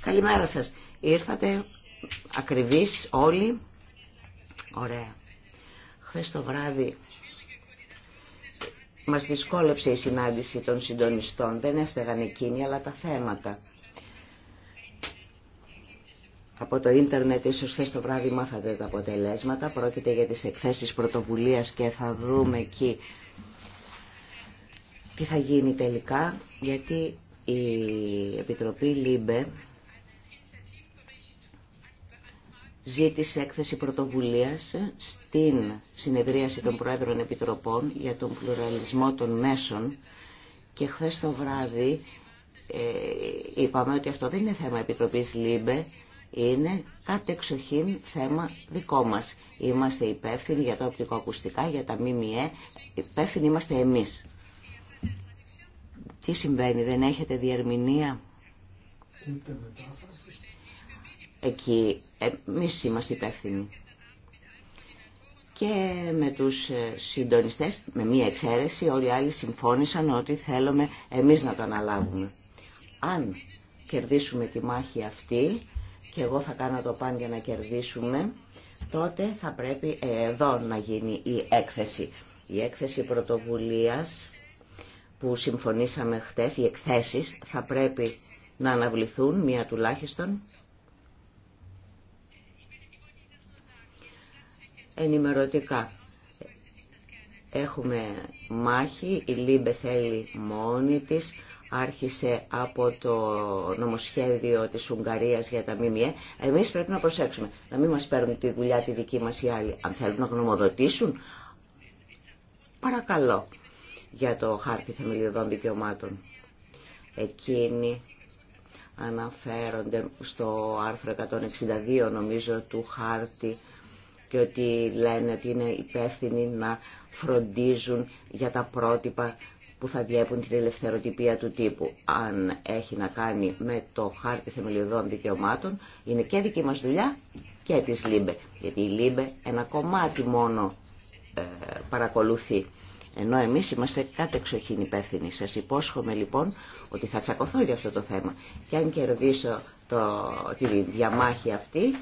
Καλημέρα σας. Ήρθατε ακριβείς όλοι. Ωραία. Χθες το βράδυ μας δυσκόλεψε η συνάντηση των συντονιστών. Δεν έφταιγαν εκείνοι, αλλά τα θέματα. Από το ίντερνετ ίσως χθες το βράδυ μάθατε τα αποτελέσματα. Πρόκειται για τις εκθέσεις πρωτοβουλίας και θα δούμε εκεί τι θα γίνει τελικά, γιατί η Επιτροπή ΛΥΜΠΕ ζήτησε έκθεση πρωτοβουλίας στην συνεδρίαση των Πρόεδρων Επιτροπών για τον πλουραλισμό των μέσων και χθε το βράδυ ε, είπαμε ότι αυτό δεν είναι θέμα Επιτροπής ΛΥΜΠΕ, είναι κατεξοχήν θέμα δικό μας. Είμαστε υπεύθυνοι για τα οπτικοακουστικά, για τα ΜΜΕ, υπεύθυνοι είμαστε εμείς. Τι συμβαίνει, δεν έχετε διερμηνία. Εκεί εμείς είμαστε υπεύθυνοι. Και με τους ε, συντονιστές, με μία εξαίρεση, όλοι οι άλλοι συμφώνησαν ότι θέλουμε εμείς να το αναλάβουμε. Αν κερδίσουμε τη μάχη αυτή, και εγώ θα κάνω το παν για να κερδίσουμε, τότε θα πρέπει ε, εδώ να γίνει η έκθεση. Η έκθεση πρωτοβουλίας που συμφωνήσαμε χτες, οι εκθέσεις θα πρέπει να αναβληθούν, μία τουλάχιστον. Ενημερωτικά. Έχουμε μάχη, η Λίμπε θέλει μόνη της, άρχισε από το νομοσχέδιο της Ουγγαρίας για τα ΜΜΕ. Εμείς πρέπει να προσέξουμε, να μην μας παίρνουν τη δουλειά τη δική μας οι άλλοι. Αν θέλουν να γνωμοδοτήσουν, παρακαλώ για το χάρτη θεμελιωδών δικαιωμάτων. Εκείνοι αναφέρονται στο άρθρο 162 νομίζω του χάρτη και ότι λένε ότι είναι υπεύθυνοι να φροντίζουν για τα πρότυπα που θα διέπουν την ελευθεροτυπία του τύπου. Αν έχει να κάνει με το χάρτη θεμελιωδών δικαιωμάτων, είναι και δική μας δουλειά και της ΛΥΜΠΕ. Γιατί η ΛΥΜΠΕ ένα κομμάτι μόνο ε, παρακολουθεί. Ενώ εμείς είμαστε εξοχήν υπεύθυνοι. Σας υπόσχομαι λοιπόν ότι θα τσακωθώ για αυτό το θέμα. Και αν κερδίσω το, τη διαμάχη αυτή,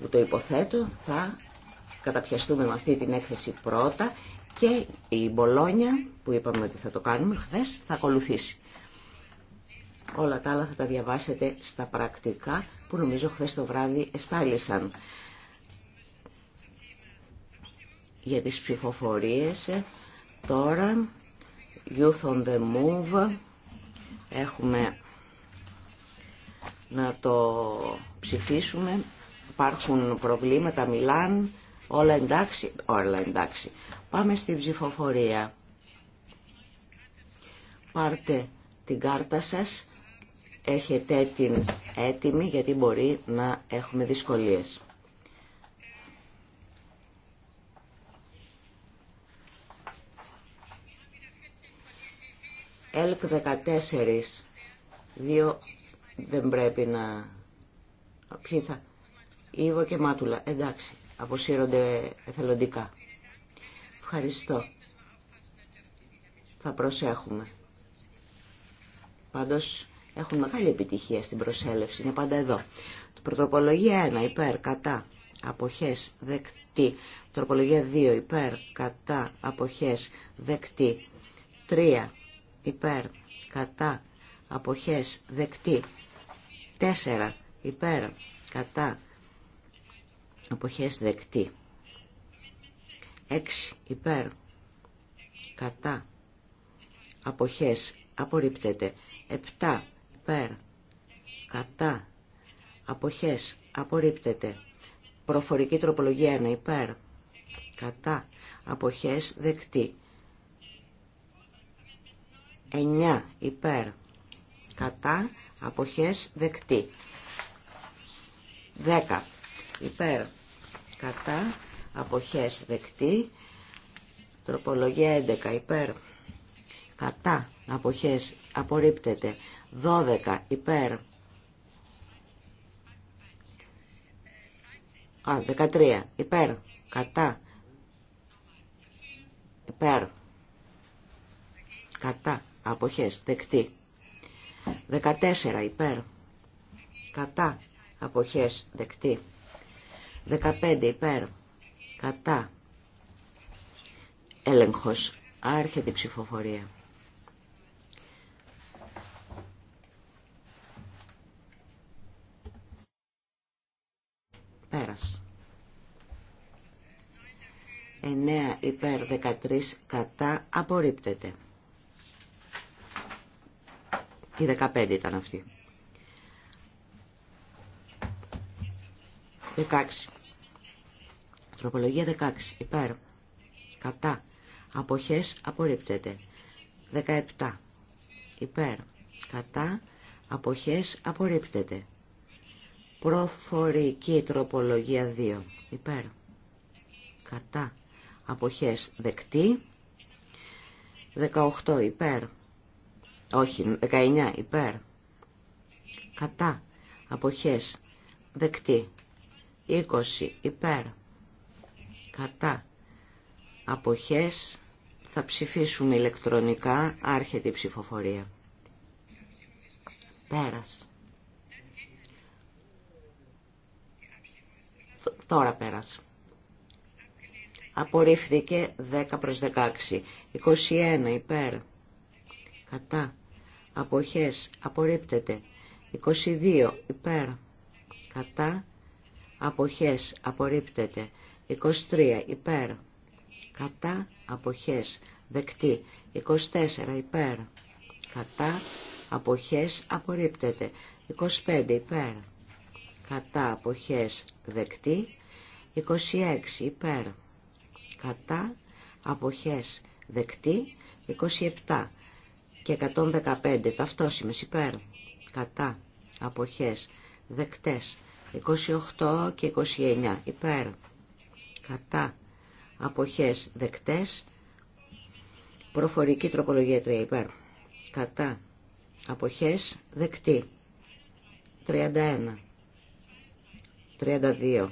που το υποθέτω, θα καταπιαστούμε με αυτή την έκθεση πρώτα και η Μπολόνια, που είπαμε ότι θα το κάνουμε χθε, θα ακολουθήσει. Όλα τα άλλα θα τα διαβάσετε στα πρακτικά που νομίζω χθε το βράδυ εστάλησαν. Για τις ψηφοφορίες Τώρα, Youth on the Move, έχουμε να το ψηφίσουμε. Υπάρχουν προβλήματα, μιλάν, όλα εντάξει, όλα εντάξει. Πάμε στην ψηφοφορία. Πάρτε την κάρτα σας, έχετε την έτοιμη γιατί μπορεί να έχουμε δυσκολίες. ΕΛΚ 14. 2, δεν πρέπει να... Ποιοι θα... Ήβο και Μάτουλα. Εντάξει. Αποσύρονται εθελοντικά. Ευχαριστώ. Θα προσέχουμε. Πάντως έχουν μεγάλη επιτυχία στην προσέλευση. Είναι πάντα εδώ. Πρωτοπολογία 1. Υπέρ. Κατά. Αποχές. Δεκτή. Τροπολογία 2. Υπέρ. Κατά. Αποχές. Δεκτή. 3 υπέρ κατά αποχές δεκτή 4 υπέρ κατά αποχές δεκτή 6 υπέρ κατά αποχές απορρίπτεται 7 υπέρ κατά αποχές απορρίπτεται προφορική τροπολογία 1 υπέρ κατά αποχές δεκτή 9 υπέρ κατά αποχές δεκτή 10 υπέρ κατά αποχές δεκτή τροπολογία 11 υπέρ κατά αποχές απορρίπτεται 12 υπέρ Α, 13 υπέρ κατά υπέρ κατά αποχές δεκτή 14 υπέρ κατά αποχές δεκτή 15 υπέρ κατά έλεγχος άρχεται η ψηφοφορία πέρας 9 υπέρ 13 κατά απορρίπτεται η 15 ήταν αυτή. 16. Τροπολογία 16. Υπέρ. Κατά. Αποχές απορρίπτεται. 17. Υπέρ. Κατά. Αποχές απορρίπτεται. Προφορική τροπολογία 2. Υπέρ. Κατά. Αποχές δεκτή. 18. Υπέρ όχι, 19 υπέρ, κατά, αποχές, δεκτή, 20 υπέρ, κατά, αποχές, θα ψηφίσουμε ηλεκτρονικά, άρχεται η ψηφοφορία. Πέρας. Τώρα πέρας. Απορρίφθηκε 10 προς 16. 21 υπέρ κατά αποχές απορρίπτεται 22 υπέρ κατά αποχές απορρίπτεται 23 υπέρ κατά αποχές δεκτή 24 υπέρ κατά αποχές απορρίπτεται 25 υπέρ κατά αποχές δεκτή 26 υπέρ κατά αποχές δεκτή 27 και 115 ταυτόσημες υπέρ κατά αποχές δεκτές 28 και 29 υπέρ κατά αποχές δεκτές προφορική τροπολογία 3 υπέρ κατά αποχές δεκτή 31 32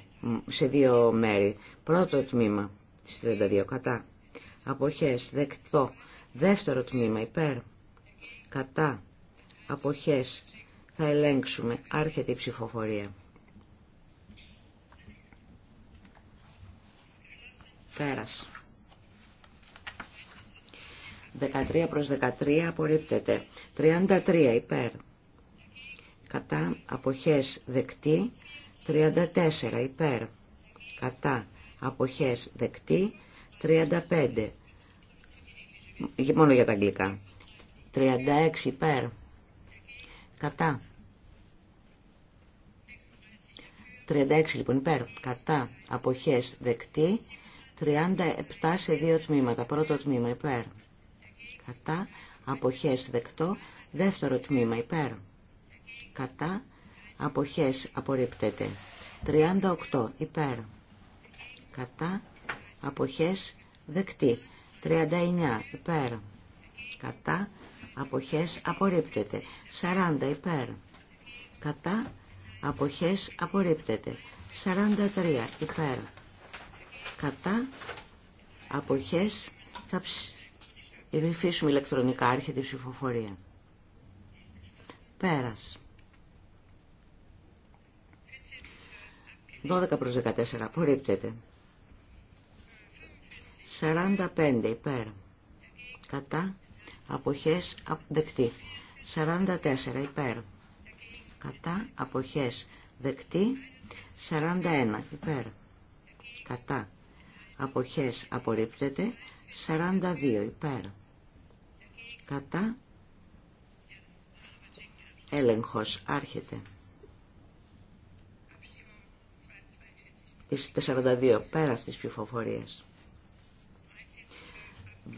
σε δύο μέρη πρώτο τμήμα της 32 κατά αποχές δεκτό δεύτερο τμήμα υπέρ κατά, αποχές, θα ελέγξουμε. Άρχεται η ψηφοφορία. Πέρας. 13 προς 13 απορρίπτεται. 33 υπέρ. Κατά αποχές δεκτή. 34 υπέρ. Κατά αποχές δεκτή. 35. Μόνο για τα αγγλικά. 36 υπέρ. Κατά. 36 λοιπόν υπέρ. Κατά. Αποχές δεκτή. 37 σε δύο τμήματα. Πρώτο τμήμα υπέρ. Κατά. Αποχές δεκτό. Δεύτερο τμήμα υπέρ. Κατά. Αποχές απορρίπτεται. 38 υπέρ. Κατά. Αποχές δεκτή. 39 υπέρ. Κατά αποχές απορρίπτεται. 40 υπέρ. Κατά αποχές απορρίπτεται. 43 υπέρ. Κατά αποχές θα ψηφίσουμε ηλεκτρονικά άρχεται η ψηφοφορία. Πέρας. 12 προς 14 απορρίπτεται. 45 υπέρ. Κατά αποχές δεκτή. 44 υπέρ κατά αποχές δεκτή. 41 υπέρ κατά αποχές απορρίπτεται. 42 υπέρ κατά έλεγχος άρχεται. Τις 42 πέρα στις ψηφοφορίες.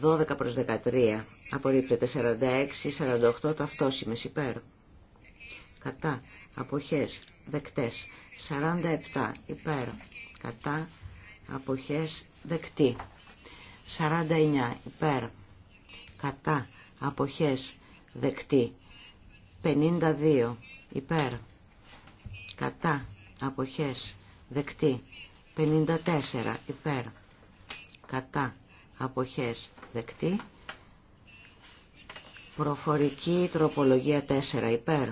12 προς 13 απορρίπτεται 46, 48 ταυτόσημες υπέρ. Κατά αποχές δεκτές 47 υπέρ. Κατά αποχές δεκτή 49 υπέρ. Κατά αποχές δεκτή 52 υπέρ. Κατά αποχές δεκτή 54 υπέρ. Κατά αποχές δεκτή. Προφορική τροπολογία 4 υπέρ.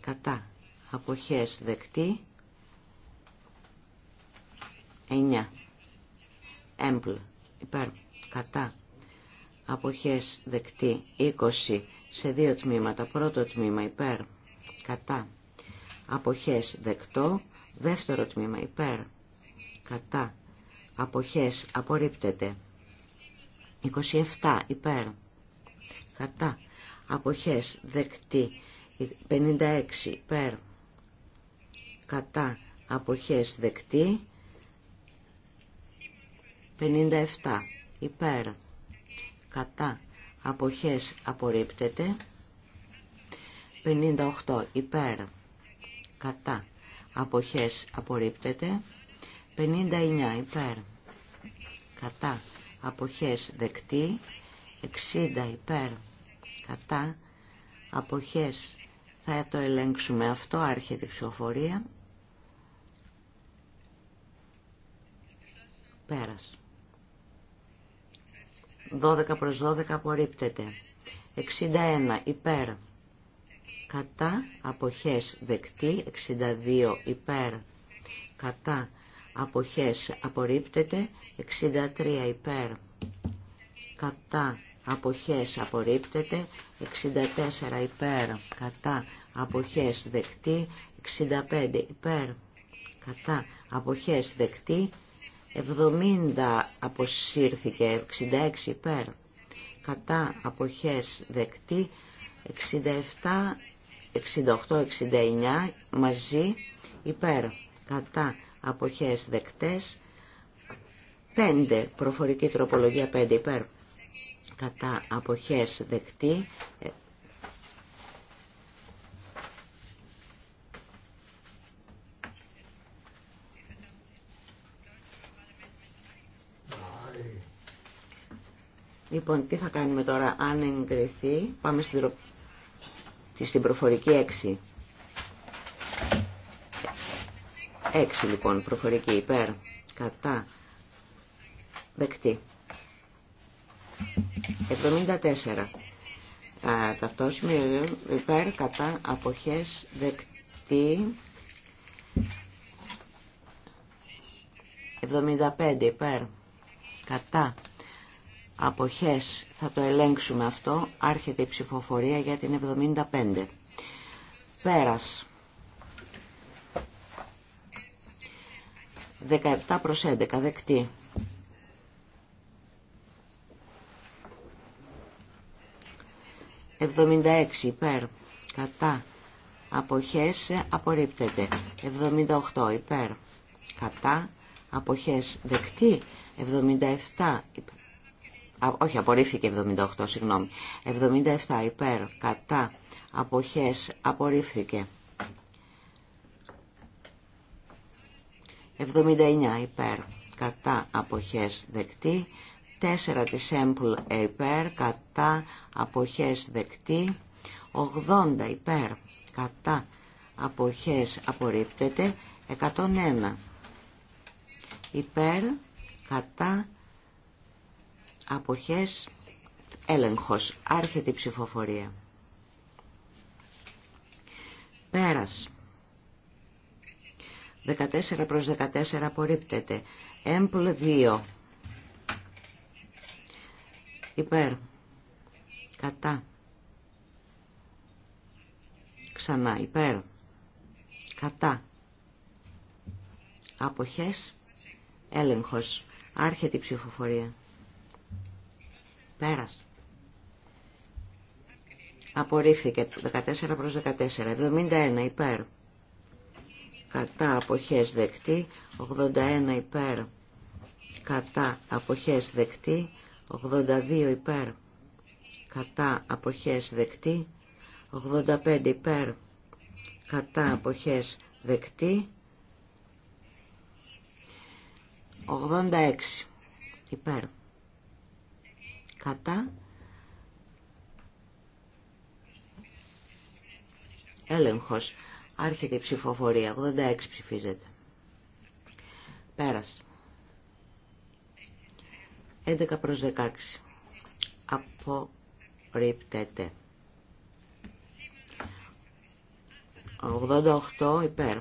Κατά. Αποχές δεκτή. 9. Έμπλ. Υπέρ. Κατά. Αποχές δεκτή. 20. Σε δύο τμήματα. Πρώτο τμήμα υπέρ. Κατά. Αποχές δεκτό. Δεύτερο τμήμα υπέρ. Κατά αποχές απορρίπτεται 27 υπέρ κατά αποχές δεκτή 56 υπέρ κατά αποχές δεκτή 57 υπέρ κατά αποχές απορρίπτεται 58 υπέρ κατά αποχές απορρίπτεται 59 υπέρ κατά αποχές δεκτή 60 υπέρ κατά αποχές θα το ελέγξουμε αυτό άρχεται η ψηφοφορία πέρας 12 προς 12 απορρίπτεται 61 υπέρ κατά αποχές δεκτή 62 υπέρ κατά αποχές απορρίπτεται 63 υπέρ κατά αποχές απορρίπτεται 64 υπέρ κατά αποχές δεκτή 65 υπέρ κατά αποχές δεκτή 70 αποσύρθηκε 66 υπέρ κατά αποχές δεκτή 67 68-69 μαζί υπέρ κατά αποχές δεκτές πέντε προφορική τροπολογία πέντε υπέρ κατά αποχές δεκτή Λοιπόν, τι θα κάνουμε τώρα αν εγκριθεί. Πάμε στην, προφορική έξι. 6 λοιπόν προφορική υπέρ κατά δεκτή. 74. Α, υπέρ κατά αποχές δεκτή. 75 υπέρ κατά αποχές θα το ελέγξουμε αυτό άρχεται η ψηφοφορία για την 75 πέρας 17 προς 11 δεκτή. «76 υπέρ κατά αποχές απορρίπτεται». «78 υπέρ κατά αποχές δεκτή». «77 υπέρ». Α, όχι, απορρίφθηκε 78, υπερ κατα αποχες δεκτεί. 77 οχι κατά, αποχές, απορρίφθηκε. 79 υπέρ κατά αποχές δεκτή. 4 της έμπουλ υπέρ κατά αποχές δεκτή. 80 υπέρ κατά αποχές απορρίπτεται. 101 υπέρ κατά αποχές έλεγχος. Άρχεται η ψηφοφορία. Πέρας. 14 προς 14 απορρίπτεται. Έμπλ 2. Υπέρ. Κατά. Ξανά. Υπέρ. Κατά. Αποχές. Έλεγχος. Άρχεται η ψηφοφορία. Πέρας. Απορρίφθηκε 14 προς 14. 71 υπέρ κατά αποχές δεκτή, 81 υπέρ κατά αποχές δεκτή, 82 υπέρ κατά αποχές δεκτή, 85 υπέρ κατά αποχές δεκτή, 86 υπέρ κατά έλεγχος Άρχεται η ψηφοφορία. 86 ψηφίζεται. Πέρασε. 11 προς 16. Απορρίπτεται. 88 υπέρ.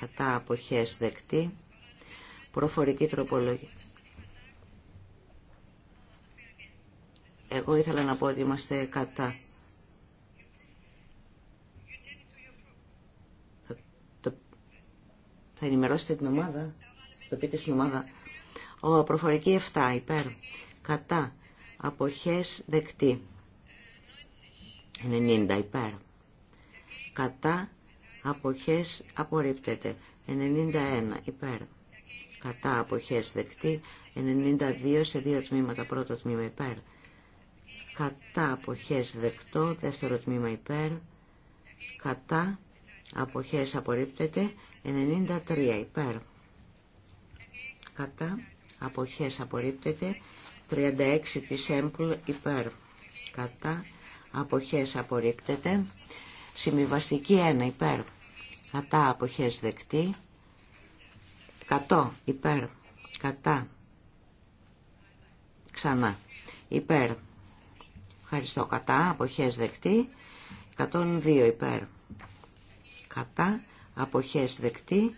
Κατά αποχές δεκτή. Προφορική τροπολογία. Εγώ ήθελα να πω ότι είμαστε κατά. Θα ενημερώσετε την ομάδα, το πείτε στην ομάδα. Ο προφορική 7 υπέρ, κατά, αποχές δεκτή. 90 υπέρ, κατά, αποχές απορρίπτεται. 91 υπέρ, κατά, αποχές δεκτή. 92 σε δύο τμήματα, πρώτο τμήμα υπέρ. Κατά αποχές δεκτό, δεύτερο τμήμα υπέρ. Κατά αποχές απορρίπτεται 93 υπέρ κατά αποχές απορρίπτεται 36 της έμπλ υπέρ κατά αποχές απορρίπτεται συμβιβαστική 1 υπέρ κατά αποχές δεκτή 100 υπέρ κατά ξανά υπέρ ευχαριστώ κατά αποχές δεκτή 102 υπέρ κατά αποχές δεκτή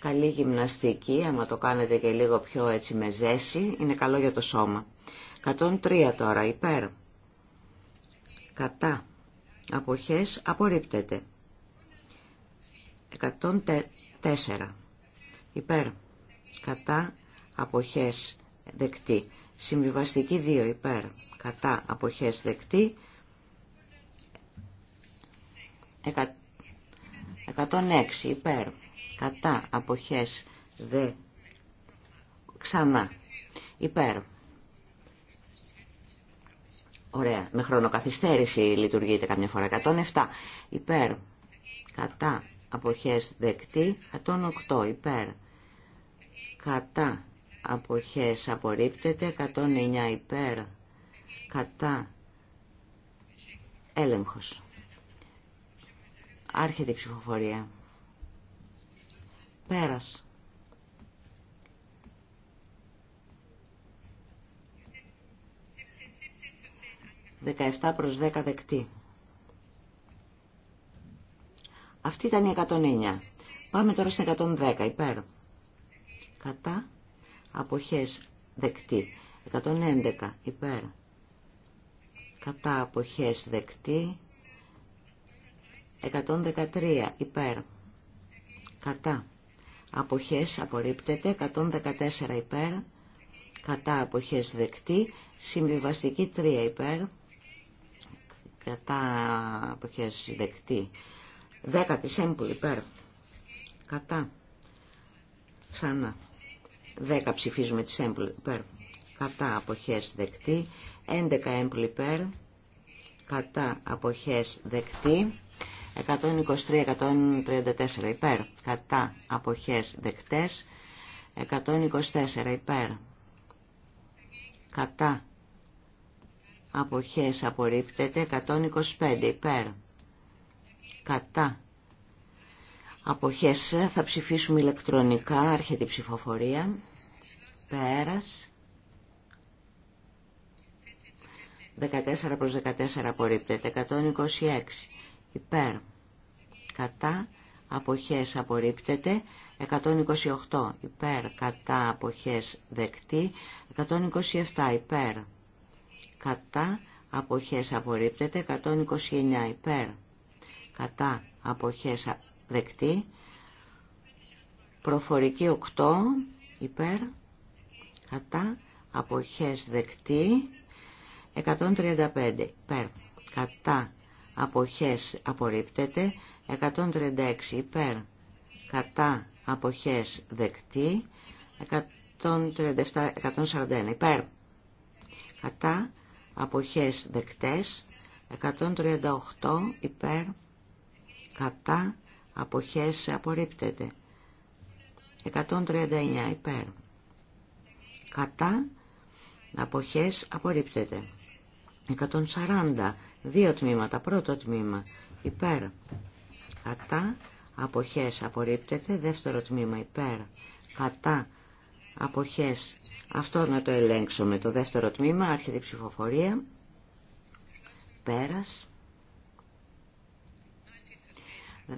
καλή γυμναστική άμα το κάνετε και λίγο πιο έτσι με ζέση είναι καλό για το σώμα 103 τώρα υπέρ κατά αποχές απορρίπτεται 104 υπέρ κατά αποχές δεκτή συμβιβαστική 2 υπέρ κατά αποχές δεκτή 106 υπέρ κατά αποχές δε ξανά υπέρ Ωραία, με χρονοκαθυστέρηση λειτουργείται καμιά φορά. 107 υπέρ κατά αποχές δεκτή, 108 υπέρ κατά αποχές απορρίπτεται, 109 υπέρ κατά έλεγχος. Άρχεται η ψηφοφορία. Πέρας. Δεκαεφτά προς 10 δεκτή. Αυτή ήταν η 109. Πάμε τώρα στην 110, υπέρ. Κατά, αποχές, δεκτή. 111, υπέρ. Κατά, αποχές, δεκτή. 113 υπέρ κατά αποχές απορρίπτεται 114 υπέρ κατά αποχές δεκτή συμβιβαστική 3 υπέρ κατά αποχές δεκτή 10 της έμπουλ υπέρ κατά ξανά 10 ψηφίζουμε τη έμπουλ υπέρ κατά αποχές δεκτή 11 έμπουλ υπέρ κατά αποχές δεκτή 123-134 υπέρ κατά αποχές δεκτές 124 υπέρ κατά αποχές απορρίπτεται 125 υπέρ κατά αποχές θα ψηφίσουμε ηλεκτρονικά άρχεται η ψηφοφορία πέρας 14 προς 14 απορρίπτεται 126 υπέρ κατά αποχές απορρίπτεται 128 υπέρ κατά αποχές δεκτή 127 υπέρ κατά αποχές απορρίπτεται 129 υπέρ κατά αποχές δεκτή προφορική 8 υπέρ κατά αποχές δεκτή 135 υπέρ κατά αποχές απορρίπτεται 136 υπέρ κατά αποχές δεκτή 137, 141 υπέρ κατά αποχές δεκτές 138 υπέρ κατά αποχές απορρίπτεται 139 υπέρ κατά αποχές απορρίπτεται 140. Δύο τμήματα. Πρώτο τμήμα. Υπέρ. Κατά. Αποχές. Απορρίπτεται. Δεύτερο τμήμα. Υπέρ. Κατά. Αποχές. Αυτό να το ελέγξουμε. Το δεύτερο τμήμα. Άρχεται ψηφοφορία. Πέρας.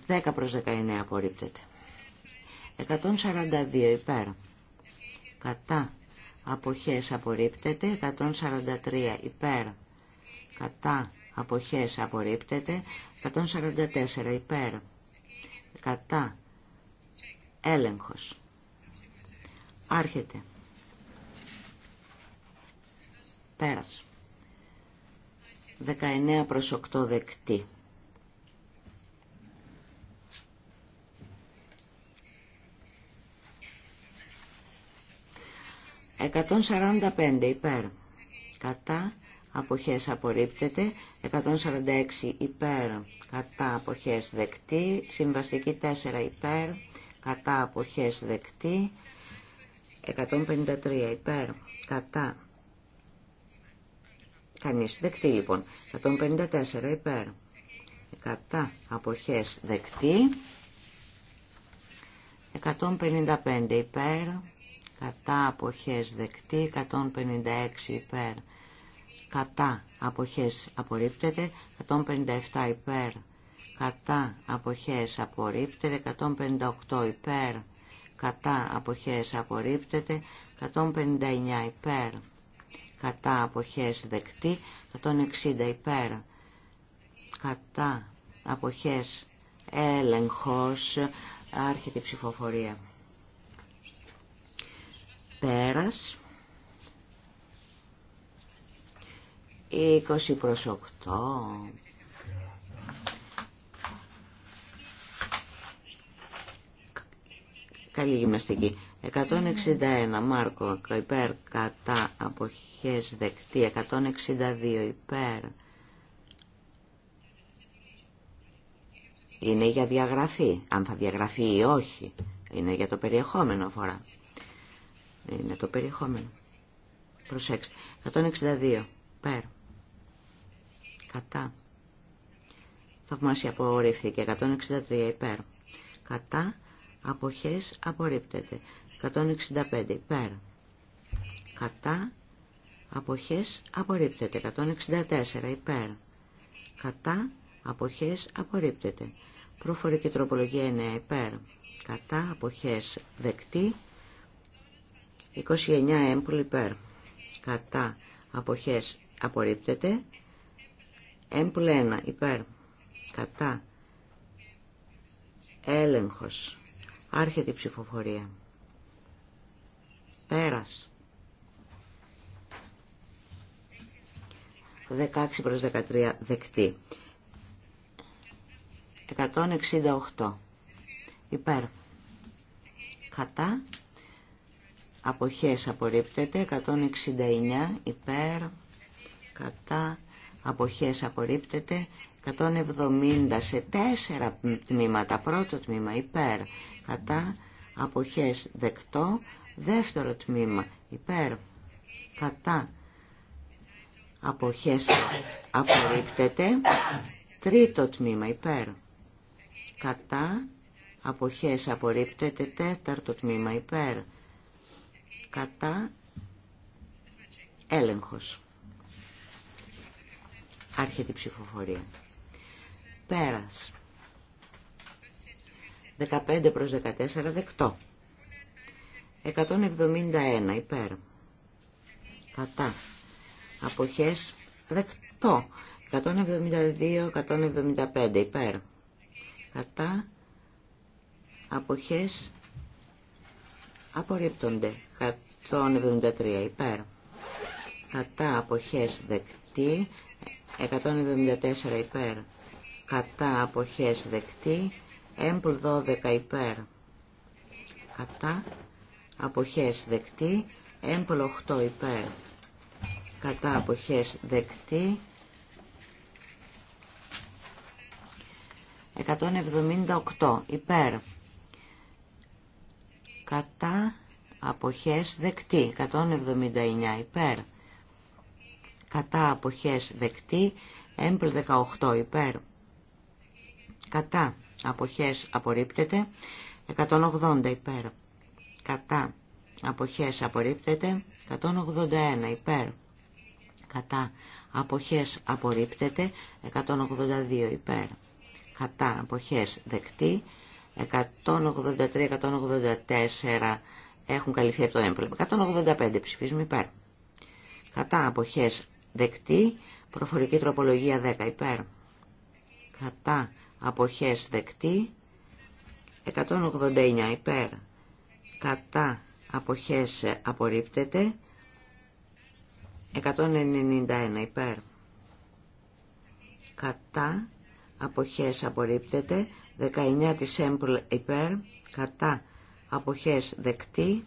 10 προς 19 απορρίπτεται. 142 υπέρ. Κατά. Αποχές απορρίπτεται. 143 υπέρ κατά αποχές απορρίπτεται 144 υπέρ κατά έλεγχος άρχεται πέρας 19 προς 8 δεκτή Εκατόν υπέρ. Κατά αποχές απορρίπτεται, 146 υπέρ κατά αποχές δεκτή, συμβαστική 4 υπέρ κατά αποχές δεκτή, 153 υπέρ κατά κανείς δεκτή λοιπόν, 154 υπέρ κατά αποχές δεκτή, 155 υπέρ κατά αποχές δεκτή, 156 υπέρ κατά αποχές απορρίπτεται 157 υπέρ κατά αποχές απορρίπτεται 158 υπέρ κατά αποχές απορρίπτεται 159 υπέρ κατά αποχές δεκτή 160 υπέρ κατά αποχές έλεγχος άρχεται η ψηφοφορία πέρας 20 προς 8. Καλή γυμναστική. 161 Μάρκο υπέρ κατά αποχές δεκτή. 162 υπέρ. Είναι για διαγραφή. Αν θα διαγραφεί ή όχι. Είναι για το περιεχόμενο αφορά. Είναι το περιεχόμενο. Προσέξτε. 162 υπέρ. Κατά. Θαυμάσια απορρίφθηκε. 163 υπέρ. Κατά. Αποχές απορρίπτεται. 165 υπέρ. Κατά. Αποχές απορρίπτεται. 164 υπέρ. Κατά. Αποχές απορρίπτεται. Προφορική τροπολογία 9 υπέρ. Κατά. Αποχές δεκτή. 29 έμπουλ υπέρ. Κατά. Αποχές απορρίπτεται. ΕΜΠΛΕΝΑ, υπέρ. Κατά. Έλεγχος. Άρχεται η ψηφοφορία. Πέρας. 16 προς 13 δεκτή. 168. Υπέρ. Κατά. Αποχές απορρίπτεται. 169 υπέρ. Κατά αποχές απορρίπτεται 170 σε τέσσερα τμήματα πρώτο τμήμα υπέρ κατά αποχές δεκτό δεύτερο τμήμα υπέρ κατά αποχές απορρίπτεται τρίτο τμήμα υπέρ κατά αποχές απορρίπτεται τέταρτο τμήμα υπέρ κατά έλεγχος Άρχεται η ψηφοφορία. Πέρας. 15 προς 14 δεκτό. 171 υπέρ. Κατά. Αποχές δεκτό. 172, 175 υπέρ. Κατά. Αποχές απορρίπτονται. 173 υπέρ. Κατά αποχές δεκτή. 174 υπέρ κατά αποχές δεκτή έμπλ 12 υπέρ κατά αποχές δεκτή έμπλ 8 υπέρ κατά αποχές δεκτή 178 υπέρ κατά αποχές δεκτή 179 υπέρ κατά αποχές δεκτή, έμπλ 18 υπέρ, κατά αποχές απορρίπτεται, 180 υπέρ, κατά αποχές απορρίπτεται, 181 υπέρ, κατά αποχές απορρίπτεται, 182 υπέρ, κατά αποχές δεκτή, 183-184 έχουν καλυφθεί από το έμπλεμα. 185 ψηφίζουμε υπέρ. Κατά αποχές δεκτή. Προφορική τροπολογία 10 υπέρ. Κατά αποχές δεκτή. 189 υπέρ. Κατά αποχές απορρίπτεται. 191 υπέρ. Κατά αποχές απορρίπτεται. 19 της έμπλ υπέρ. Κατά αποχές δεκτή.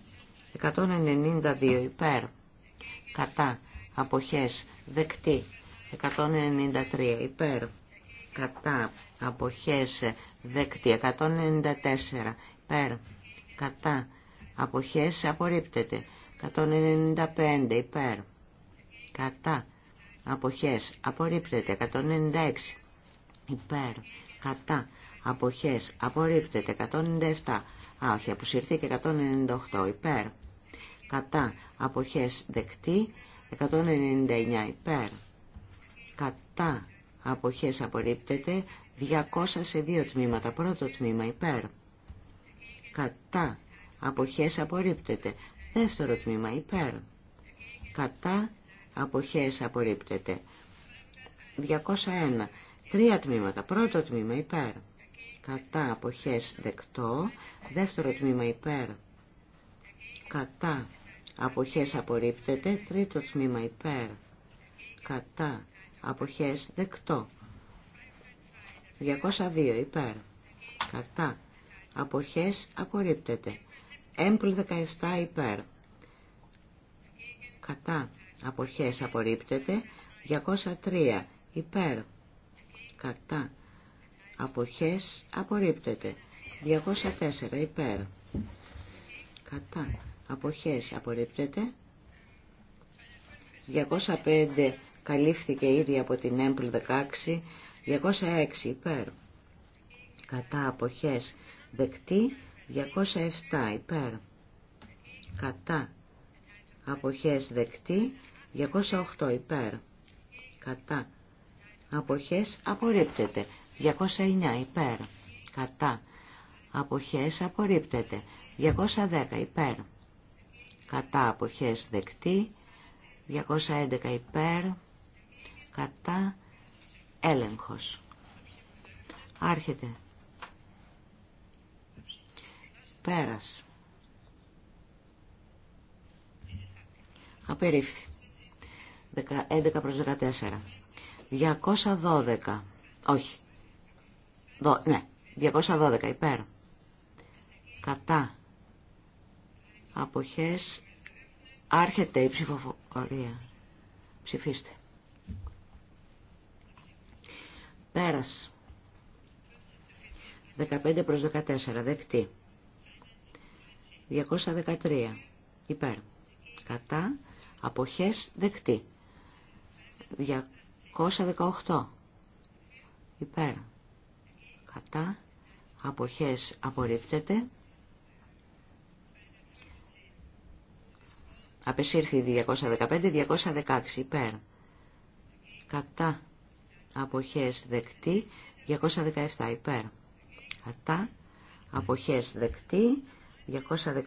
192 υπέρ. Κατά αποχές δεκτή 193 υπέρ κατά αποχές δεκτή 194 υπέρ κατά αποχές απορρίπτεται 195 υπέρ κατά αποχές απορρίπτεται 196 υπέρ κατά αποχές απορρίπτεται 197 α όχι αποσυρθεί και 198 υπέρ κατά αποχές δεκτή 199 υπέρ κατά αποχές απορρίπτεται 200 σε δύο τμήματα πρώτο τμήμα υπέρ κατά αποχές απορρίπτεται δεύτερο τμήμα υπέρ κατά αποχές απορρίπτεται 201 τρία τμήματα πρώτο τμήμα υπέρ κατά αποχές δεκτό δεύτερο τμήμα υπέρ κατά αποχές απορρίπτεται, τρίτο τμήμα υπέρ, κατά, αποχές δεκτό. 202 υπέρ, κατά, αποχές απορρίπτεται. Έμπλ 17 υπέρ, κατά, αποχές απορρίπτεται. 203 υπέρ, κατά, αποχές απορρίπτεται. 204 υπέρ, κατά, αποχές απορρίπτεται 205 καλύφθηκε ήδη από την έμπλ 16 206 υπέρ κατά αποχές δεκτή 207 υπέρ κατά αποχές δεκτή 208 υπέρ κατά αποχές απορρίπτεται 209 υπέρ κατά αποχές απορρίπτεται 210 υπέρ κατά αποχές δεκτή, 211 υπέρ, κατά έλεγχος. Άρχεται. Πέρας. Απερίφθη. 11 προς 14. 212. Όχι. Δο, ναι. 212 υπέρ. Κατά αποχές άρχεται η ψηφοφορία. Ψηφίστε. Πέρας. 15 προς 14. Δεκτή. 213. Υπέρ. Κατά. Αποχές δεκτή. 218. Υπέρ. Κατά. Αποχές απορρίπτεται. Απεσύρθη 215-216 υπέρ. Κατά αποχές δεκτή 217 υπέρ. Κατά αποχές δεκτή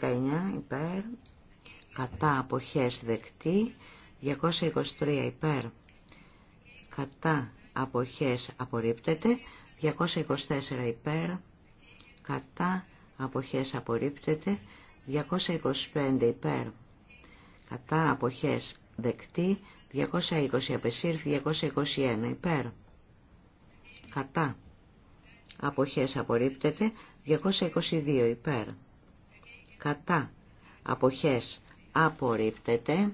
219 υπέρ. Κατά αποχές δεκτή 223 υπέρ. Κατά αποχές απορρίπτεται 224 υπέρ. Κατά αποχές απορρίπτεται 225 υπέρ κατά αποχές δεκτή 220 απεσύρθη 221 υπέρ κατά αποχές απορρίπτεται 222 υπέρ κατά αποχές απορρίπτεται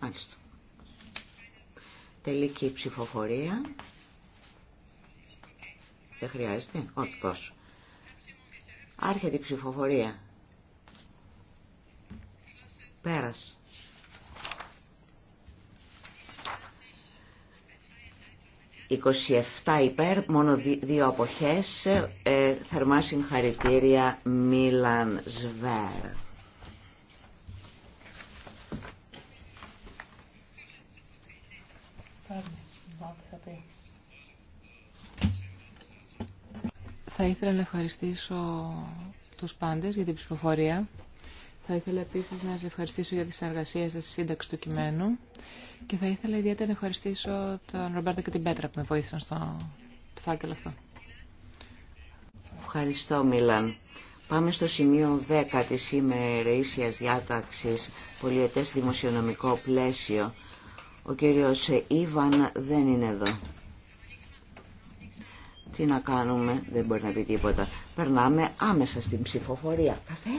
Μάλιστα. τελική ψηφοφορία δεν χρειάζεται όχι πώς άρχεται η ψηφοφορία Πέρας. «27 υπέρ, μόνο δύο αποχές, ε, θερμά συγχαρητήρια Μίλαν Σβέρ». Θα ήθελα να ευχαριστήσω τους πάντες για την ψηφοφορία. Θα ήθελα επίση να σα ευχαριστήσω για τη συνεργασία σας στη σύνταξη του κειμένου και θα ήθελα ιδιαίτερα να ευχαριστήσω τον Ρομπέρτο και την Πέτρα που με βοήθησαν στο φάκελο αυτό. Ευχαριστώ Μίλαν. Πάμε στο σημείο 10 της ημερήσια διάταξης πολιετές δημοσιονομικό πλαίσιο. Ο κύριος Ιβαν δεν είναι εδώ. Τι να κάνουμε, δεν μπορεί να πει τίποτα. Περνάμε άμεσα στην ψηφοφορία. Καφέ.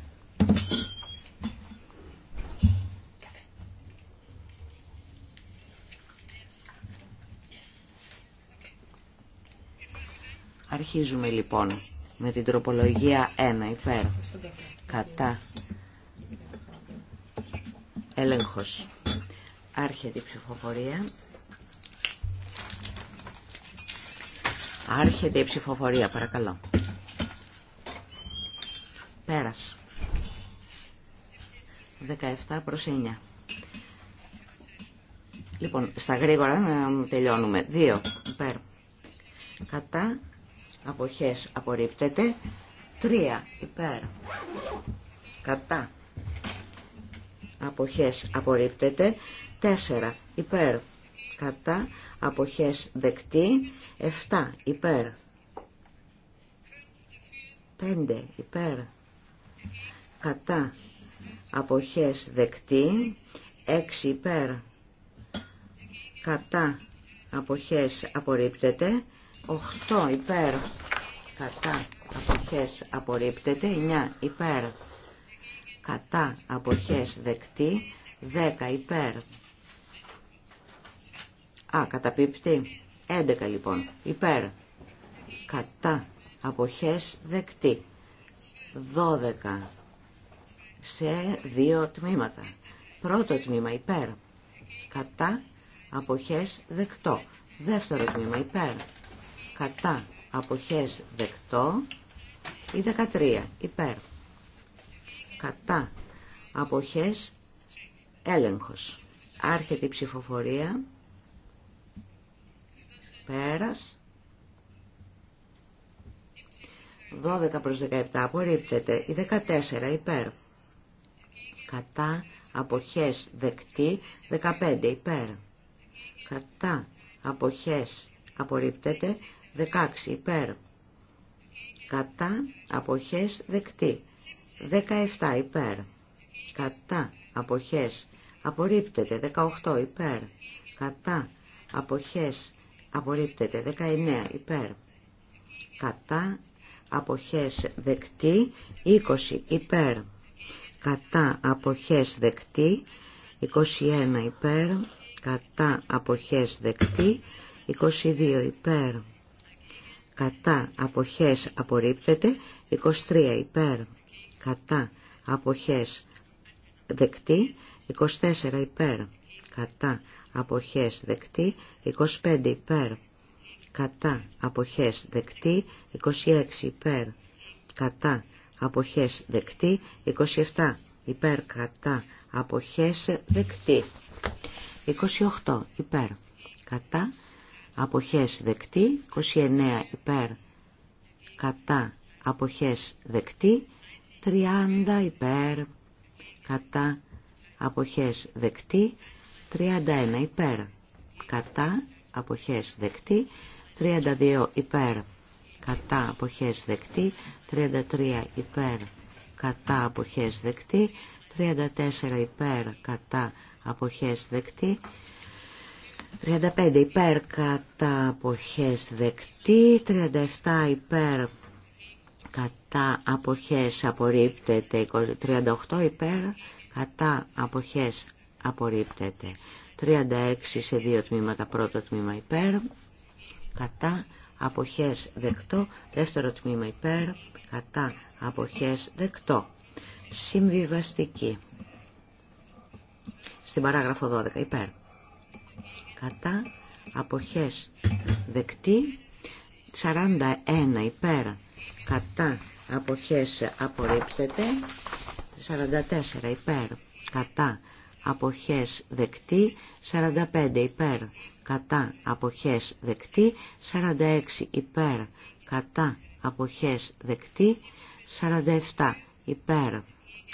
Αρχίζουμε λοιπόν με την τροπολογία 1 υπέρ κατά έλεγχος. Άρχεται η ψηφοφορία. Άρχεται η ψηφοφορία, παρακαλώ. Πέρας. 17 προς 9. Λοιπόν, στα γρήγορα να τελειώνουμε. 2 υπέρ. Κατά αποχές απορρίπτεται 3 υπέρ κατά αποχές απορρίπτεται 4 υπέρ κατά αποχές δεκτή 7 υπέρ 5 υπέρ κατά αποχές δεκτή 6 υπέρ κατά αποχές απορρίπτεται 8 υπέρ κατά αποχές απορρίπτεται 9 υπέρ κατά αποχές δεκτή 10 υπέρ α καταπίπτει 11 λοιπόν υπέρ κατά αποχές δεκτή 12 σε δύο τμήματα πρώτο τμήμα υπέρ κατά αποχές δεκτό δεύτερο τμήμα υπέρ κατά αποχές δεκτό ή 13 υπέρ κατά αποχές έλεγχος άρχεται η ψηφοφορία πέρας 12 προς 17 απορρίπτεται η 14 υπέρ κατά αποχές δεκτή 15 υπέρ κατά αποχές απορρίπτεται 16 υπέρ κατά αποχές δεκτή 17 υπέρ κατά αποχές απορρίπτεται 18 υπέρ κατά αποχές απορρίπτεται 19 υπέρ κατά αποχές δεκτή 20 υπέρ κατά αποχές δεκτή 21 υπέρ κατά αποχές δεκτή 22 υπέρ κατά αποχές απορρίπτεται 23 υπέρ κατά αποχές δεκτή 24 υπέρ κατά αποχές δεκτή 25 υπέρ κατά αποχές δεκτή 26 υπέρ κατά αποχές δεκτή 27 υπέρ κατά αποχές δεκτή 28 υπέρ κατά αποχές δεκτή, 29 υπέρ κατά αποχές δεκτή, 30 υπέρ κατά αποχές δεκτή, 31 υπέρ κατά αποχές δεκτή, 32 υπέρ κατά αποχές δεκτή, 33 υπέρ κατά αποχές δεκτή, 34 υπέρ κατά αποχές δεκτή, 35 υπέρ κατά αποχές δεκτή, 37 υπέρ κατά αποχές απορρίπτεται, 38 υπέρ κατά αποχές απορρίπτεται, 36 σε δύο τμήματα, πρώτο τμήμα υπέρ, κατά αποχές δεκτό, δεύτερο τμήμα υπέρ, κατά αποχές δεκτό. Συμβιβαστική. Στην παράγραφο 12 υπέρ κατά αποχές δεκτή 41 υπέρ κατά αποχές απορρίπτεται 44 υπέρ κατά αποχές δεκτή 45 υπέρ κατά αποχές δεκτή 46 υπέρ κατά αποχές δεκτή 47 υπέρ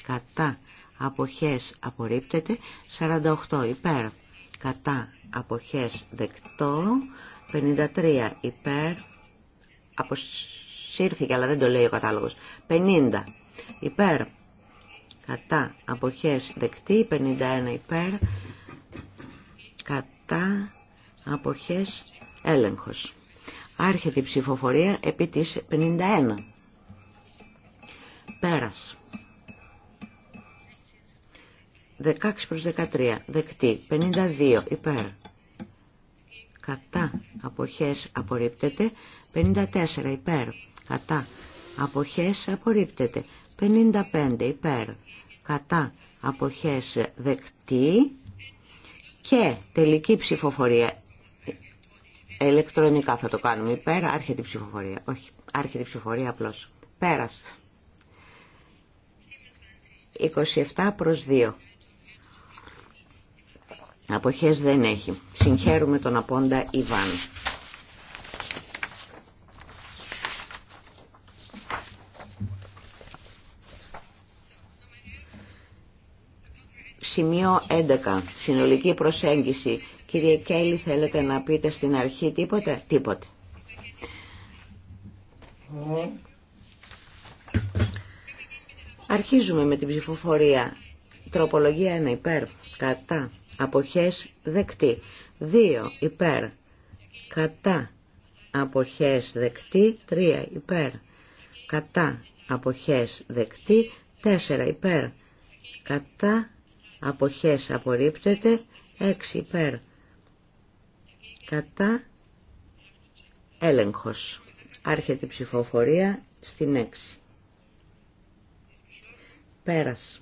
κατά αποχές απορρίπτεται 48 υπέρ κατά αποχές δεκτό 53 υπέρ αποσύρθηκε αλλά δεν το λέει ο κατάλογος 50 υπέρ κατά αποχές δεκτή 51 υπέρ κατά αποχές έλεγχος άρχεται η ψηφοφορία επί της 51 πέρας 16 προς 13 δεκτή 52 υπέρ κατά αποχές απορρίπτεται 54 υπέρ κατά αποχές απορρίπτεται 55 υπέρ κατά αποχές δεκτή και τελική ψηφοφορία ηλεκτρονικά θα το κάνουμε υπέρ άρχεται ψηφοφορία όχι άρχεται ψηφοφορία απλώς πέρας 27 προς 2 Αποχές δεν έχει. Συγχαίρουμε τον Απόντα Ιβάν. Σημείο 11. Συνολική προσέγγιση. Κύριε Κέλλη, θέλετε να πείτε στην αρχή τίποτε. Τίποτε. Αρχίζουμε με την ψηφοφορία. Τροπολογία 1 υπέρ. Κατά αποχές δεκτή. 2 υπέρ κατά αποχές δεκτή. 3 υπέρ κατά αποχές δεκτή. 4 υπέρ κατά αποχές απορρίπτεται. 6 υπέρ κατά έλεγχος. Άρχεται η ψηφοφορία στην 6. Πέρας.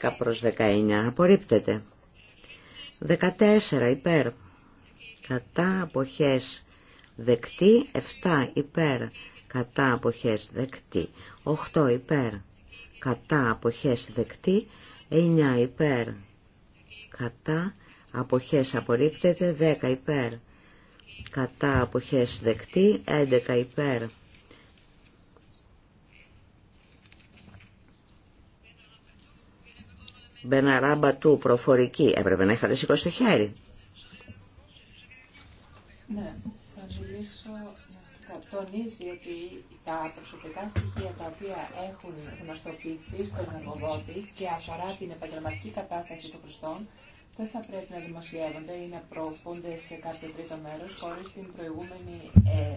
10 προς 19 απορρίπτεται. 14 υπέρ κατά αποχές δεκτή. 7 υπέρ κατά αποχές δεκτή. 8 υπέρ κατά αποχές δεκτή. 9 υπέρ κατά αποχές απορρίπτεται. 10 υπέρ κατά αποχές δεκτή. 11 υπέρ Μπεναράμπα του προφορική. Έπρεπε να είχατε σηκώσει το χέρι. Ναι, θα μιλήσω τονίζει ότι τα προσωπικά στοιχεία τα οποία έχουν γνωστοποιηθεί στον εργοδότη και αφορά την επαγγελματική κατάσταση των χρηστών δεν θα πρέπει να δημοσιεύονται ή να προωθούνται σε κάποιο τρίτο μέρο χωρί την προηγούμενη ε,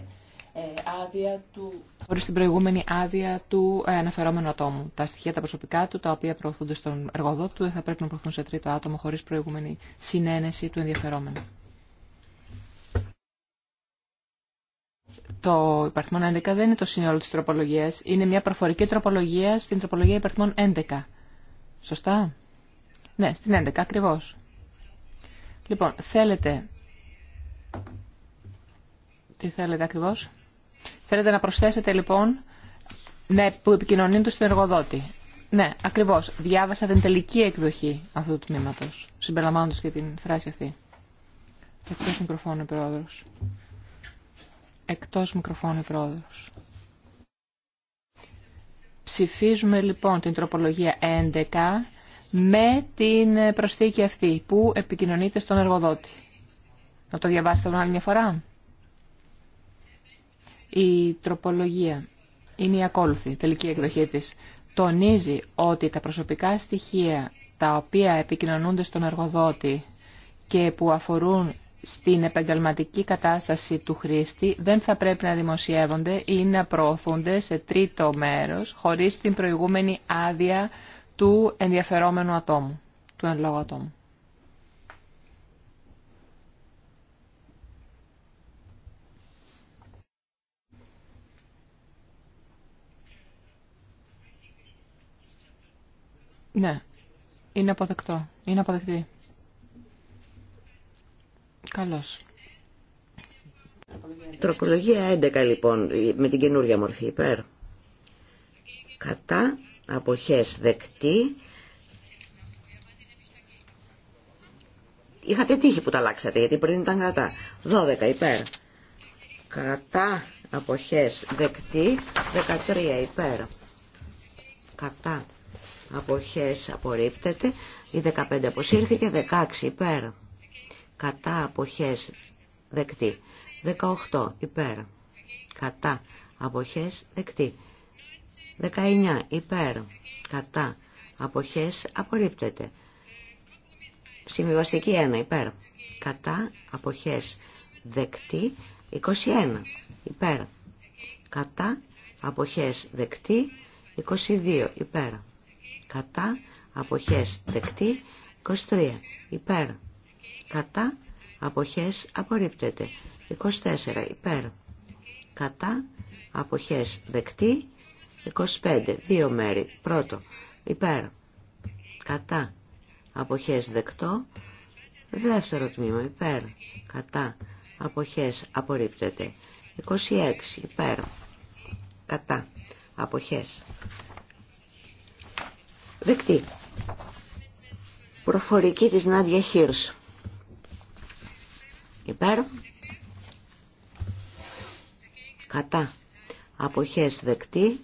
ε, άδεια του... χωρίς την προηγούμενη άδεια του ε, αναφερόμενου ατόμου. Τα στοιχεία τα προσωπικά του, τα οποία προωθούνται στον εργοδότη του, δεν θα πρέπει να προωθούν σε τρίτο άτομο χωρίς προηγούμενη συνένεση του ενδιαφερόμενου. Το υπαρθμόν 11 δεν είναι το σύνολο της τροπολογίας, είναι μια προφορική τροπολογία στην τροπολογία υπαριθμών 11. Σωστά? Ναι, στην 11 ακριβώς. Λοιπόν, θέλετε... Τι θέλετε ακριβώς? Θέλετε να προσθέσετε λοιπόν ναι, που του στον εργοδότη. Ναι, ακριβώ. Διάβασα την τελική εκδοχή αυτού του τμήματο, συμπεριλαμβάνοντα και την φράση αυτή. Εκτό μικροφώνου, πρόεδρο. Εκτό μικροφώνου, πρόεδρο. Ψηφίζουμε λοιπόν την τροπολογία 11 με την προσθήκη αυτή που επικοινωνείται στον εργοδότη. Να το διαβάσετε άλλη μια φορά. Η τροπολογία είναι η ακόλουθη, τελική εκδοχή της. Τονίζει ότι τα προσωπικά στοιχεία τα οποία επικοινωνούνται στον εργοδότη και που αφορούν στην επαγγελματική κατάσταση του χρήστη δεν θα πρέπει να δημοσιεύονται ή να προωθούνται σε τρίτο μέρος χωρίς την προηγούμενη άδεια του ενδιαφερόμενου ατόμου, του εν λόγω ατόμου. Ναι, είναι αποδεκτό. Είναι αποδεκτή. Καλώς. Τροπολογία 11 λοιπόν, με την καινούργια μορφή υπέρ. Κατά, αποχές δεκτή. Είχατε τύχη που τα αλλάξατε, γιατί πριν ήταν κατά. 12 υπέρ. Κατά, αποχές δεκτή. 13 υπέρ. Κατά, αποχές απορρίπτεται, η 15 αποσύρθηκε, 16 υπέρ, κατά αποχές δεκτή, 18 υπέρ, κατά αποχές δεκτή, 19 υπέρ, κατά αποχές απορρίπτεται, συμβιβαστική 1 υπέρ, κατά αποχές δεκτή, 21 υπέρ, κατά αποχές δεκτή, 22 υπέρ κατά αποχές δεκτή 23 υπέρ κατά αποχές απορρίπτεται 24 υπέρ κατά αποχές δεκτή 25 δύο μέρη πρώτο υπέρ κατά αποχές δεκτό δεύτερο τμήμα υπέρ κατά αποχές απορρίπτεται 26 υπέρ κατά αποχές Δεκτή. Προφορική της Νάντια Χίρς. Υπέρ. Κατά. Αποχές δεκτή.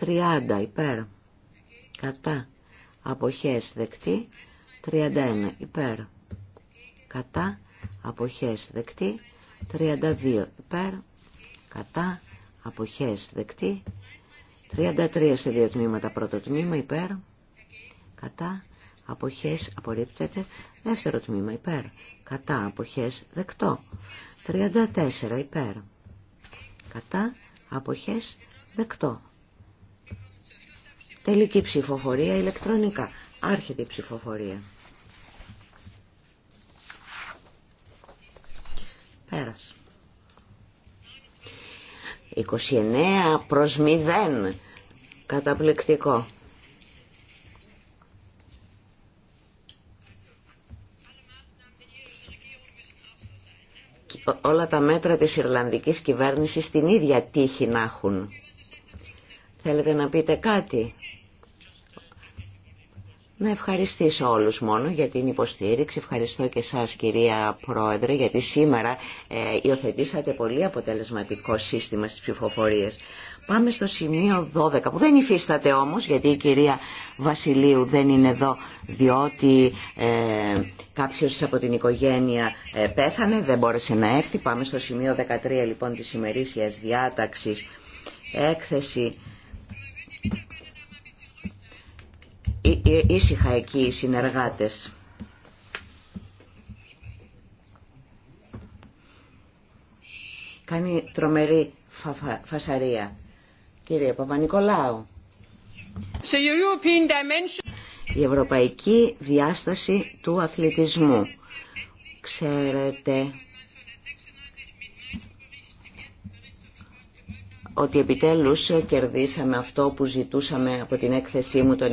30 υπέρ. Κατά. Αποχές δεκτή. 31 υπέρ. Κατά. Αποχές δεκτή. 32 υπέρ. Κατά. Αποχές δεκτή. 33 σε δύο τμήματα πρώτο τμήμα υπέρ κατά αποχές απορρίπτεται δεύτερο τμήμα υπέρ κατά αποχές δεκτό 34 υπέρ κατά αποχές δεκτό τελική ψηφοφορία ηλεκτρονικά άρχεται η ψηφοφορία πέρας 29 προς 0 καταπληκτικό όλα τα μέτρα της Ιρλανδικής κυβέρνησης την ίδια τύχη να έχουν. Θέλετε να πείτε κάτι. Να ευχαριστήσω όλους μόνο για την υποστήριξη. Ευχαριστώ και σας κυρία Πρόεδρε γιατί σήμερα ε, υιοθετήσατε πολύ αποτελεσματικό σύστημα στις ψηφοφορίες. Πάμε στο σημείο 12 που δεν υφίσταται όμως γιατί η κυρία Βασιλείου δεν είναι εδώ διότι ε, κάποιος από την οικογένεια ε, πέθανε, δεν μπόρεσε να έρθει. Πάμε στο σημείο 13 λοιπόν της ημερήσιας διάταξης έκθεση. Ή, ήσυχα εκεί οι συνεργάτες. Κάνει τρομερή φασαρία. Κύριε Παπα-Νικολάου. Η ευρωπαϊκή διάσταση του αθλητισμού. Ξέρετε ότι επιτέλους κερδίσαμε αυτό που ζητούσαμε από την έκθεσή μου το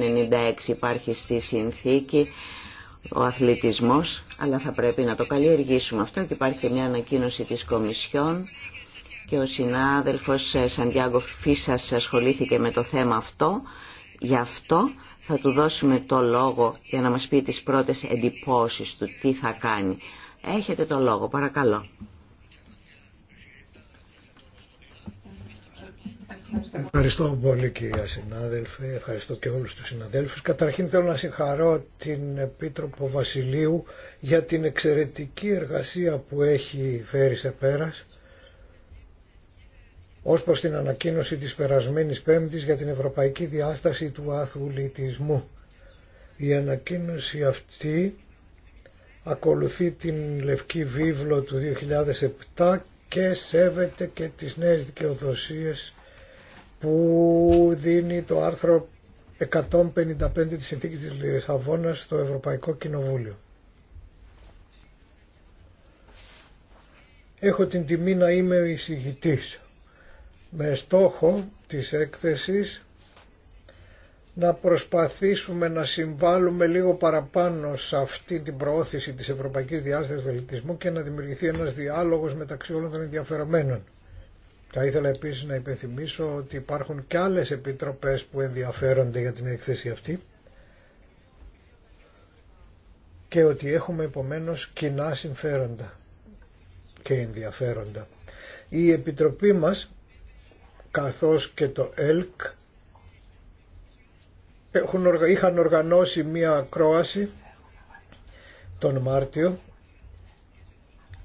96 υπάρχει στη συνθήκη ο αθλητισμός αλλά θα πρέπει να το καλλιεργήσουμε αυτό και υπάρχει μια ανακοίνωση της Κομισιόν και ο συνάδελφος ε, Σαντιάγκο Φίσας ασχολήθηκε με το θέμα αυτό. Γι' αυτό θα του δώσουμε το λόγο για να μας πει τις πρώτες εντυπώσεις του, τι θα κάνει. Έχετε το λόγο, παρακαλώ. Ευχαριστώ πολύ κυρία συνάδελφε, ευχαριστώ και όλους τους συναδέλφους. Καταρχήν θέλω να συγχαρώ την Επίτροπο Βασιλείου για την εξαιρετική εργασία που έχει φέρει σε πέρας ως προς την ανακοίνωση της περασμένης Πέμπτης για την Ευρωπαϊκή Διάσταση του Αθλητισμού. Η ανακοίνωση αυτή ακολουθεί την Λευκή Βίβλο του 2007 και σέβεται και τις νέες δικαιοδοσίες που δίνει το άρθρο 155 της Συνθήκης της Λισαβόνας στο Ευρωπαϊκό Κοινοβούλιο. Έχω την τιμή να είμαι ο εισηγητής με στόχο της έκθεσης να προσπαθήσουμε να συμβάλλουμε λίγο παραπάνω σε αυτή την προώθηση της Ευρωπαϊκής Διάστασης Δελτισμού και να δημιουργηθεί ένας διάλογος μεταξύ όλων των ενδιαφερομένων. Θα ήθελα επίσης να υπενθυμίσω ότι υπάρχουν και άλλες επιτροπές που ενδιαφέρονται για την έκθεση αυτή και ότι έχουμε επομένως κοινά συμφέροντα και ενδιαφέροντα. Η Επιτροπή μας καθώς και το ΕΛΚ έχουν, είχαν οργανώσει μία ακρόαση τον Μάρτιο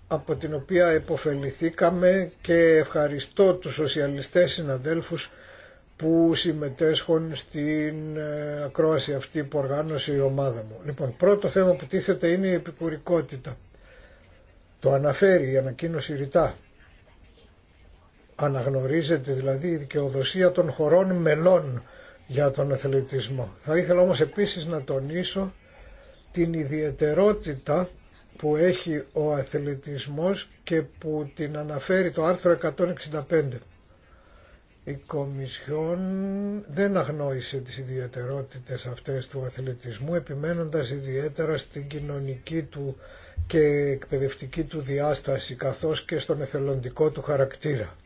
από την οποία εποφεληθήκαμε και ευχαριστώ τους σοσιαλιστές συναδέλφους που συμμετέσχουν στην ε, ακρόαση αυτή που οργάνωσε η ομάδα μου. Λοιπόν, πρώτο θέμα που τίθεται είναι η επικουρικότητα. Το αναφέρει η ανακοίνωση ρητά αναγνωρίζεται δηλαδή η δικαιοδοσία των χωρών μελών για τον αθλητισμό. Θα ήθελα όμως επίσης να τονίσω την ιδιαιτερότητα που έχει ο αθλητισμός και που την αναφέρει το άρθρο 165. Η Κομισιόν δεν αγνόησε τις ιδιαιτερότητες αυτές του αθλητισμού επιμένοντας ιδιαίτερα στην κοινωνική του και εκπαιδευτική του διάσταση καθώς και στον εθελοντικό του χαρακτήρα.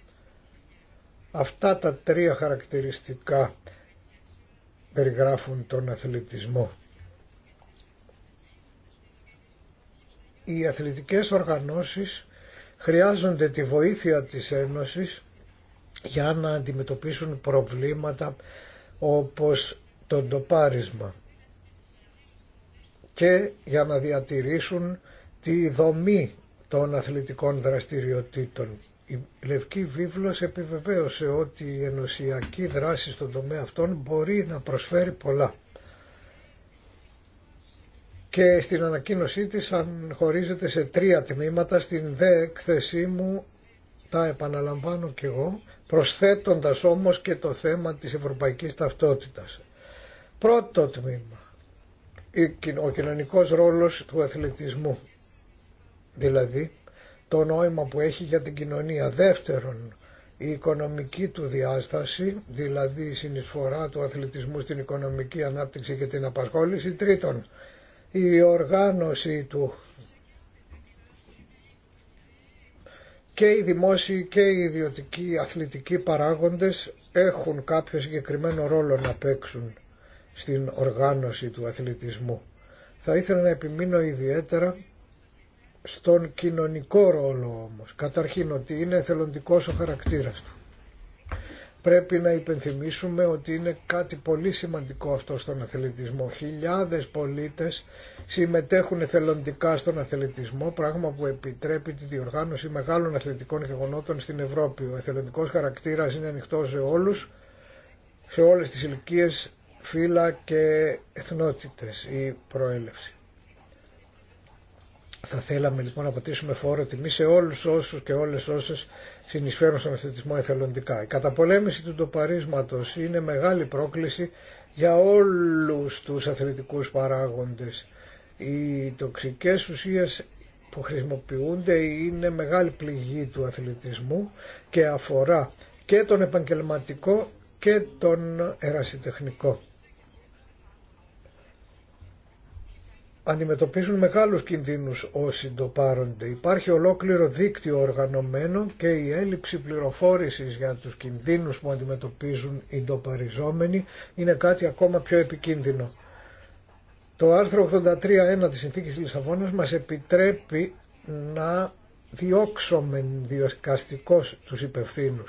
Αυτά τα τρία χαρακτηριστικά περιγράφουν τον αθλητισμό. Οι αθλητικές οργανώσεις χρειάζονται τη βοήθεια της Ένωσης για να αντιμετωπίσουν προβλήματα όπως το ντοπάρισμα και για να διατηρήσουν τη δομή των αθλητικών δραστηριοτήτων η Λευκή Βίβλος επιβεβαίωσε ότι η ενωσιακή δράση στον τομέα αυτών μπορεί να προσφέρει πολλά. Και στην ανακοίνωσή της αν χωρίζεται σε τρία τμήματα, στην δε έκθεσή μου τα επαναλαμβάνω κι εγώ, προσθέτοντας όμως και το θέμα της ευρωπαϊκής ταυτότητας. Πρώτο τμήμα, ο κοινωνικός ρόλος του αθλητισμού, δηλαδή το νόημα που έχει για την κοινωνία. Δεύτερον, η οικονομική του διάσταση, δηλαδή η συνεισφορά του αθλητισμού στην οικονομική ανάπτυξη και την απασχόληση. Τρίτον, η οργάνωση του και οι δημόσιοι και οι ιδιωτικοί αθλητικοί παράγοντες έχουν κάποιο συγκεκριμένο ρόλο να παίξουν στην οργάνωση του αθλητισμού. Θα ήθελα να επιμείνω ιδιαίτερα στον κοινωνικό ρόλο όμως. Καταρχήν ότι είναι εθελοντικός ο χαρακτήρας του. Πρέπει να υπενθυμίσουμε ότι είναι κάτι πολύ σημαντικό αυτό στον αθλητισμό. Χιλιάδες πολίτες συμμετέχουν εθελοντικά στον αθλητισμό, πράγμα που επιτρέπει τη διοργάνωση μεγάλων αθλητικών γεγονότων στην Ευρώπη. Ο εθελοντικός χαρακτήρας είναι ανοιχτό σε όλους, σε όλες τις ηλικίε φύλλα και εθνότητες ή προέλευση. Θα θέλαμε λοιπόν να πατήσουμε φόρο τιμή σε όλους όσους και όλες όσες συνεισφέρουν στον αθλητισμό εθελοντικά. Η καταπολέμηση του τοπαρίσματος είναι μεγάλη πρόκληση για όλους τους αθλητικούς παράγοντες. Οι τοξικές ουσίες που χρησιμοποιούνται είναι μεγάλη πληγή του αθλητισμού και αφορά και τον επαγγελματικό και τον ερασιτεχνικό. αντιμετωπίζουν μεγάλους κινδύνους όσοι το πάρονται. Υπάρχει ολόκληρο δίκτυο οργανωμένο και η έλλειψη πληροφόρησης για τους κινδύνους που αντιμετωπίζουν οι ντοπαριζόμενοι είναι κάτι ακόμα πιο επικίνδυνο. Το άρθρο 83.1 της Συνθήκης Λισαβόνας μας επιτρέπει να διώξουμε διοσκαστικώς τους υπευθύνου.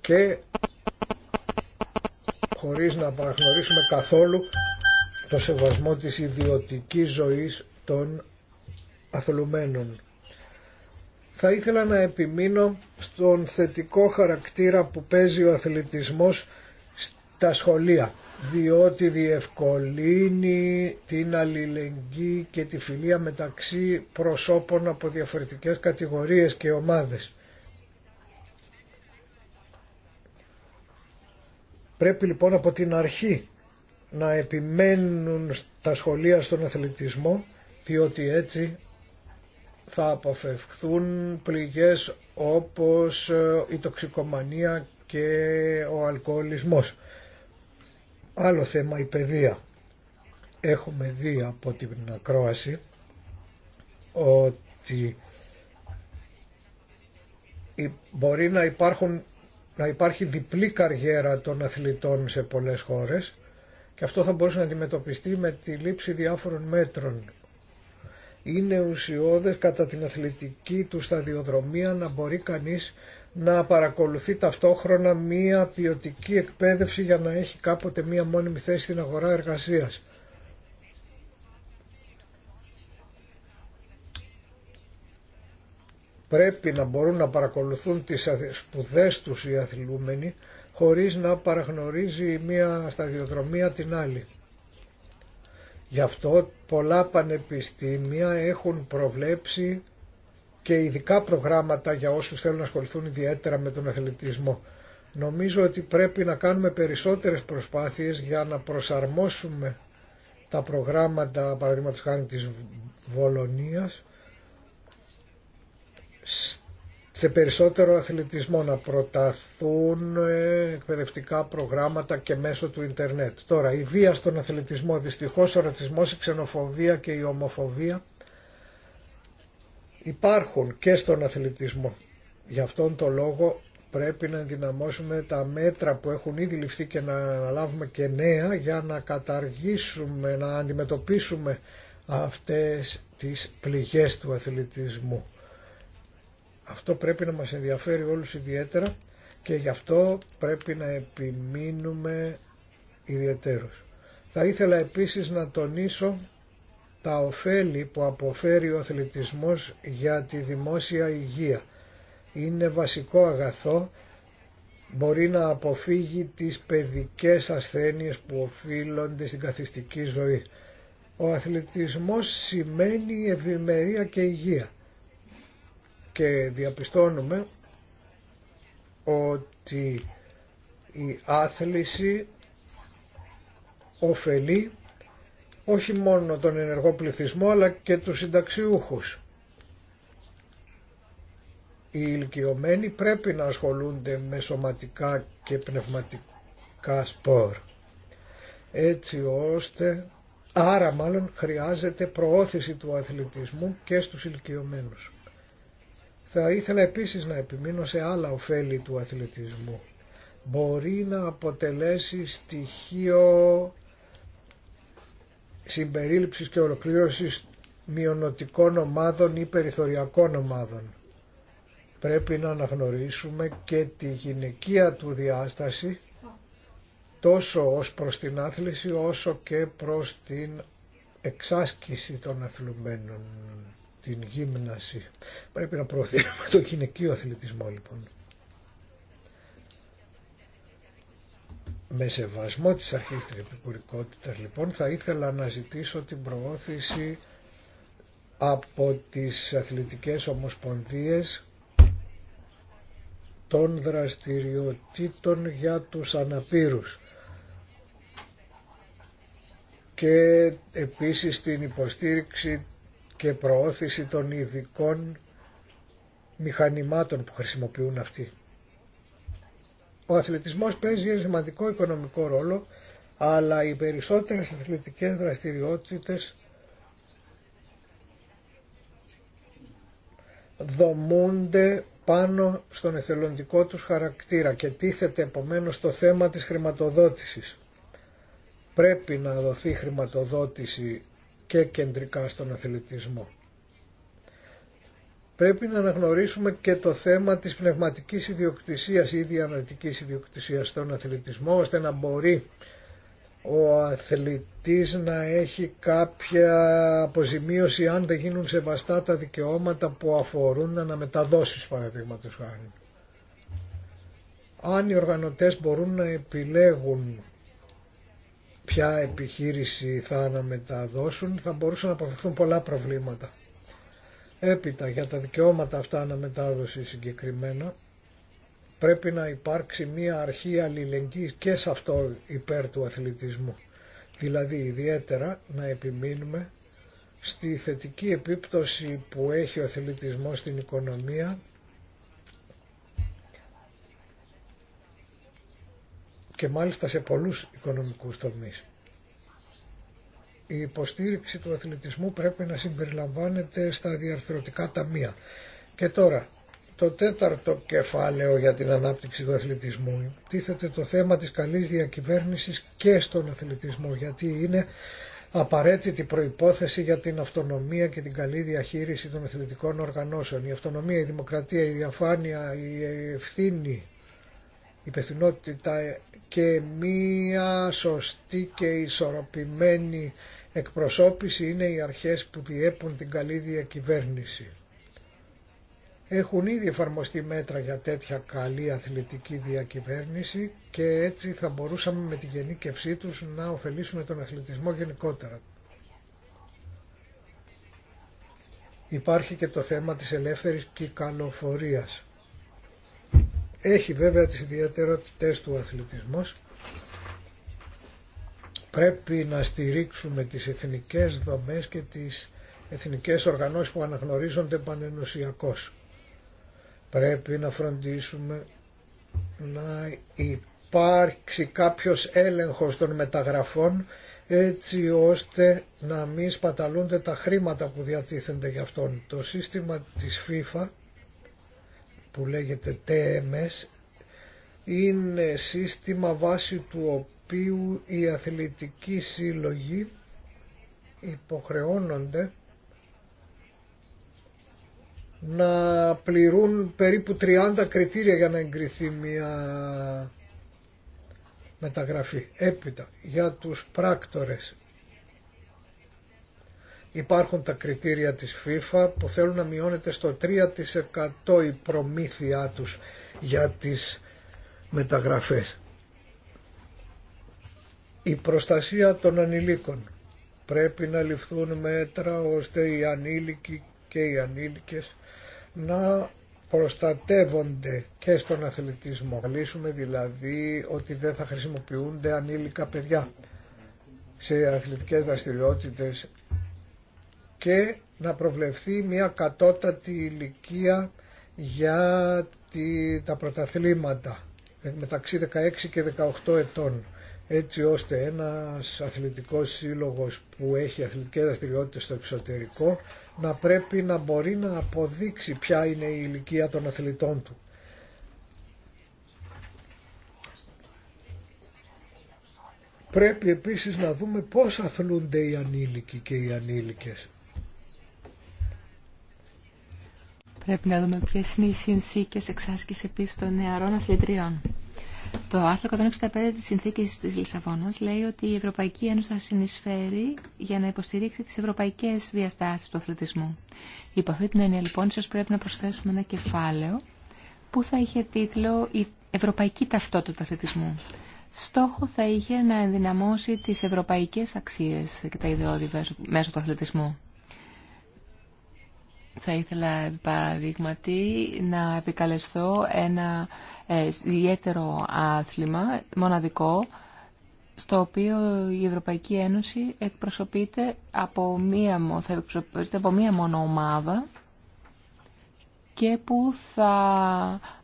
και χωρίς να παραγνωρίσουμε καθόλου το σεβασμό της ιδιωτικής ζωής των αθλουμένων. Θα ήθελα να επιμείνω στον θετικό χαρακτήρα που παίζει ο αθλητισμός στα σχολεία, διότι διευκολύνει την αλληλεγγύη και τη φιλία μεταξύ προσώπων από διαφορετικές κατηγορίες και ομάδες. Πρέπει λοιπόν από την αρχή να επιμένουν τα σχολεία στον αθλητισμό διότι έτσι θα αποφευχθούν πληγές όπως ε, η τοξικομανία και ο αλκοολισμός. Άλλο θέμα η παιδεία. Έχουμε δει από την ακρόαση ότι μπορεί να, υπάρχουν, να υπάρχει διπλή καριέρα των αθλητών σε πολλές χώρες και αυτό θα μπορούσε να αντιμετωπιστεί με τη λήψη διάφορων μέτρων. Είναι ουσιώδες κατά την αθλητική του σταδιοδρομία να μπορεί κανείς να παρακολουθεί ταυτόχρονα μία ποιοτική εκπαίδευση για να έχει κάποτε μία μόνιμη θέση στην αγορά εργασίας. Πρέπει να μπορούν να παρακολουθούν τις σπουδές τους οι αθλούμενοι χωρίς να παραγνωρίζει μία σταδιοδρομία την άλλη. Γι' αυτό πολλά πανεπιστήμια έχουν προβλέψει και ειδικά προγράμματα για όσους θέλουν να ασχοληθούν ιδιαίτερα με τον αθλητισμό. Νομίζω ότι πρέπει να κάνουμε περισσότερες προσπάθειες για να προσαρμόσουμε τα προγράμματα, παραδείγματος χάρη της Βολονίας, σε περισσότερο αθλητισμό να προταθούν ε, εκπαιδευτικά προγράμματα και μέσω του ίντερνετ. Τώρα, η βία στον αθλητισμό, δυστυχώς ο ρατσισμός, η ξενοφοβία και η ομοφοβία υπάρχουν και στον αθλητισμό. Γι' αυτόν τον λόγο πρέπει να ενδυναμώσουμε τα μέτρα που έχουν ήδη ληφθεί και να αναλάβουμε και νέα για να καταργήσουμε, να αντιμετωπίσουμε αυτές τις πληγές του αθλητισμού. Αυτό πρέπει να μας ενδιαφέρει όλους ιδιαίτερα και γι' αυτό πρέπει να επιμείνουμε ιδιαίτερος. Θα ήθελα επίσης να τονίσω τα ωφέλη που αποφέρει ο αθλητισμός για τη δημόσια υγεία. Είναι βασικό αγαθό, μπορεί να αποφύγει τις παιδικές ασθένειες που οφείλονται στην καθιστική ζωή. Ο αθλητισμός σημαίνει ευημερία και υγεία και διαπιστώνουμε ότι η άθληση ωφελεί όχι μόνο τον ενεργό πληθυσμό αλλά και τους συνταξιούχους. Οι ηλικιωμένοι πρέπει να ασχολούνται με σωματικά και πνευματικά σπορ έτσι ώστε άρα μάλλον χρειάζεται προώθηση του αθλητισμού και στους ηλικιωμένους. Θα ήθελα επίσης να επιμείνω σε άλλα ωφέλη του αθλητισμού. Μπορεί να αποτελέσει στοιχείο συμπερίληψης και ολοκλήρωσης μειονοτικών ομάδων ή περιθωριακών ομάδων. Πρέπει να αναγνωρίσουμε και τη γυναικεία του διάσταση τόσο ως προς την άθληση όσο και προς την εξάσκηση των αθλουμένων την γύμναση. Πρέπει να προωθήσουμε το γυναικείο αθλητισμό λοιπόν. Με σεβασμό της αρχής της επικουρικότητας λοιπόν θα ήθελα να ζητήσω την προώθηση από τις αθλητικές ομοσπονδίες των δραστηριοτήτων για τους αναπήρους και επίσης την υποστήριξη και προώθηση των ειδικών μηχανημάτων που χρησιμοποιούν αυτοί. Ο αθλητισμός παίζει ένα σημαντικό οικονομικό ρόλο, αλλά οι περισσότερες αθλητικές δραστηριότητες δομούνται πάνω στον εθελοντικό τους χαρακτήρα και τίθεται επομένως το θέμα της χρηματοδότησης. Πρέπει να δοθεί χρηματοδότηση και κεντρικά στον αθλητισμό. Πρέπει να αναγνωρίσουμε και το θέμα της πνευματικής ιδιοκτησίας ή διανοητικής ιδιοκτησίας στον αθλητισμό, ώστε να μπορεί ο αθλητής να έχει κάποια αποζημίωση αν δεν γίνουν σεβαστά τα δικαιώματα που αφορούν να μεταδώσεις, παραδείγματος χάρη. Αν οι οργανωτές μπορούν να επιλέγουν ποια επιχείρηση θα αναμεταδώσουν, θα μπορούσαν να αποφευχθούν πολλά προβλήματα. Έπειτα για τα δικαιώματα αυτά αναμετάδοση συγκεκριμένα πρέπει να υπάρξει μία αρχή αλληλεγγύη και σε αυτό υπέρ του αθλητισμού. Δηλαδή ιδιαίτερα να επιμείνουμε στη θετική επίπτωση που έχει ο αθλητισμός στην οικονομία και μάλιστα σε πολλούς οικονομικούς τομείς. Η υποστήριξη του αθλητισμού πρέπει να συμπεριλαμβάνεται στα διαρθρωτικά ταμεία. Και τώρα, το τέταρτο κεφάλαιο για την ανάπτυξη του αθλητισμού τίθεται το θέμα της καλής διακυβέρνησης και στον αθλητισμό γιατί είναι απαραίτητη προϋπόθεση για την αυτονομία και την καλή διαχείριση των αθλητικών οργανώσεων. Η αυτονομία, η δημοκρατία, η διαφάνεια, η ευθύνη, η υπευθυνότητα και μία σωστή και ισορροπημένη εκπροσώπηση είναι οι αρχές που διέπουν την καλή διακυβέρνηση. Έχουν ήδη εφαρμοστεί μέτρα για τέτοια καλή αθλητική διακυβέρνηση και έτσι θα μπορούσαμε με τη γενίκευσή τους να ωφελήσουμε τον αθλητισμό γενικότερα. Υπάρχει και το θέμα της ελεύθερης κυκαλοφορίας. Έχει βέβαια τις ιδιαιτερότητες του αθλητισμού, Πρέπει να στηρίξουμε τις εθνικές δομές και τις εθνικές οργανώσεις που αναγνωρίζονται πανενωσιακώς. Πρέπει να φροντίσουμε να υπάρξει κάποιος έλεγχος των μεταγραφών έτσι ώστε να μην σπαταλούνται τα χρήματα που διατίθενται για αυτόν. Το σύστημα της FIFA που λέγεται TMS είναι σύστημα βάση του οποίου οι αθλητικοί σύλλογοι υποχρεώνονται να πληρούν περίπου 30 κριτήρια για να εγκριθεί μια μεταγραφή. Έπειτα για τους πράκτορες Υπάρχουν τα κριτήρια της FIFA που θέλουν να μειώνεται στο 3% η προμήθειά τους για τις μεταγραφές. Η προστασία των ανηλίκων. Πρέπει να ληφθούν μέτρα ώστε οι ανήλικοι και οι ανήλικες να προστατεύονται και στον αθλητισμό. δηλαδή ότι δεν θα χρησιμοποιούνται ανήλικα παιδιά σε αθλητικές δραστηριότητες και να προβλεφθεί μια κατώτατη ηλικία για τα πρωταθλήματα μεταξύ 16 και 18 ετών έτσι ώστε ένας αθλητικός σύλλογος που έχει αθλητικές δραστηριότητε στο εξωτερικό να πρέπει να μπορεί να αποδείξει ποια είναι η ηλικία των αθλητών του. Πρέπει επίσης να δούμε πώς αθλούνται οι ανήλικοι και οι ανήλικες. Πρέπει να δούμε ποιες είναι οι συνθήκες εξάσκηση επίσης των νεαρών αθλητριών. Το άρθρο 165 της Συνθήκης της Λισαβόνας λέει ότι η Ευρωπαϊκή Ένωση θα συνεισφέρει για να υποστηρίξει τις ευρωπαϊκές διαστάσεις του αθλητισμού. Υπό αυτή την έννοια λοιπόν ίσω πρέπει να προσθέσουμε ένα κεφάλαιο που θα είχε τίτλο «Η Ευρωπαϊκή Ταυτότητα του Αθλητισμού». Στόχο θα είχε να ενδυναμώσει τις ευρωπαϊκές αξίες και τα ιδεώδη μέσω του αθλητισμού. Θα ήθελα, παραδείγματι, να επικαλεστώ ένα ε, ιδιαίτερο άθλημα, μοναδικό, στο οποίο η Ευρωπαϊκή Ένωση εκπροσωπείται από μία, θα εκπροσωπείται από μία μόνο ομάδα και που θα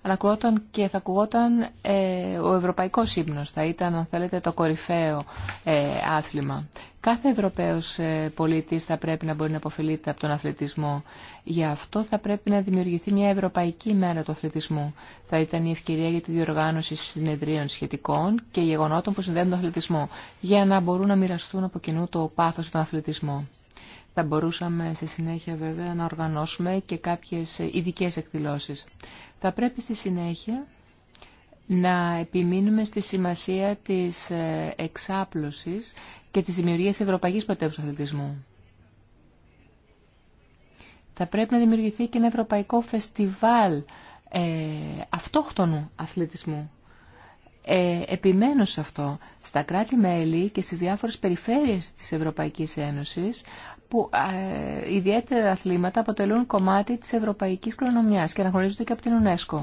ανακουγόταν και θα ακουγόταν ε, ο Ευρωπαϊκός ύμνος. Θα ήταν, αν θέλετε, το κορυφαίο ε, άθλημα. Κάθε Ευρωπαίος ε, πολίτης θα πρέπει να μπορεί να αποφελείται από τον αθλητισμό. Γι' αυτό θα πρέπει να δημιουργηθεί μια Ευρωπαϊκή μέρα του αθλητισμού. Θα ήταν η ευκαιρία για τη διοργάνωση συνεδρίων σχετικών και γεγονότων που συνδέουν τον αθλητισμό, για να μπορούν να μοιραστούν από κοινού το πάθος στον αθλητισμό. Θα μπορούσαμε σε συνέχεια βέβαια να οργανώσουμε και κάποιες ειδικέ εκδηλώσεις. Θα πρέπει στη συνέχεια να επιμείνουμε στη σημασία της ε, εξάπλωσης και της δημιουργίας ευρωπαϊκής πρωτεύουσα αθλητισμού. Θα πρέπει να δημιουργηθεί και ένα ευρωπαϊκό φεστιβάλ ε, αυτόχτονου αθλητισμού. Ε, επιμένω σε αυτό. Στα κράτη-μέλη και στις διάφορες περιφέρειες της Ευρωπαϊκής Ένωσης που ε, ιδιαίτερα αθλήματα αποτελούν κομμάτι της ευρωπαϊκής κληρονομιάς και αναγνωρίζονται και από την UNESCO.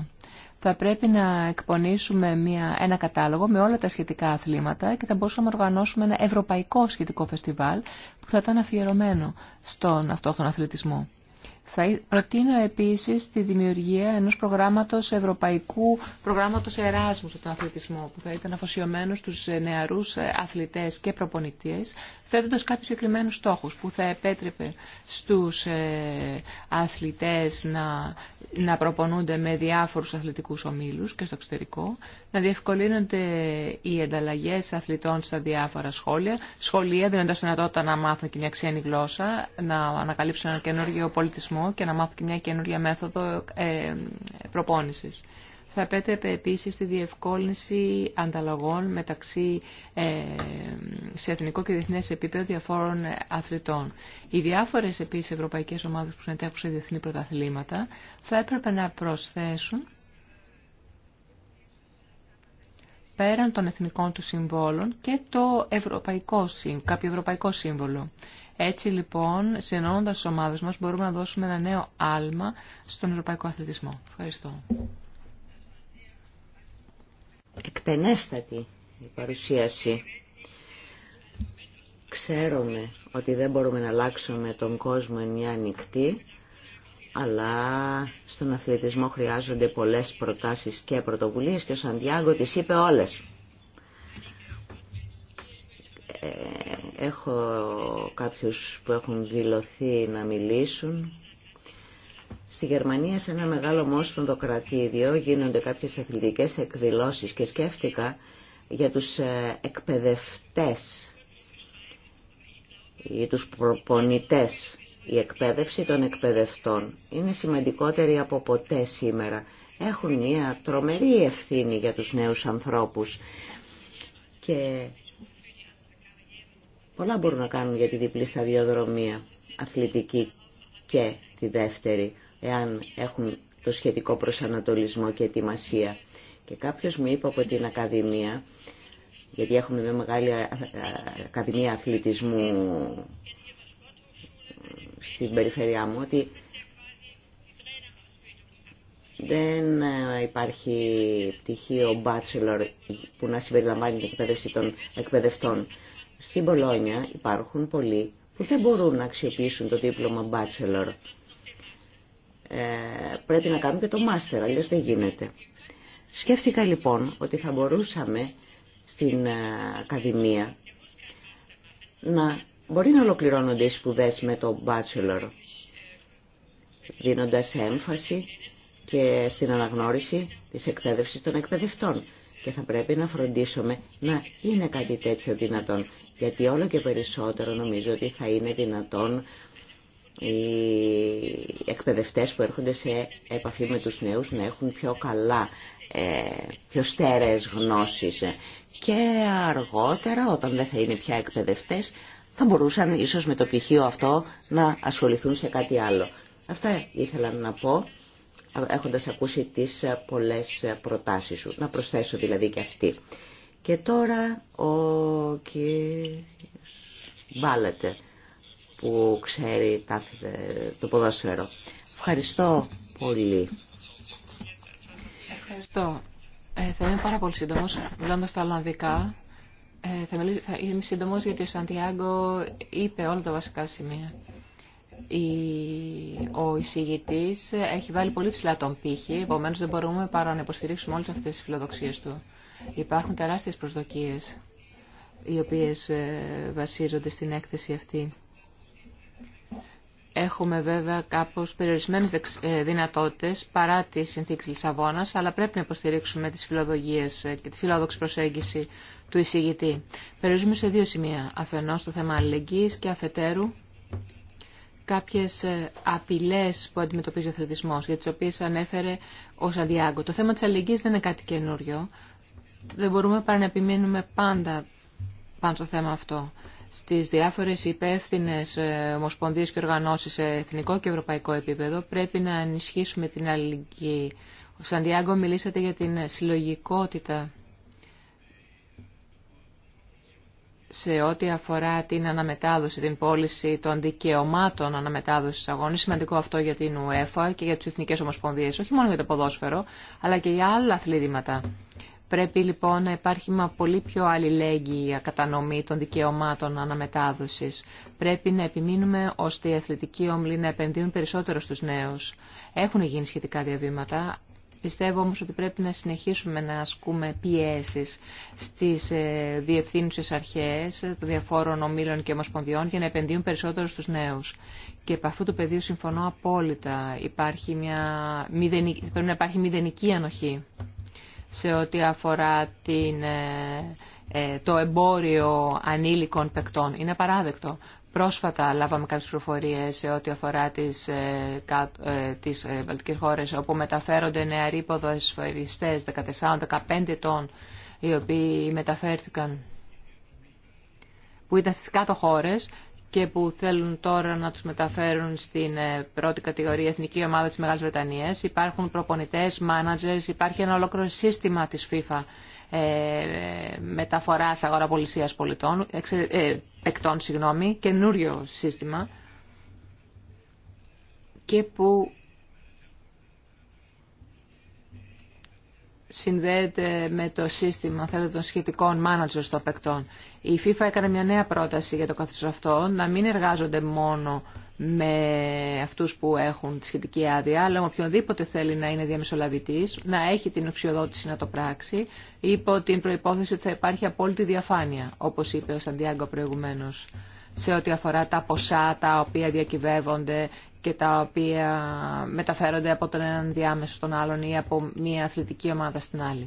Θα πρέπει να εκπονήσουμε μια, ένα κατάλογο με όλα τα σχετικά αθλήματα και θα μπορούσαμε να οργανώσουμε ένα ευρωπαϊκό σχετικό φεστιβάλ που θα ήταν αφιερωμένο στον τον αθλητισμό. Θα προτείνω επίσης τη δημιουργία ενός προγράμματος ευρωπαϊκού προγράμματος Εράσμου στον αθλητισμό που θα ήταν αφοσιωμένο στους νεαρούς ε, αθλητές και προπονητές θέτοντας κάποιους συγκεκριμένους στόχους που θα επέτρεπε στους ε, αθλητές να, να προπονούνται με διάφορους αθλητικούς ομίλους και στο εξωτερικό, να διευκολύνονται οι ενταλλαγές αθλητών στα διάφορα σχόλια, σχολεία δίνοντας δυνατότητα να μάθουν και μια ξένη γλώσσα, να ανακαλύψουν ένα καινούργιο πολιτισμό και να μάθουν και μια καινούργια μέθοδο ε, προπόνησης. Θα επέτρεπε επίσης τη διευκόλυνση ανταλλαγών μεταξύ ε, σε εθνικό και διεθνές επίπεδο διαφόρων αθλητών. Οι διάφορες επίσης ευρωπαϊκές ομάδες που συμμετέχουν σε διεθνή πρωταθλήματα θα έπρεπε να προσθέσουν πέραν των εθνικών του συμβόλων και το ευρωπαϊκό, κάποιο ευρωπαϊκό σύμβολο. Έτσι λοιπόν, συνενώνοντας τις ομάδες μας, μπορούμε να δώσουμε ένα νέο άλμα στον ευρωπαϊκό αθλητισμό. Ευχαριστώ εκτενέστατη η παρουσίαση. Ξέρουμε ότι δεν μπορούμε να αλλάξουμε τον κόσμο εν μια αλλά στον αθλητισμό χρειάζονται πολλές προτάσεις και πρωτοβουλίες και ο Σαντιάγκο τις είπε όλες. Ε, έχω κάποιους που έχουν δηλωθεί να μιλήσουν. Στη Γερμανία, σε ένα μεγάλο μόσφοντο κρατήδιο, γίνονται κάποιες αθλητικές εκδηλώσεις και σκέφτηκα για τους ε, εκπαιδευτές ή τους προπονητές. Η εκπαίδευση των εκπαιδευτών είναι σημαντικότερη από ποτέ σήμερα. Έχουν μια τρομερή ευθύνη για τους νέους ανθρώπους και πολλά μπορούν να κάνουν για τη διπλή σταδιοδρομία, αθλητική και τη δεύτερη εάν έχουν το σχετικό προσανατολισμό και ετοιμασία. Και κάποιος μου είπε από την Ακαδημία, γιατί έχουμε μια μεγάλη Ακαδημία Αθλητισμού στην περιφέρειά μου, ότι δεν υπάρχει πτυχίο bachelor που να συμπεριλαμβάνει την εκπαίδευση των εκπαιδευτών. Στην Πολόνια υπάρχουν πολλοί που δεν μπορούν να αξιοποιήσουν το δίπλωμα bachelor ε, πρέπει να κάνουμε και το μάστερ, αλλιώ δεν γίνεται. Σκέφτηκα λοιπόν ότι θα μπορούσαμε στην ε, Ακαδημία να μπορεί να ολοκληρώνονται οι σπουδέ με το bachelor, δίνοντας έμφαση και στην αναγνώριση της εκπαίδευση των εκπαιδευτών. Και θα πρέπει να φροντίσουμε να είναι κάτι τέτοιο δυνατόν, γιατί όλο και περισσότερο νομίζω ότι θα είναι δυνατόν οι εκπαιδευτές που έρχονται σε επαφή με τους νέους να έχουν πιο καλά, ε, πιο στέρεες γνώσεις και αργότερα όταν δεν θα είναι πια εκπαιδευτές θα μπορούσαν ίσως με το πτυχίο αυτό να ασχοληθούν σε κάτι άλλο. Αυτά ήθελα να πω έχοντας ακούσει τις πολλές προτάσεις σου. Να προσθέσω δηλαδή και αυτή. Και τώρα ο κύριος Μπάλετερ που ξέρει το ποδόσφαιρο. Ευχαριστώ πολύ. Ευχαριστώ. Ε, θα είμαι πάρα πολύ σύντομος, μιλώντας τα Ολλανδικά. Ε, θα, μιλήσω, είμαι σύντομος γιατί ο Σαντιάγκο είπε όλα τα βασικά σημεία. ο εισηγητή έχει βάλει πολύ ψηλά τον πύχη, Επομένω δεν μπορούμε παρά να υποστηρίξουμε όλε αυτέ τι φιλοδοξίε του. Υπάρχουν τεράστιε προσδοκίε οι οποίες ε, βασίζονται στην έκθεση αυτή. Έχουμε βέβαια κάπως περιορισμένες ε, δυνατότητες παρά τη συνθήκη Λισαβόνας, αλλά πρέπει να υποστηρίξουμε τις φιλοδογίες ε, και τη φιλόδοξη προσέγγιση του εισηγητή. Περιορίζουμε σε δύο σημεία, αφενός το θέμα αλληλεγγύης και αφετέρου κάποιες ε, απειλές που αντιμετωπίζει ο αθλητισμός, για τις οποίες ανέφερε ο Σαντιάγκο. Το θέμα της αλληλεγγύης δεν είναι κάτι καινούριο. Δεν μπορούμε παρά να επιμείνουμε πάντα πάνω στο θέμα αυτό στις διάφορες υπεύθυνε ε, ομοσπονδίες και οργανώσεις σε εθνικό και ευρωπαϊκό επίπεδο πρέπει να ενισχύσουμε την αλληλεγγύη. Ο Σαντιάγκο μιλήσατε για την συλλογικότητα σε ό,τι αφορά την αναμετάδοση, την πώληση των δικαιωμάτων αναμετάδοση αγώνων. Είναι σημαντικό αυτό για την UEFA και για τι Εθνικέ Ομοσπονδίε, όχι μόνο για το ποδόσφαιρο, αλλά και για άλλα αθλήματα. Πρέπει λοιπόν να υπάρχει μια πολύ πιο αλληλέγγυη κατανομή των δικαιωμάτων αναμετάδοσης. Πρέπει να επιμείνουμε ώστε οι αθλητικοί όμιλοι να επενδύουν περισσότερο στους νέους. Έχουν γίνει σχετικά διαβήματα, Πιστεύω όμως ότι πρέπει να συνεχίσουμε να ασκούμε πιέσεις στις διευθύνουσε διευθύνουσες αρχές των διαφόρων ομίλων και ομοσπονδιών για να επενδύουν περισσότερο στους νέους. Και από αυτού του πεδίου συμφωνώ απόλυτα. Υπάρχει μια... Μηδενική... Πρέπει να υπάρχει μηδενική ανοχή σε ό,τι αφορά την, ε, ε, το εμπόριο ανήλικων παικτών. Είναι παράδεκτο. Πρόσφατα λάβαμε κάποιες προφορίες σε ό,τι αφορά τις, ε, ε, τις ε, βαλτικές χώρες όπου μεταφέρονται νεαροί ποδοσφαιριστές 14-15 ετών οι οποίοι μεταφέρθηκαν που ήταν στις κάτω χώρες και που θέλουν τώρα να τους μεταφέρουν στην ε, πρώτη κατηγορία Εθνική Ομάδα της Μεγάλης Βρετανίας. Υπάρχουν προπονητές, managers, υπάρχει ένα ολόκληρο σύστημα της FIFA ε, μεταφοράς αγοραπολισίας πολιτών, εξε, ε, παικτών, συγγνώμη, καινούριο σύστημα και που συνδέεται με το σύστημα θέλω, των σχετικών managers των παικτών. Η FIFA έκανε μια νέα πρόταση για το καθεστώ αυτό, να μην εργάζονται μόνο με αυτούς που έχουν τη σχετική άδεια, αλλά με οποιονδήποτε θέλει να είναι διαμεσολαβητής, να έχει την αξιοδότηση να το πράξει, υπό την προϋπόθεση ότι θα υπάρχει απόλυτη διαφάνεια, όπως είπε ο Σαντιάγκο προηγουμένω σε ό,τι αφορά τα ποσά τα οποία διακυβεύονται και τα οποία μεταφέρονται από τον έναν διάμεσο στον άλλον ή από μία αθλητική ομάδα στην άλλη.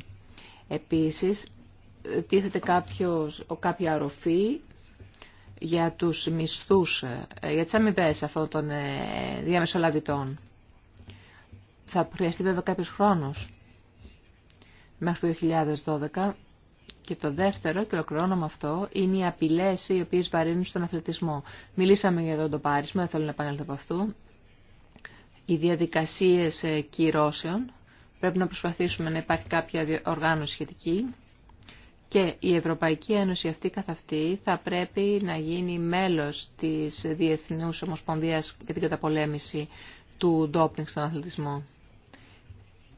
Επίσης, τίθεται κάποιος, κάποια αροφή για τους μισθούς, ε, για τις αμοιβές αυτών των ε, διαμεσολαβητών. Θα χρειαστεί βέβαια κάποιος χρόνος μέχρι το 2012 και το δεύτερο, και ολοκληρώνω με αυτό, είναι οι απειλέ οι οποίε βαρύνουν στον αθλητισμό. Μιλήσαμε για εδώ το πάρισμα, δεν θέλω να επανέλθω από αυτού οι διαδικασίες ε, κυρώσεων. Πρέπει να προσπαθήσουμε να υπάρχει κάποια οργάνωση σχετική. Και η Ευρωπαϊκή Ένωση αυτή καθ' αυτή θα πρέπει να γίνει μέλος της Διεθνούς Ομοσπονδίας για την καταπολέμηση του ντόπινγκ στον αθλητισμό.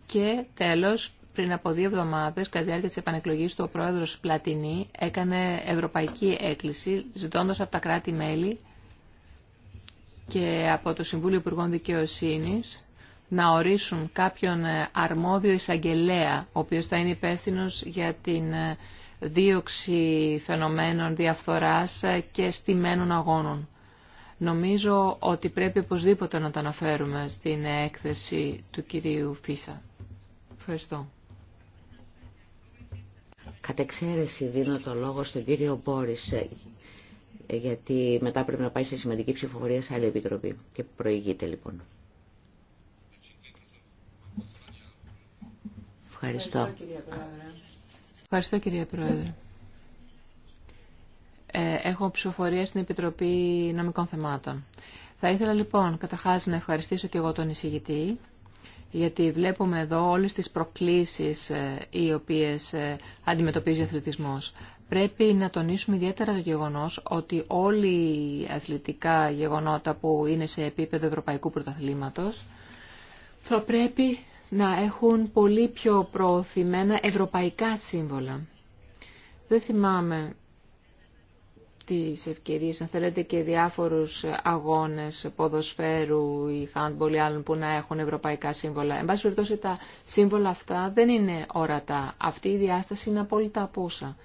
Και τέλος, πριν από δύο εβδομάδες, κατά τη διάρκεια της επανεκλογής του, ο πρόεδρος Πλατινή έκανε ευρωπαϊκή έκκληση, ζητώντας από τα κράτη-μέλη και από το Συμβούλιο Υπουργών Δικαιοσύνης να ορίσουν κάποιον ε, αρμόδιο εισαγγελέα, ο οποίος θα είναι υπεύθυνο για την ε, δίωξη φαινομένων διαφθοράς ε, και στημένων αγώνων. Νομίζω ότι πρέπει οπωσδήποτε να τα αναφέρουμε στην έκθεση του κυρίου Φίσα. Ευχαριστώ. Κατ' εξαίρεση δίνω το λόγο στον κύριο Μπόρις ε, γιατί μετά πρέπει να πάει σε σημαντική ψηφοφορία σε άλλη επιτροπή και προηγείται λοιπόν. Ευχαριστώ. Ευχαριστώ κυρία Πρόεδρε. Ε, έχω ψηφοφορία στην Επιτροπή Νομικών Θεμάτων. Θα ήθελα λοιπόν καταχάσει να ευχαριστήσω και εγώ τον εισηγητή γιατί βλέπουμε εδώ όλες τις προκλήσεις ε, οι οποίες ε, αντιμετωπίζει ο αθλητισμός. Πρέπει να τονίσουμε ιδιαίτερα το γεγονός ότι όλοι οι αθλητικά γεγονότα που είναι σε επίπεδο Ευρωπαϊκού Πρωταθλήματος θα πρέπει να έχουν πολύ πιο προωθημένα ευρωπαϊκά σύμβολα. Δεν θυμάμαι τις ευκαιρίες, αν θέλετε, και διάφορους αγώνες ποδοσφαίρου ή χάντμπολ ή άλλων που να έχουν ευρωπαϊκά σύμβολα. Εν πάση περιπτώσει τα σύμβολα αυτά δεν είναι ορατά. Αυτή η διάσταση είναι απόλυτα απούσα.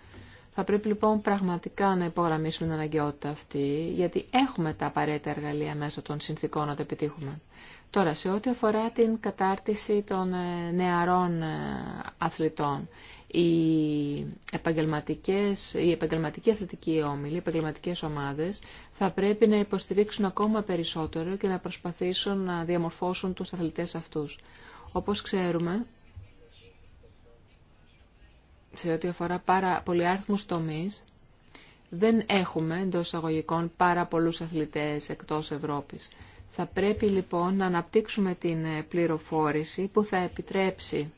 Θα πρέπει λοιπόν πραγματικά να υπογραμμίσουμε την αναγκαιότητα αυτή, γιατί έχουμε τα απαραίτητα εργαλεία μέσω των συνθήκων να το επιτύχουμε. Τώρα, σε ό,τι αφορά την κατάρτιση των ε, νεαρών ε, αθλητών, οι, επαγγελματικές, οι επαγγελματικοί αθλητικοί όμιλοι, οι επαγγελματικές ομάδες θα πρέπει να υποστηρίξουν ακόμα περισσότερο και να προσπαθήσουν να διαμορφώσουν τους αθλητές αυτούς. Όπως ξέρουμε, σε ό,τι αφορά πάρα πολυάριθμους τομείς, δεν έχουμε εντό εισαγωγικών πάρα πολλούς αθλητές εκτός Ευρώπης. Θα πρέπει λοιπόν να αναπτύξουμε την ε, πληροφόρηση που θα επιτρέψει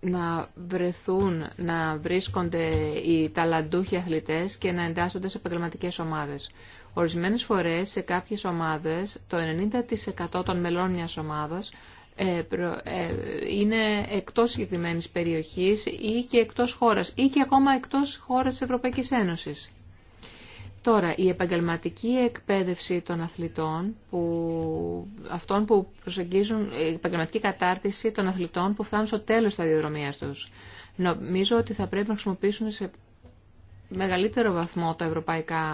να βρεθούν, να βρίσκονται οι ταλαντούχοι αθλητές και να εντάσσονται σε επαγγελματικές ομάδες. Ορισμένες φορές σε κάποιες ομάδες το 90% των μελών μιας ομάδας ε, ε, είναι εκτός συγκεκριμένη περιοχής ή και εκτός χώρας ή και ακόμα εκτός χώρας της Ευρωπαϊκής Ένωσης. Τώρα, η επαγγελματική εκπαίδευση των αθλητών, που, αυτών που προσεγγίζουν, η επαγγελματική κατάρτιση των αθλητών που φτάνουν στο τέλος της διαδρομίας τους. Νομίζω ότι θα πρέπει να χρησιμοποιήσουμε σε μεγαλύτερο βαθμό τα ευρωπαϊκά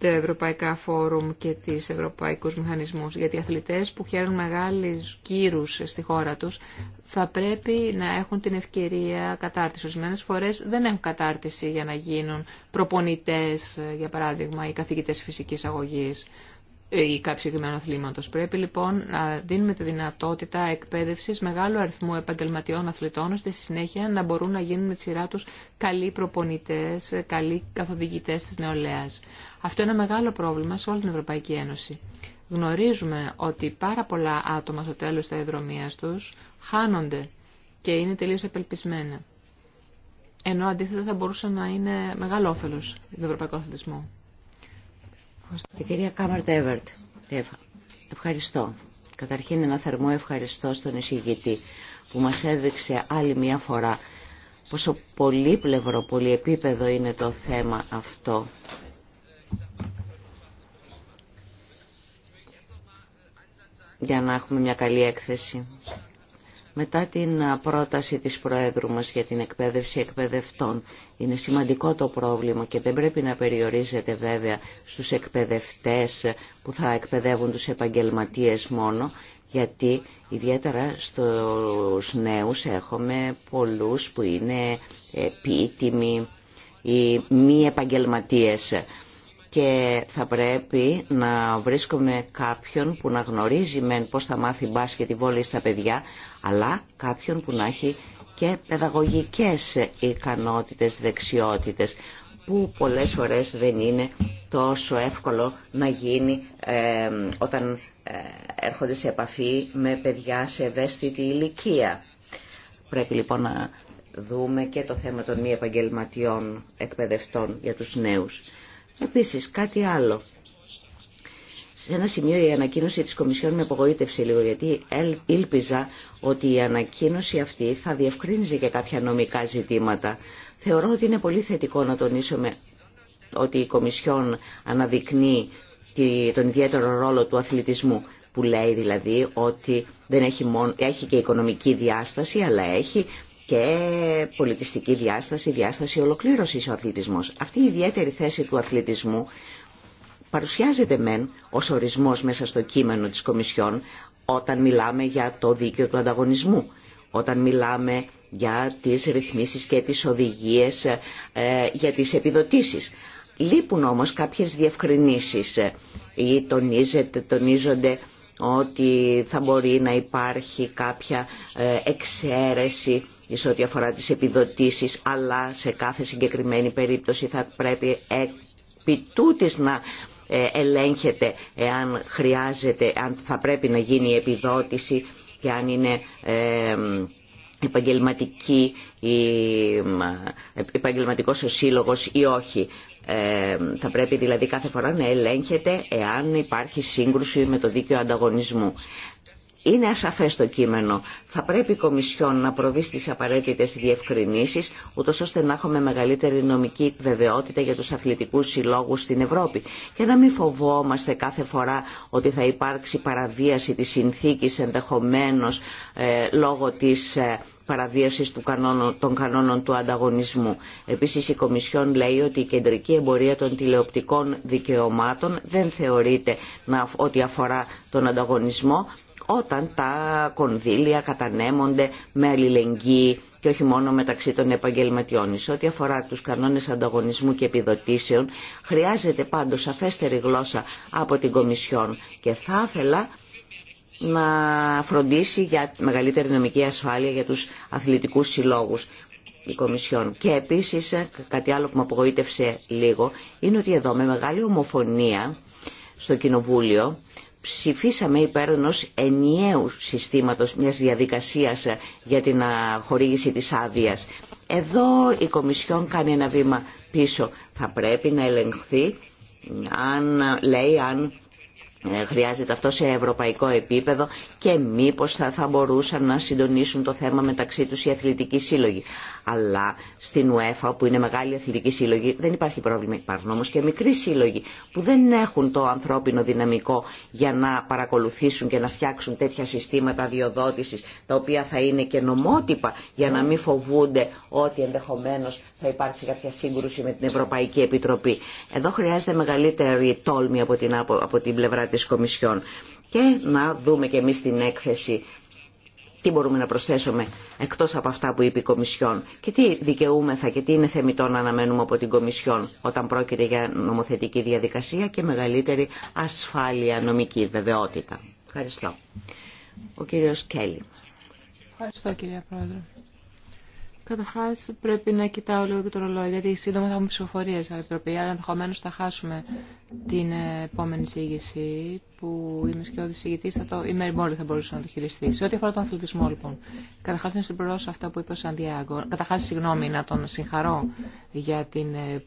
τα Ευρωπαϊκά Φόρουμ και τις Ευρωπαϊκούς Μηχανισμούς. Γιατί οι αθλητές που χαίρουν μεγάλους κύρους στη χώρα τους θα πρέπει να έχουν την ευκαιρία κατάρτιση. Ορισμένες φορές δεν έχουν κατάρτιση για να γίνουν προπονητές, για παράδειγμα, ή καθηγητές φυσικής αγωγής. Ε, ή κάποιο συγκεκριμένο αθλήματο. Πρέπει λοιπόν να δίνουμε τη δυνατότητα εκπαίδευση μεγάλου αριθμού επαγγελματιών αθλητών, ώστε στη συνέχεια να μπορούν να γίνουν με τη σειρά του καλοί προπονητέ, καλοί καθοδηγητέ τη νεολαία. Αυτό είναι ένα μεγάλο πρόβλημα σε όλη την Ευρωπαϊκή Ένωση. Γνωρίζουμε ότι πάρα πολλά άτομα στο τέλο τη αεδρομία του χάνονται και είναι τελείω απελπισμένα. Ενώ αντίθετα θα μπορούσαν να είναι μεγάλο όφελο για τον ευρωπαϊκό αθλητισμό. Η κυρία Κάμαρτ Εύερτ. Ευχαριστώ. Καταρχήν ένα θερμό ευχαριστώ στον εισηγητή που μας έδειξε άλλη μια φορά πόσο πολύπλευρο, πολυεπίπεδο είναι το θέμα αυτό. Για να έχουμε μια καλή έκθεση μετά την πρόταση της Προέδρου μας για την εκπαίδευση εκπαιδευτών. Είναι σημαντικό το πρόβλημα και δεν πρέπει να περιορίζεται βέβαια στους εκπαιδευτές που θα εκπαιδεύουν τους επαγγελματίες μόνο, γιατί ιδιαίτερα στους νέους έχουμε πολλούς που είναι ε, επίτιμοι ή μη επαγγελματίες και θα πρέπει να βρίσκουμε κάποιον που να γνωρίζει μεν πώς θα μάθει μπάσκετ ή βόλη στα παιδιά, αλλά κάποιον που να έχει και παιδαγωγικές ικανότητες, δεξιότητες, που πολλές φορές δεν είναι τόσο εύκολο να γίνει όταν ε, έρχονται σε επαφή με παιδιά σε ευαίσθητη ηλικία. Πρέπει λοιπόν να δούμε και το θέμα των μη επαγγελματιών εκπαιδευτών για τους νέους. Επίση, κάτι άλλο. Σε ένα σημείο η ανακοίνωση της Κομισιόν με απογοήτευσε λίγο, γιατί ήλπιζα ότι η ανακοίνωση αυτή θα διευκρίνιζε και κάποια νομικά ζητήματα. Θεωρώ ότι είναι πολύ θετικό να τονίσουμε ότι η Κομισιόν αναδεικνύει τον ιδιαίτερο ρόλο του αθλητισμού, που λέει δηλαδή ότι δεν έχει, μόνο, έχει και οικονομική διάσταση, αλλά έχει και πολιτιστική διάσταση, διάσταση ολοκλήρωσης ο αθλητισμός. Αυτή η ιδιαίτερη θέση του αθλητισμού παρουσιάζεται μεν ως ορισμός μέσα στο κείμενο της Κομισιόν όταν μιλάμε για το δίκαιο του ανταγωνισμού, όταν μιλάμε για τις ρυθμίσεις και τις οδηγίες ε, για τις επιδοτήσεις. Λείπουν όμως κάποιες διευκρινήσεις ε, ή τονίζεται, τονίζονται ότι θα μπορεί να υπάρχει κάποια ε, εξαίρεση σε ό,τι αφορά τις επιδοτήσεις, αλλά σε κάθε συγκεκριμένη περίπτωση θα πρέπει επιτούτης να ε, ελέγχεται εάν χρειάζεται, αν θα πρέπει να γίνει η επιδότηση και αν είναι ε, επαγγελματική ή ε, επαγγελματικός ο σύλλογος ή όχι. θα πρέπει δηλαδή κάθε φορά να ελέγχεται εάν υπάρχει σύγκρουση με το δίκαιο ανταγωνισμού. Είναι ασαφές το κείμενο. Θα πρέπει η Κομισιόν να προβεί στις απαραίτητες διευκρινήσεις, ούτως ώστε να έχουμε μεγαλύτερη νομική βεβαιότητα για τους αθλητικούς συλλόγους στην Ευρώπη και να μην φοβόμαστε κάθε φορά ότι θα υπάρξει παραβίαση της συνθήκης ενδεχομένως ε, λόγω της ε, παραβίασης των κανόνων του ανταγωνισμού. Επίσης η Κομισιόν λέει ότι η κεντρική εμπορία των τηλεοπτικών δικαιωμάτων δεν θεωρείται να, ότι αφορά τον ανταγωνισμό όταν τα κονδύλια κατανέμονται με αλληλεγγύη και όχι μόνο μεταξύ των επαγγελματιών. Σε ό,τι αφορά τους κανόνες ανταγωνισμού και επιδοτήσεων, χρειάζεται πάντως σαφέστερη γλώσσα από την Κομισιόν και θα ήθελα να φροντίσει για μεγαλύτερη νομική ασφάλεια για τους αθλητικούς συλλόγους η Κομισιόν. Και επίσης κάτι άλλο που με απογοήτευσε λίγο είναι ότι εδώ με μεγάλη ομοφωνία στο Κοινοβούλιο ψηφίσαμε υπέρ ενό ενιαίου συστήματος μιας διαδικασίας για την χορήγηση της άδεια. Εδώ η Κομισιόν κάνει ένα βήμα πίσω. Θα πρέπει να ελεγχθεί αν λέει αν ε, χρειάζεται αυτό σε ευρωπαϊκό επίπεδο και μήπως θα, μπορούσαν να συντονίσουν το θέμα μεταξύ τους οι αθλητικοί σύλλογοι. Αλλά στην UEFA που είναι μεγάλη αθλητική σύλλογη δεν υπάρχει πρόβλημα. Υπάρχουν όμως και μικροί σύλλογοι που δεν έχουν το ανθρώπινο δυναμικό για να παρακολουθήσουν και να φτιάξουν τέτοια συστήματα διοδότησης τα οποία θα είναι και νομότυπα για να μην φοβούνται ότι ενδεχομένως θα υπάρξει κάποια σύγκρουση με την Ευρωπαϊκή Επιτροπή. Εδώ χρειάζεται μεγαλύτερη τόλμη από την, από, από την πλευρά της Κομισιόν και να δούμε και εμείς την έκθεση τι μπορούμε να προσθέσουμε εκτός από αυτά που είπε η Κομισιόν και τι δικαιούμεθα και τι είναι θεμητό να αναμένουμε από την Κομισιόν όταν πρόκειται για νομοθετική διαδικασία και μεγαλύτερη ασφάλεια νομική βεβαιότητα. Ευχαριστώ. Ο κύριος Κέλλη. Ευχαριστώ κύριε Πρόεδρε. Καταρχά πρέπει να κοιτάω λίγο και το ρολόι, γιατί σύντομα θα έχουμε ψηφοφορίε στην Επιτροπή. Άρα ενδεχομένω θα χάσουμε την επόμενη σύγχυση που είμαι σκιώδη θα Το... Η Μέρι Μπόλη θα μπορούσε να το χειριστεί. Σε ό,τι αφορά τον αθλητισμό, λοιπόν. Καταρχά να συμπληρώσω αυτά που είπε ο Σαντιάγκο. Καταρχά, συγγνώμη, να τον συγχαρώ για την ε,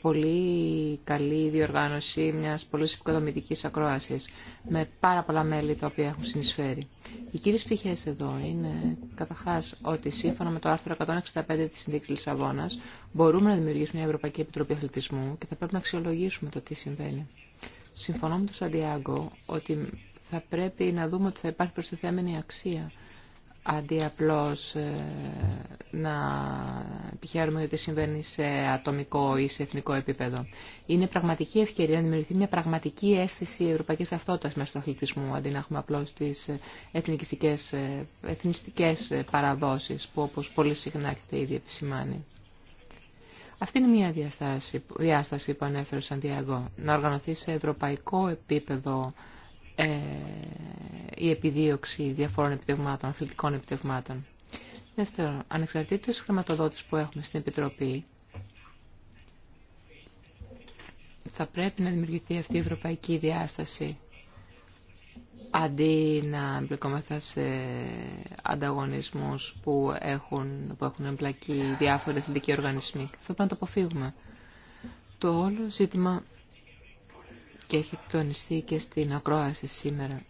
πολύ καλή διοργάνωση μιας πολύ οικοδομητικής ακρόασης με πάρα πολλά μέλη τα οποία έχουν συνεισφέρει. Οι κύριες πτυχές εδώ είναι καταρχάς ότι σύμφωνα με το άρθρο 165 της Συνδίκης Λισαβόνας μπορούμε να δημιουργήσουμε μια Ευρωπαϊκή Επιτροπή Αθλητισμού και θα πρέπει να αξιολογήσουμε το τι συμβαίνει. Συμφωνώ με τον Σαντιάγκο ότι θα πρέπει να δούμε ότι θα υπάρχει προστιθέμενη αξία αντί απλώς ε, να επιχαίρουμε ότι συμβαίνει σε ατομικό ή σε εθνικό επίπεδο. Είναι πραγματική ευκαιρία να δημιουργηθεί μια πραγματική αίσθηση ευρωπαϊκής ταυτότητας μέσα στο αθλητισμό, αντί να έχουμε απλώς τις ε, εθνικιστικές, ε, εθνιστικές παραδόσεις που όπως πολύ συχνά έχετε ήδη επισημάνει. Αυτή είναι μια διάσταση, διάσταση που ανέφερε ο Σαντιάγκο, να οργανωθεί σε ευρωπαϊκό επίπεδο ε, η επιδίωξη διαφόρων επιτευγμάτων, αθλητικών επιτευγμάτων. Δεύτερον, ανεξαρτήτως χρηματοδότης που έχουμε στην Επιτροπή, θα πρέπει να δημιουργηθεί αυτή η ευρωπαϊκή διάσταση αντί να εμπλεκόμεθα σε ανταγωνισμούς που έχουν, που έχουν εμπλακεί διάφοροι αθλητικοί οργανισμοί. Θα πρέπει να το αποφύγουμε. Το όλο ζήτημα και έχει τονιστεί και στην ακρόαση σήμερα.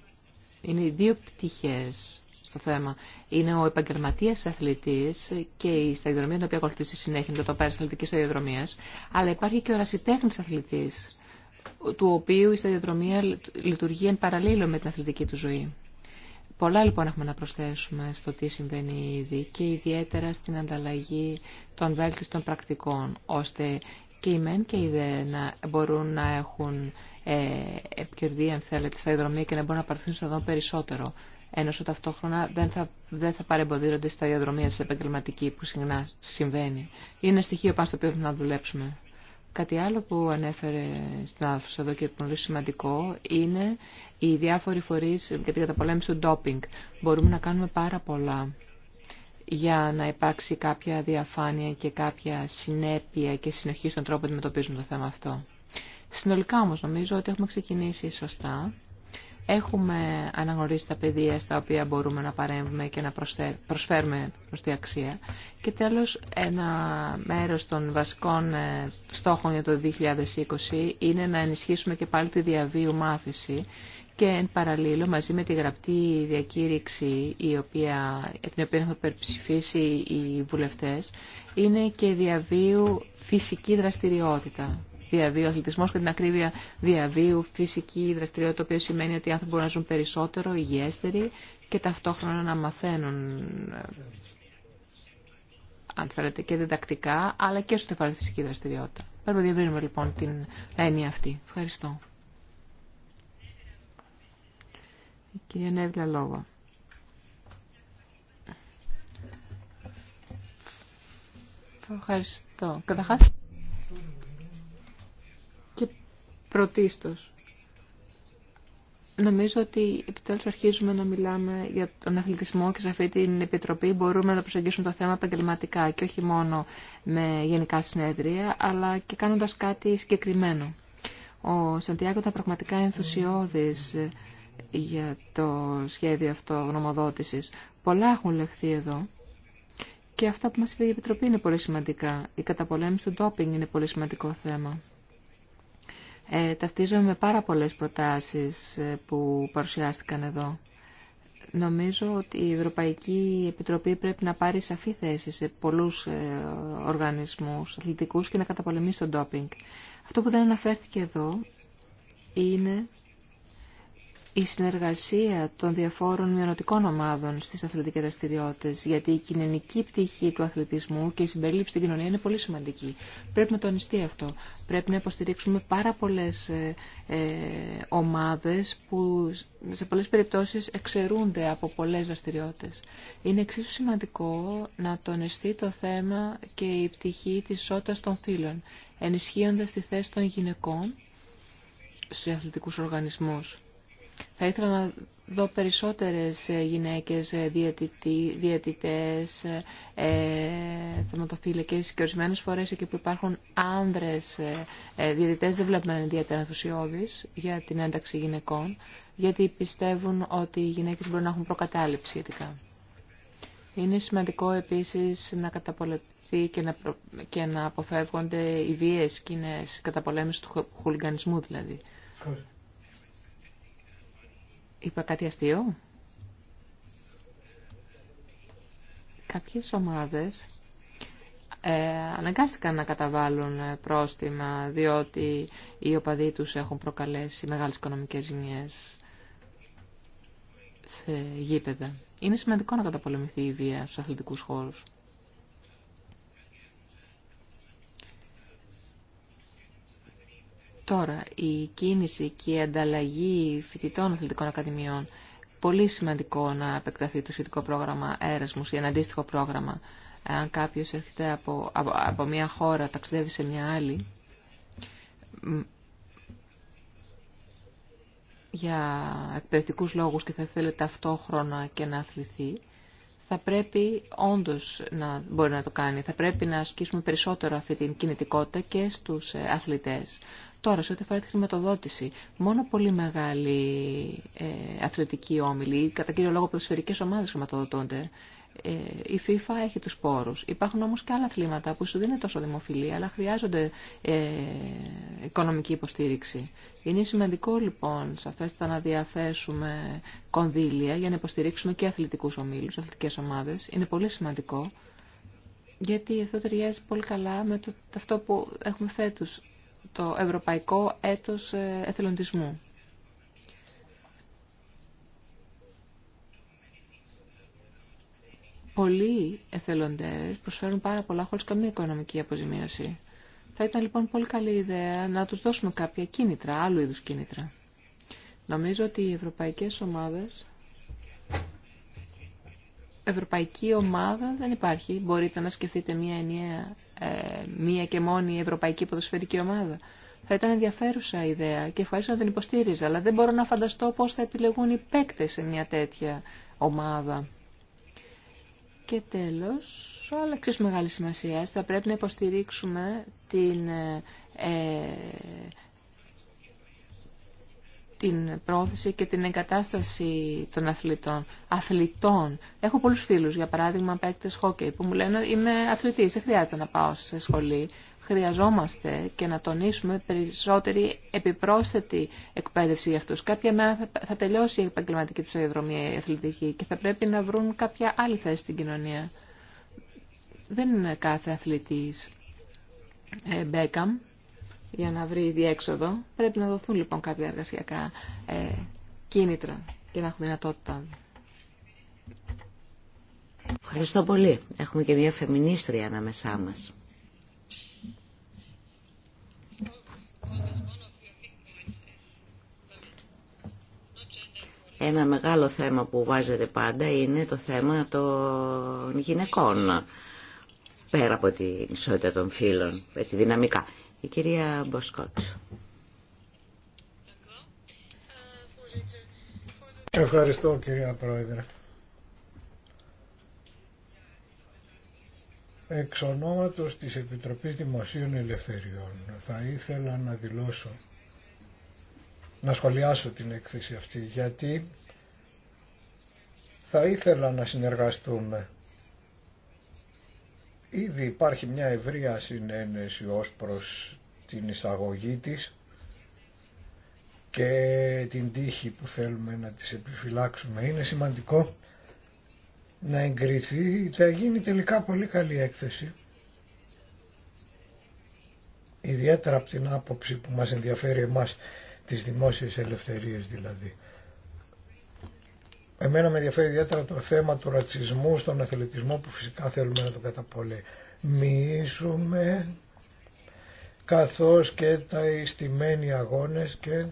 Είναι οι δύο πτυχές στο θέμα. Είναι ο επαγγελματίας αθλητή και η σταδιοδρομία την οποία ακολουθεί συνέχεια, το της αθλητική σταδιοδρομία, αλλά υπάρχει και ο ρασιτέχνη αθλητή, του οποίου η σταδιοδρομία λειτουργεί εν παραλίλω με την αθλητική του ζωή. Πολλά λοιπόν έχουμε να προσθέσουμε στο τι συμβαίνει ήδη και ιδιαίτερα στην ανταλλαγή των βέλτιστων πρακτικών, ώστε και οι μεν και οι δε να μπορούν να έχουν ε, επικερδί αν θέλετε, στα υδρομεία και να μπορούν να παρθούν στον περισσότερο. Ενώ στο ταυτόχρονα δεν θα, δεν θα παρεμποδίρονται στα διαδρομία του επαγγελματική που συχνά συμβαίνει. Είναι ένα στοιχείο πάνω στο οποίο να δουλέψουμε. Κάτι άλλο που ανέφερε στην άφηση εδώ και πολύ σημαντικό είναι οι διάφοροι φορείς για την καταπολέμηση του ντόπινγκ. Μπορούμε να κάνουμε πάρα πολλά για να υπάρξει κάποια διαφάνεια και κάποια συνέπεια και συνοχή στον τρόπο που αντιμετωπίζουμε το θέμα αυτό. Συνολικά όμως νομίζω ότι έχουμε ξεκινήσει σωστά. Έχουμε αναγνωρίσει τα παιδεία στα οποία μπορούμε να παρέμβουμε και να προσφέρουμε προς τη αξία. Και τέλος, ένα μέρος των βασικών ε, στόχων για το 2020 είναι να ενισχύσουμε και πάλι τη διαβίου μάθηση και εν παραλίλω μαζί με τη γραπτή διακήρυξη η οποία, την οποία έχουν υπερψηφίσει οι βουλευτές είναι και διαβίου φυσική δραστηριότητα. Διαβίου αθλητισμό και την ακρίβεια διαβίου φυσική δραστηριότητα, το οποίο σημαίνει ότι οι άνθρωποι μπορούν να ζουν περισσότερο, υγιέστεροι και ταυτόχρονα να μαθαίνουν ε, αν θέλετε, και διδακτικά, αλλά και στο τεφάλι φυσική δραστηριότητα. Πρέπει να λοιπόν την έννοια αυτή. Ευχαριστώ. Κυρία Νεύλα, Λόγο. Ευχαριστώ. Καταρχάς και πρωτίστως. Νομίζω ότι επιτέλους αρχίζουμε να μιλάμε για τον αθλητισμό και σε αυτή την επιτροπή μπορούμε να προσεγγίσουμε το θέμα επαγγελματικά και όχι μόνο με γενικά συνέδρια, αλλά και κάνοντας κάτι συγκεκριμένο. Ο Σαντιάκο ήταν πραγματικά ενθουσιώδης για το σχέδιο αυτό γνωμοδότησης. Πολλά έχουν λεχθεί εδώ και αυτά που μας είπε η Επιτροπή είναι πολύ σημαντικά. Η καταπολέμηση του ντόπινγκ είναι πολύ σημαντικό θέμα. Ε, ταυτίζομαι με πάρα πολλές προτάσεις ε, που παρουσιάστηκαν εδώ. Νομίζω ότι η Ευρωπαϊκή Επιτροπή πρέπει να πάρει σαφή θέση σε πολλούς ε, οργανισμούς αθλητικούς και να καταπολεμήσει τον ντόπινγκ. Αυτό που δεν αναφέρθηκε εδώ είναι η συνεργασία των διαφόρων μειονοτικών ομάδων στις αθλητικές δραστηριότητε, γιατί η κοινωνική πτυχή του αθλητισμού και η συμπερίληψη στην κοινωνία είναι πολύ σημαντική. Πρέπει να τονιστεί αυτό. Πρέπει να υποστηρίξουμε πάρα πολλές ε, ε ομάδες που σε πολλές περιπτώσεις εξαιρούνται από πολλές δραστηριότητε. Είναι εξίσου σημαντικό να τονιστεί το θέμα και η πτυχή της ισότητας των φίλων, ενισχύοντας τη θέση των γυναικών σε αθλητικούς οργανισμούς θα ήθελα να δω περισσότερες ε, γυναίκες ε, διαιτητές, ε, ε, θεματοφύλακες και ορισμένε φορές εκεί που υπάρχουν άνδρες ε, διαιτητές δεν βλέπουμε να ιδιαίτερα για την ένταξη γυναικών γιατί πιστεύουν ότι οι γυναίκες μπορούν να έχουν προκατάληψη σχετικά. Είναι σημαντικό επίσης να καταπολεμηθεί και να, και να αποφεύγονται οι βίες σκηνές καταπολέμηση του χουλιγανισμού δηλαδή. Είπα κάτι αστείο. Κάποιες ομάδες ε, αναγκάστηκαν να καταβάλουν ε, πρόστιμα διότι οι οπαδοί τους έχουν προκαλέσει μεγάλες οικονομικές ζημιές σε γήπεδα. Είναι σημαντικό να καταπολεμηθεί η βία στους αθλητικούς χώρους. Τώρα, η κίνηση και η ανταλλαγή φοιτητών αθλητικών ακαδημιών. Πολύ σημαντικό να επεκταθεί το σχετικό πρόγραμμα έρεσμου ή ένα αντίστοιχο πρόγραμμα. Αν κάποιο έρχεται από, από, μια χώρα, ταξιδεύει σε μια άλλη, για εκπαιδευτικούς λόγους και θα θέλει ταυτόχρονα και να αθληθεί, θα πρέπει όντως να μπορεί να το κάνει. Θα πρέπει να ασκήσουμε περισσότερο αυτή την κινητικότητα και στους ε, αθλητές. Τώρα, σε ό,τι αφορά τη χρηματοδότηση, μόνο πολύ μεγάλοι ε, αθλητικοί όμιλοι, κατά κύριο λόγο ποδοσφαιρικές ομάδε χρηματοδοτώνται, ε, η FIFA έχει του πόρου. Υπάρχουν όμω και άλλα αθλήματα που σου δεν είναι τόσο δημοφιλή, αλλά χρειάζονται ε, οικονομική υποστήριξη. Είναι σημαντικό λοιπόν σαφέστα να διαθέσουμε κονδύλια για να υποστηρίξουμε και αθλητικού ομίλου, αθλητικέ ομάδε. Είναι πολύ σημαντικό, γιατί αυτό ταιριάζει πολύ καλά με το, αυτό που έχουμε φέτος το Ευρωπαϊκό Έτος ε, Εθελοντισμού. Πολλοί εθελοντές προσφέρουν πάρα πολλά χωρίς καμία οικονομική αποζημίωση. Θα ήταν λοιπόν πολύ καλή ιδέα να τους δώσουμε κάποια κίνητρα, άλλου είδους κίνητρα. Νομίζω ότι οι ευρωπαϊκές ομάδες, ευρωπαϊκή ομάδα δεν υπάρχει. Μπορείτε να σκεφτείτε μια ενιαία ε, μία και μόνη ευρωπαϊκή ποδοσφαιρική ομάδα. Θα ήταν ενδιαφέρουσα ιδέα και ευχαριστώ να την υποστήριζα, αλλά δεν μπορώ να φανταστώ πώς θα επιλεγούν οι παίκτες σε μια τέτοια ομάδα. Και τέλος, αλλά εξίσου μεγάλη σημασία, θα πρέπει να υποστηρίξουμε την ε, ε την πρόθεση και την εγκατάσταση των αθλητών. Αθλητών. Έχω πολλούς φίλους, για παράδειγμα, παίκτες χόκεϊ, που μου λένε είμαι αθλητής, δεν χρειάζεται να πάω σε σχολή. Χρειαζόμαστε και να τονίσουμε περισσότερη επιπρόσθετη εκπαίδευση για αυτούς. Κάποια μέρα θα τελειώσει η επαγγελματική του διαδρομή η αθλητική και θα πρέπει να βρουν κάποια άλλη θέση στην κοινωνία. Δεν είναι κάθε αθλητής. Ε, Μπέκαμ για να βρει διέξοδο. Πρέπει να δοθούν λοιπόν κάποια εργασιακά ε, κίνητρα και να έχουν δυνατότητα. Ευχαριστώ πολύ. Έχουμε και μια φεμινίστρια ανάμεσά μας. Ένα μεγάλο θέμα που βάζεται πάντα είναι το θέμα των γυναικών πέρα από την ισότητα των φύλων, έτσι δυναμικά. Η κυρία Μποσκότ. Ευχαριστώ κυρία Πρόεδρε. Εξ ονόματος της Επιτροπής Δημοσίων Ελευθεριών θα ήθελα να δηλώσω, να σχολιάσω την έκθεση αυτή γιατί θα ήθελα να συνεργαστούμε Ήδη υπάρχει μια ευρεία συνένεση ως προς την εισαγωγή της και την τύχη που θέλουμε να τις επιφυλάξουμε. Είναι σημαντικό να εγκριθεί, θα γίνει τελικά πολύ καλή έκθεση. Ιδιαίτερα από την άποψη που μας ενδιαφέρει εμάς, τις δημόσιες ελευθερίες δηλαδή. Εμένα με ενδιαφέρει ιδιαίτερα το θέμα του ρατσισμού στον αθλητισμό που φυσικά θέλουμε να το καταπολεμήσουμε καθώς και τα ειστημένοι αγώνες και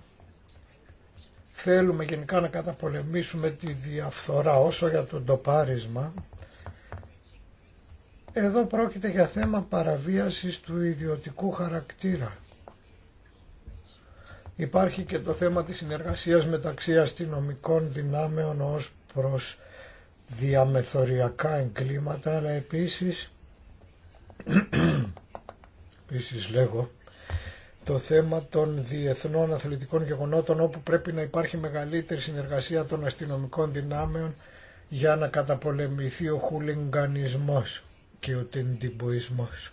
θέλουμε γενικά να καταπολεμήσουμε τη διαφθορά όσο για το ντοπάρισμα. Εδώ πρόκειται για θέμα παραβίασης του ιδιωτικού χαρακτήρα Υπάρχει και το θέμα της συνεργασίας μεταξύ αστυνομικών δυνάμεων ως προς διαμεθοριακά εγκλήματα, αλλά επίσης, επίσης λέγω, το θέμα των διεθνών αθλητικών γεγονότων όπου πρέπει να υπάρχει μεγαλύτερη συνεργασία των αστυνομικών δυνάμεων για να καταπολεμηθεί ο χουλιγκανισμός και ο τεντιμποϊσμός.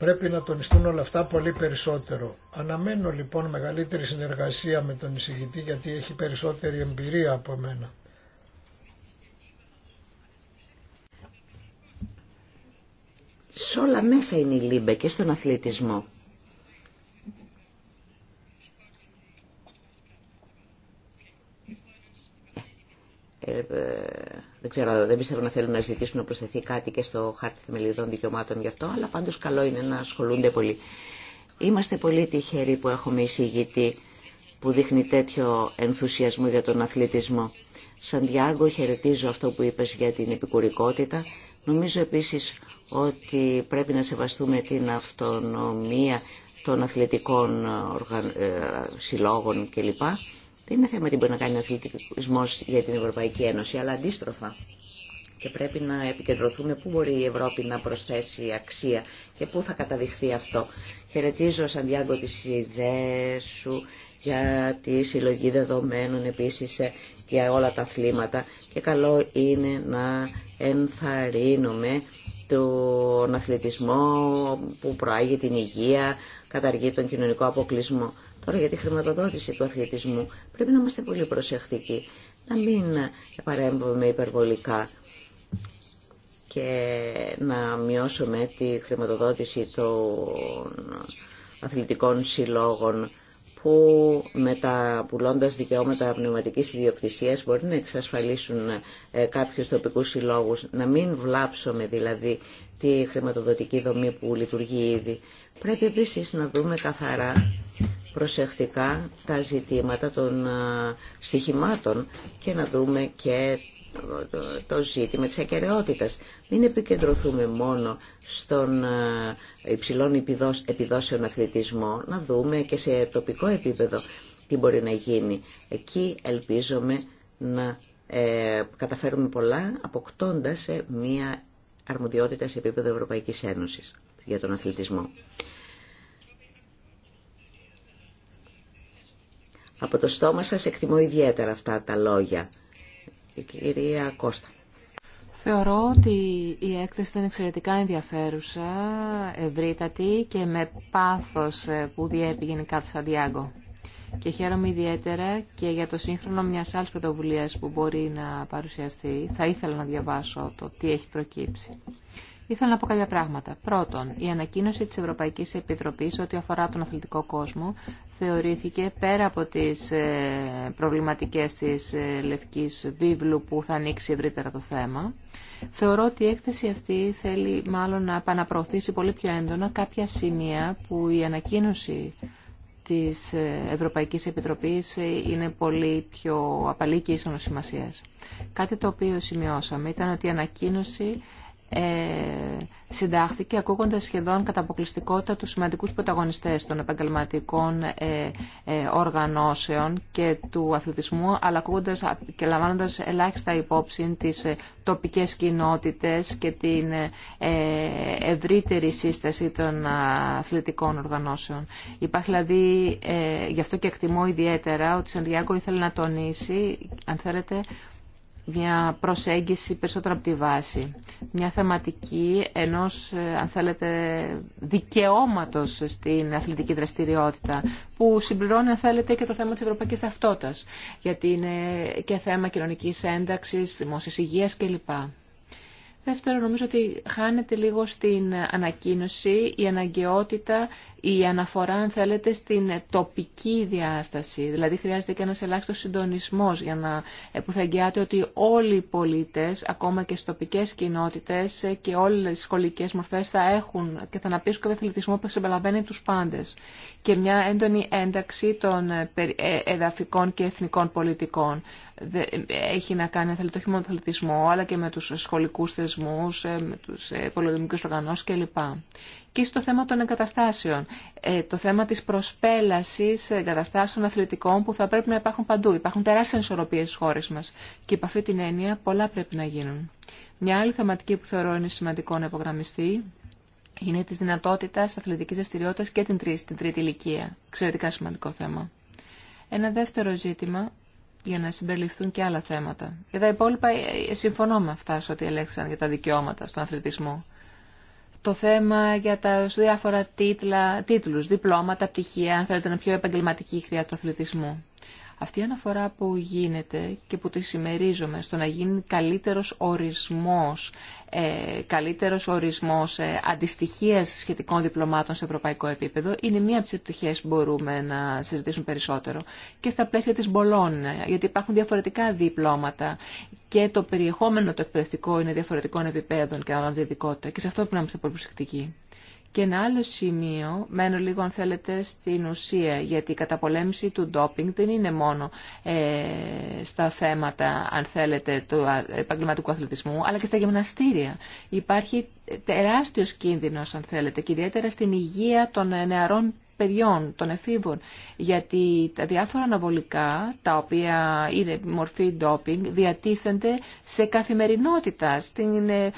Πρέπει να τονιστούν όλα αυτά πολύ περισσότερο. Αναμένω λοιπόν μεγαλύτερη συνεργασία με τον εισηγητή γιατί έχει περισσότερη εμπειρία από μένα. Σε όλα μέσα είναι η Λίμπε και στον αθλητισμό. Ε, ε δεν ξέρω, δεν πιστεύω να θέλουν να ζητήσουν να προσθεθεί κάτι και στο χάρτη θεμελιδών δικαιωμάτων γι' αυτό, αλλά πάντως καλό είναι να ασχολούνται πολύ. Είμαστε πολύ τυχεροί που έχουμε εισηγητή που δείχνει τέτοιο ενθουσιασμό για τον αθλητισμό. Σαντιάγκο, χαιρετίζω αυτό που είπες για την επικουρικότητα. Νομίζω επίσης ότι πρέπει να σεβαστούμε την αυτονομία των αθλητικών ε, συλλόγων κλπ. Δεν είναι θέμα τι μπορεί να κάνει ο αθλητισμό για την Ευρωπαϊκή Ένωση, αλλά αντίστροφα. Και πρέπει να επικεντρωθούμε πού μπορεί η Ευρώπη να προσθέσει αξία και πού θα καταδειχθεί αυτό. Χαιρετίζω, Σαντιάγκο, τι ιδέε σου για τη συλλογή δεδομένων επίσης για όλα τα αθλήματα και καλό είναι να ενθαρρύνουμε τον αθλητισμό που προάγει την υγεία, καταργεί τον κοινωνικό αποκλεισμό. Τώρα για τη χρηματοδότηση του αθλητισμού πρέπει να είμαστε πολύ προσεκτικοί, να μην παρέμβουμε υπερβολικά και να μειώσουμε τη χρηματοδότηση των αθλητικών συλλόγων που πουλώντας δικαιώματα πνευματικής ιδιοκτησίας μπορεί να εξασφαλίσουν ε, κάποιους τοπικούς συλλόγους, να μην βλάψουμε δηλαδή τη χρηματοδοτική δομή που λειτουργεί ήδη. Πρέπει επίσης να δούμε καθαρά προσεκτικά τα ζητήματα των στοιχημάτων και να δούμε και το ζήτημα της ακαιρεότητας. Μην επικεντρωθούμε μόνο στον υψηλών επιδόσεων αθλητισμό, να δούμε και σε τοπικό επίπεδο τι μπορεί να γίνει. Εκεί ελπίζομαι να ε, καταφέρουμε πολλά αποκτώντας ε, μια αρμοδιότητα σε επίπεδο Ευρωπαϊκής Ένωσης για τον αθλητισμό. Από το στόμα σας εκτιμώ ιδιαίτερα αυτά τα λόγια. Η κυρία Κώστα. Θεωρώ ότι η έκθεση ήταν εξαιρετικά ενδιαφέρουσα, ευρύτατη και με πάθος που διέπει γενικά το διάγκο. Και χαίρομαι ιδιαίτερα και για το σύγχρονο μια άλλη πρωτοβουλία που μπορεί να παρουσιαστεί. Θα ήθελα να διαβάσω το τι έχει προκύψει. Ήθελα να πω κάποια πράγματα. Πρώτον, η ανακοίνωση της Ευρωπαϊκής Επιτροπής ό,τι αφορά τον αθλητικό κόσμο θεωρήθηκε πέρα από τις ε, προβληματικές της ε, Λευκής Βίβλου που θα ανοίξει ευρύτερα το θέμα. Θεωρώ ότι η έκθεση αυτή θέλει μάλλον να επαναπροωθήσει πολύ πιο έντονα κάποια σημεία που η ανακοίνωση της ε, Ευρωπαϊκής Επιτροπής είναι πολύ πιο απαλή και ίσονος σημασίας. Κάτι το οποίο σημειώσαμε ήταν ότι η ανακοίνωση ε, συντάχθηκε ακούγοντας σχεδόν κατά αποκλειστικότητα τους σημαντικούς πρωταγωνιστές των επαγγελματικών ε, ε, οργανώσεων και του αθλητισμού αλλά ακούγοντας και λαμβάνοντας ελάχιστα υπόψη τις ε, τοπικές κοινότητες και την ευρύτερη σύσταση των αθλητικών οργανώσεων. Υπάρχει δηλαδή, γι' αυτό και εκτιμώ ιδιαίτερα ότι Σαντιάκο ήθελε να τονίσει, αν θέλετε, μια προσέγγιση περισσότερο από τη βάση. Μια θεματική ενός, ε, αν θέλετε, δικαιώματος στην αθλητική δραστηριότητα που συμπληρώνει, αν θέλετε, και το θέμα της ευρωπαϊκής ταυτότητας γιατί είναι και θέμα κοινωνικής ένταξης, δημόσιας υγείας κλπ. Δεύτερον, νομίζω ότι χάνεται λίγο στην ανακοίνωση η αναγκαιότητα, η αναφορά, αν θέλετε, στην τοπική διάσταση. Δηλαδή, χρειάζεται και ένας ελάχιστος συντονισμός για να, που θα εγγυάται ότι όλοι οι πολίτες, ακόμα και στις τοπικές κοινότητες και όλες οι σχολικές μορφές θα έχουν και θα αναπτύσσουν κάθε αθλητισμό που συμπεριλαμβάνει τους πάντες. Και μια έντονη ένταξη των ε, ε, εδαφικών και εθνικών πολιτικών έχει να κάνει το όχι μόνο αθλητισμό, αλλά και με τους σχολικούς θεσμούς, ε, με τους ε, πολυδομικούς οργανώσεις κλπ. Και στο θέμα των εγκαταστάσεων, ε, το θέμα της προσπέλασης εγκαταστάσεων αθλητικών που θα πρέπει να υπάρχουν παντού. Υπάρχουν τεράστιες ενσωροπίες στις χώρες μας και υπ' αυτή την έννοια πολλά πρέπει να γίνουν. Μια άλλη θεματική που θεωρώ είναι σημαντικό να υπογραμμιστεί είναι τη δυνατότητα αθλητικής δραστηριότητα και την τρίτη, την τρίτη ηλικία. Εξαιρετικά σημαντικό θέμα. Ένα δεύτερο ζήτημα για να συμπεριληφθούν και άλλα θέματα. Για τα υπόλοιπα ε, ε, συμφωνώ με αυτά σε ό,τι έλεξαν για τα δικαιώματα στον αθλητισμό. Το θέμα για τα διάφορα τίτλα, τίτλους, διπλώματα, πτυχία, αν θέλετε να πιο επαγγελματική χρειά του αθλητισμού. Αυτή η αναφορά που γίνεται και που τη συμμερίζομαι στο να γίνει καλύτερος ορισμός, ε, καλύτερος ορισμός ε, αντιστοιχίας σχετικών διπλωμάτων σε ευρωπαϊκό επίπεδο είναι μία από τις επιτυχίες που μπορούμε να συζητήσουμε περισσότερο και στα πλαίσια της Μπολών, ε, γιατί υπάρχουν διαφορετικά διπλώματα και το περιεχόμενο το εκπαιδευτικό είναι διαφορετικών επιπέδων και αναλαμβανωτικότητα και σε αυτό πρέπει να είμαστε πολύ προσεκτικοί. Και ένα άλλο σημείο, μένω λίγο αν θέλετε στην ουσία, γιατί η καταπολέμηση του ντόπινγκ δεν είναι μόνο ε, στα θέματα, αν θέλετε, του επαγγελματικού αθλητισμού, αλλά και στα γυμναστήρια. Υπάρχει τεράστιος κίνδυνος, αν θέλετε, και ιδιαίτερα στην υγεία των νεαρών παιδιών, των εφήβων, γιατί τα διάφορα αναβολικά, τα οποία είναι μορφή ντόπινγκ, διατίθενται σε καθημερινότητα, στην ε,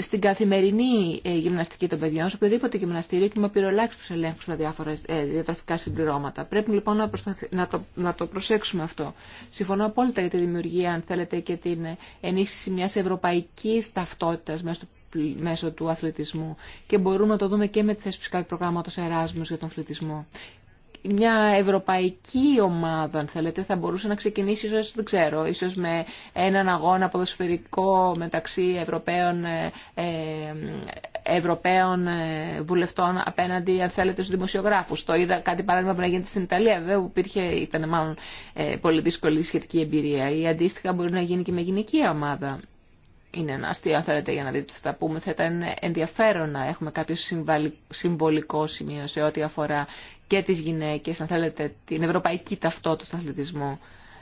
στην καθημερινή ε, γυμναστική των παιδιών, σε οποιοδήποτε γυμναστήριο και με πυρολάξει του ελέγχου στα διάφορα ε, διατροφικά συμπληρώματα. Πρέπει λοιπόν να, να, το, να το προσέξουμε αυτό. Συμφωνώ απόλυτα για τη δημιουργία, αν θέλετε, και την ε, ενίσχυση μια ευρωπαϊκή ταυτότητα μέσω του μέσω του αθλητισμού και μπορούμε να το δούμε και με τη θέση φυσικά του προγράμματο Εράσμου για τον αθλητισμό μια ευρωπαϊκή ομάδα, αν θέλετε, θα μπορούσε να ξεκινήσει ίσως, δεν ξέρω, ίσως με έναν αγώνα ποδοσφαιρικό μεταξύ Ευρωπαίων, ε, ε Ευρωπαίων ε, βουλευτών απέναντι, αν θέλετε, στους δημοσιογράφους. Το είδα κάτι παράδειγμα που να γίνεται στην Ιταλία, βέβαια, που υπήρχε, ήταν μάλλον ε, πολύ δύσκολη σχετική εμπειρία. Ή αντίστοιχα μπορεί να γίνει και με γυναική ομάδα είναι ένα αστείο αν θέλετε για να δείτε τι θα πούμε. Θα ήταν ενδιαφέρον να έχουμε κάποιο συμβολικό σημείο σε ό,τι αφορά και τις γυναίκες, αν θέλετε, την ευρωπαϊκή ταυτότητα του αθλητισμού.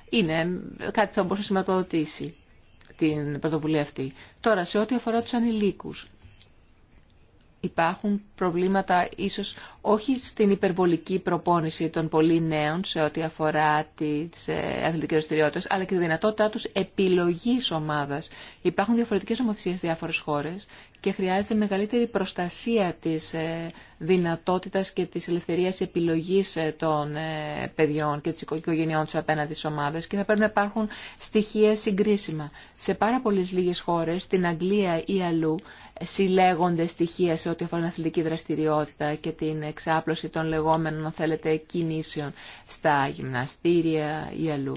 Είναι κάτι που θα μπορούσε να σηματοδοτήσει την πρωτοβουλία αυτή. Τώρα, σε ό,τι αφορά τους ανηλίκους υπάρχουν προβλήματα ίσως όχι στην υπερβολική προπόνηση των πολύ νέων σε ό,τι αφορά τις ε, αθλητικές δραστηριότητε, αλλά και τη δυνατότητά τους επιλογής ομάδας. Υπάρχουν διαφορετικές νομοθεσίες σε διάφορες χώρες και χρειάζεται μεγαλύτερη προστασία της ε, δυνατότητας και της ελευθερίας επιλογής ε, των ε, παιδιών και της οικογενειών τους απέναντι στις ομάδες και θα πρέπει να υπάρχουν στοιχεία συγκρίσιμα. Σε πάρα πολλές λίγες χώρες, στην Αγγλία ή αλλού, συλλέγονται στοιχεία σε ό,τι αφορά την αθλητική δραστηριότητα και την εξάπλωση των λεγόμενων, θέλετε, κινήσεων στα γυμναστήρια ή αλλού.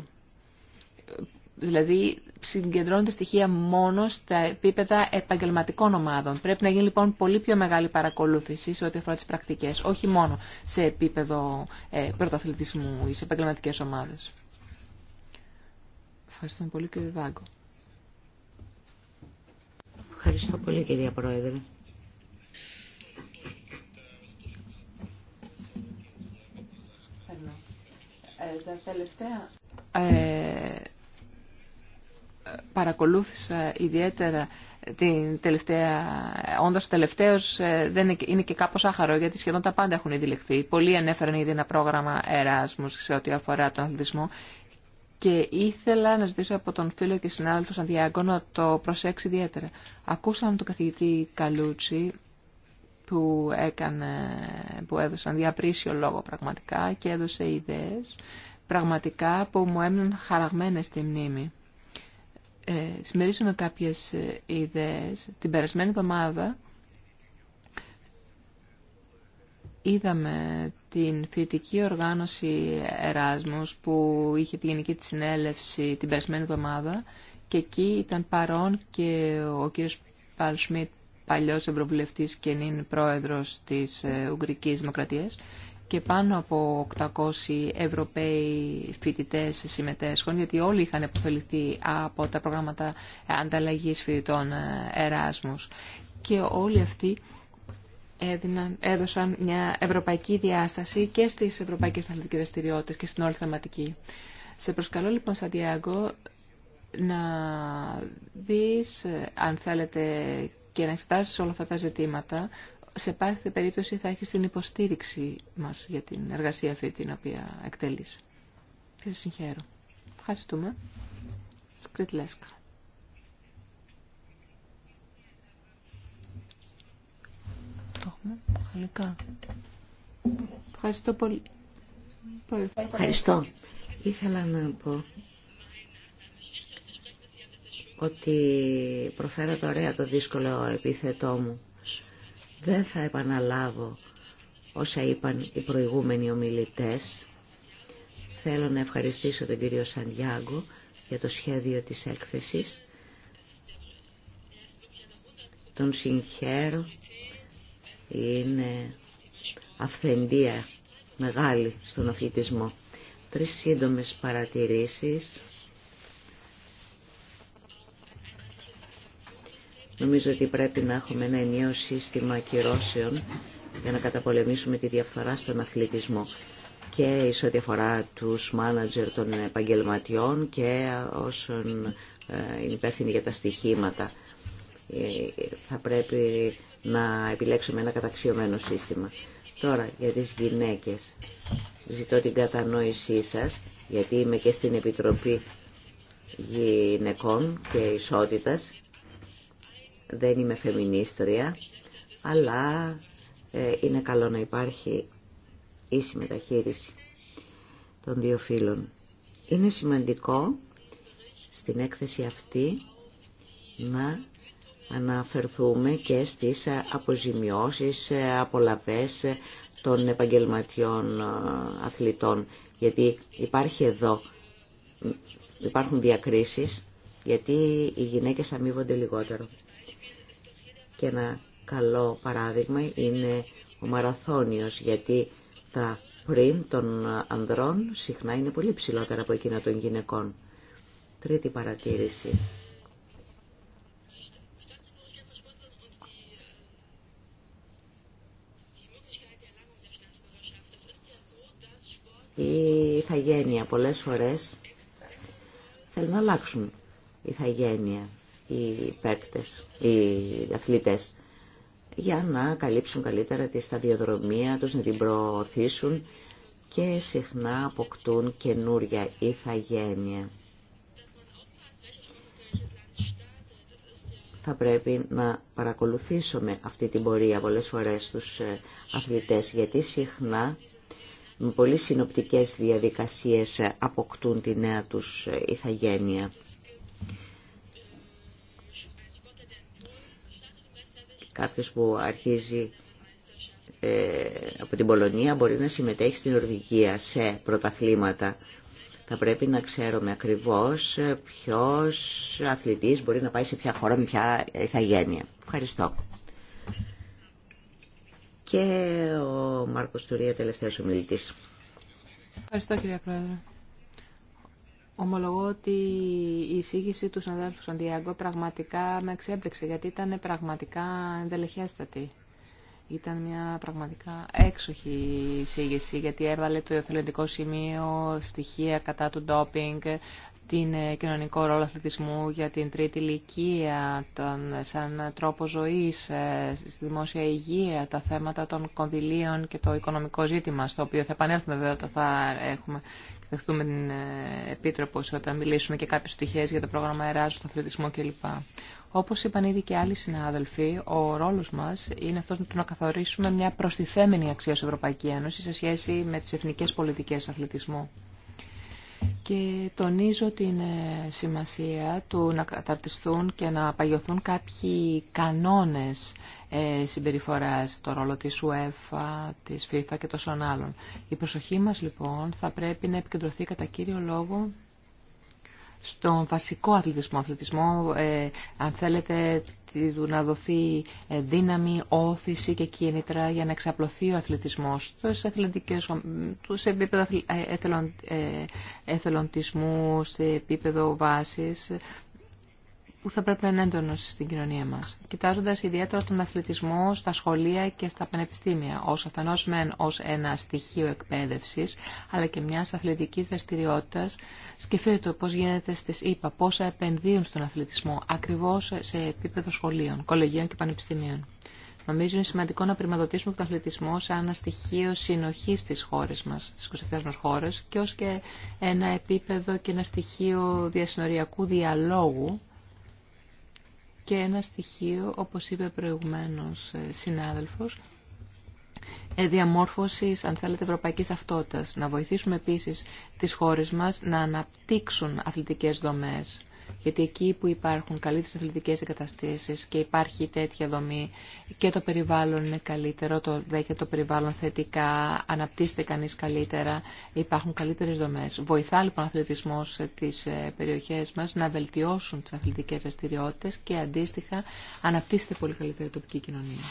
Δηλαδή τα στοιχεία μόνο στα επίπεδα επαγγελματικών ομάδων. Πρέπει να γίνει λοιπόν πολύ πιο μεγάλη παρακολούθηση σε ό,τι αφορά τι πρακτικέ, όχι μόνο σε επίπεδο ε, πρωτοαθλητισμού ή σε επαγγελματικέ ομάδε. Ευχαριστούμε πολύ κύριε Βάγκο. Ευχαριστώ πολύ κυρία Πρόεδρε. Ε, τα τελευταία... Ε, παρακολούθησα ιδιαίτερα την τελευταία, όντως ο τελευταίος ε, δεν είναι και κάπως άχαρο γιατί σχεδόν τα πάντα έχουν ειδηλεχθεί. Πολλοί ανέφεραν ήδη ένα πρόγραμμα Εράσμους σε ό,τι αφορά τον αθλητισμό και ήθελα να ζητήσω από τον φίλο και συνάδελφο Σαντιάγκο να το προσέξει ιδιαίτερα. Ακούσαμε τον καθηγητή Καλούτσι που, έκανε, που έδωσαν διαπρίσιο λόγο πραγματικά και έδωσε ιδέες πραγματικά που μου έμειναν χαραγμένες στη μνήμη. Ε, συμμερίσουμε κάποιες ε, ιδέες. Την περασμένη εβδομάδα είδαμε την φοιτητική οργάνωση Εράσμους που είχε τη γενική της συνέλευση την περασμένη εβδομάδα και εκεί ήταν παρόν και ο κύριος Παλσμίτ, Σμιτ, παλιός και νυν πρόεδρος της ε, Ουγγρικής Δημοκρατίας και πάνω από 800 Ευρωπαίοι φοιτητέ συμμετέσχουν, γιατί όλοι είχαν επωφεληθεί από τα προγράμματα ανταλλαγή φοιτητών ε, Εράσμου. Και όλοι αυτοί έδιναν, έδωσαν μια ευρωπαϊκή διάσταση και στι ευρωπαϊκέ αθλητικές δραστηριότητε και στην όλη θεματική. Σε προσκαλώ λοιπόν, Σαντιάγκο, να δεις, ε, αν θέλετε, και να εξετάσεις όλα αυτά τα ζητήματα σε πάθη περίπτωση θα έχεις την υποστήριξη μας για την εργασία αυτή την οποία εκτελείς. Και σε συγχαίρω. Ευχαριστούμε. Σκριτλέσκα. Ευχαριστώ πολύ. Ευχαριστώ. Ήθελα να πω ότι προφέρατε ωραία το δύσκολο επίθετό μου. Δεν θα επαναλάβω όσα είπαν οι προηγούμενοι ομιλητές. Θέλω να ευχαριστήσω τον κύριο Σαντιάγκο για το σχέδιο της έκθεσης. Τον συγχαίρω. Είναι αυθεντία μεγάλη στον αθλητισμό. Τρεις σύντομες παρατηρήσεις Νομίζω ότι πρέπει να έχουμε ένα ενιαίο σύστημα κυρώσεων για να καταπολεμήσουμε τη διαφορά στον αθλητισμό και η ό,τι αφορά τους μάνατζερ των επαγγελματιών και όσων ε, είναι υπεύθυνοι για τα στοιχήματα. Ε, θα πρέπει να επιλέξουμε ένα καταξιωμένο σύστημα. Τώρα, για τις γυναίκες. Ζητώ την κατανόησή σας, γιατί είμαι και στην Επιτροπή Γυναικών και Ισότητας δεν είμαι φεμινίστρια, αλλά ε, είναι καλό να υπάρχει ίση μεταχείριση των δύο φίλων. Είναι σημαντικό στην έκθεση αυτή να αναφερθούμε και στις αποζημιώσεις, απολαβές των επαγγελματιών ε, αθλητών, γιατί υπάρχει εδώ, υπάρχουν διακρίσεις, γιατί οι γυναίκες αμείβονται λιγότερο. Και ένα καλό παράδειγμα είναι ο μαραθώνιος, γιατί τα πριν των ανδρών συχνά είναι πολύ ψηλότερα από εκείνα των γυναικών. Τρίτη παρατήρηση. Η ηθαγένεια πολλές φορές θέλουν να αλλάξουν η ηθαγένεια οι παίκτες, οι αθλητές για να καλύψουν καλύτερα τη σταδιοδρομία τους, να την προωθήσουν και συχνά αποκτούν καινούρια ηθαγένεια. Θα πρέπει να παρακολουθήσουμε αυτή την πορεία πολλές φορές τους ε, αθλητές, γιατί συχνά με πολύ συνοπτικές διαδικασίες ε, αποκτούν τη νέα τους ε, ηθαγένεια. Κάποιος που αρχίζει ε, από την Πολωνία μπορεί να συμμετέχει στην Ορβηγία σε πρωταθλήματα. Θα πρέπει να ξέρουμε ακριβώς ε, ποιος αθλητής μπορεί να πάει σε ποια χώρα με ποια ηθαγένεια. Ευχαριστώ. Και ο Μάρκος Τουρία, τελευταίος ομιλητής. Ευχαριστώ κυρία Πρόεδρε. Ομολογώ ότι η εισήγηση του συναδέλφου Σαντιάγκο πραγματικά με εξέπληξε, γιατί ήταν πραγματικά εντελεχέστατη. Ήταν μια πραγματικά έξοχη εισήγηση, γιατί έβαλε το εθελοντικό σημείο, στοιχεία κατά του ντόπινγκ, την ε, κοινωνικό ρόλο αθλητισμού για την τρίτη ηλικία, τον, σαν τρόπο ζωής, ε, στη δημόσια υγεία, τα θέματα των κονδυλίων και το οικονομικό ζήτημα, στο οποίο θα επανέλθουμε βέβαια θα έχουμε δεχτούμε την ε, Επίτροπο όταν μιλήσουμε και κάποιε πτυχέ για το πρόγραμμα Εράζου, τον αθλητισμό κλπ. Όπω είπαν ήδη και άλλοι συνάδελφοι, ο ρόλο μα είναι αυτός να καθορίσουμε μια προστιθέμενη αξία στην Ευρωπαϊκή Ένωση σε σχέση με τι εθνικέ πολιτικέ αθλητισμού και τονίζω την ε, σημασία του να καταρτιστούν και να παγιωθούν κάποιοι κανόνες ε, συμπεριφοράς, το ρόλο της UEFA, της FIFA και τόσων άλλων. Η προσοχή μας λοιπόν θα πρέπει να επικεντρωθεί κατά κύριο λόγο στον βασικό αθλητισμό, αθλητισμό ε, αν θέλετε να δοθεί ε, δύναμη, όθηση και κίνητρα για να εξαπλωθεί ο αθλητισμός στους αθλητικές, σε επίπεδο ε, εθελοντισμού, σε επίπεδο βάσης, που θα πρέπει να είναι έντονο στην κοινωνία μα. Κοιτάζοντα ιδιαίτερα τον αθλητισμό στα σχολεία και στα πανεπιστήμια, ω αφενό μεν ω ένα στοιχείο εκπαίδευση, αλλά και μια αθλητική δραστηριότητα, σκεφτείτε το πώ γίνεται στι ΗΠΑ, πόσα επενδύουν στον αθλητισμό, ακριβώ σε επίπεδο σχολείων, κολεγίων και πανεπιστημίων. Νομίζω είναι σημαντικό να πρηματοδοτήσουμε τον αθλητισμό σαν ένα στοιχείο συνοχή στι χώρε μα, στι 27 χώρε, και ω και ένα επίπεδο και ένα στοιχείο διασυνοριακού διαλόγου και ένα στοιχείο, όπως είπε προηγουμένως ε, συνάδελφος, ε, διαμόρφωσης, αν θέλετε, ευρωπαϊκής ταυτότητας. Να βοηθήσουμε επίσης τις χώρες μας να αναπτύξουν αθλητικές δομές γιατί εκεί που υπάρχουν καλύτερε αθλητικές εγκαταστήσει και υπάρχει τέτοια δομή και το περιβάλλον είναι καλύτερο, το δέχεται το περιβάλλον θετικά, αναπτύσσεται κανείς καλύτερα, υπάρχουν καλύτερες δομές. Βοηθά λοιπόν ο αθλητισμό τις ε, περιοχές μας να βελτιώσουν τι αθλητικές δραστηριότητε και αντίστοιχα αναπτύσσεται πολύ καλύτερη τοπική κοινωνία.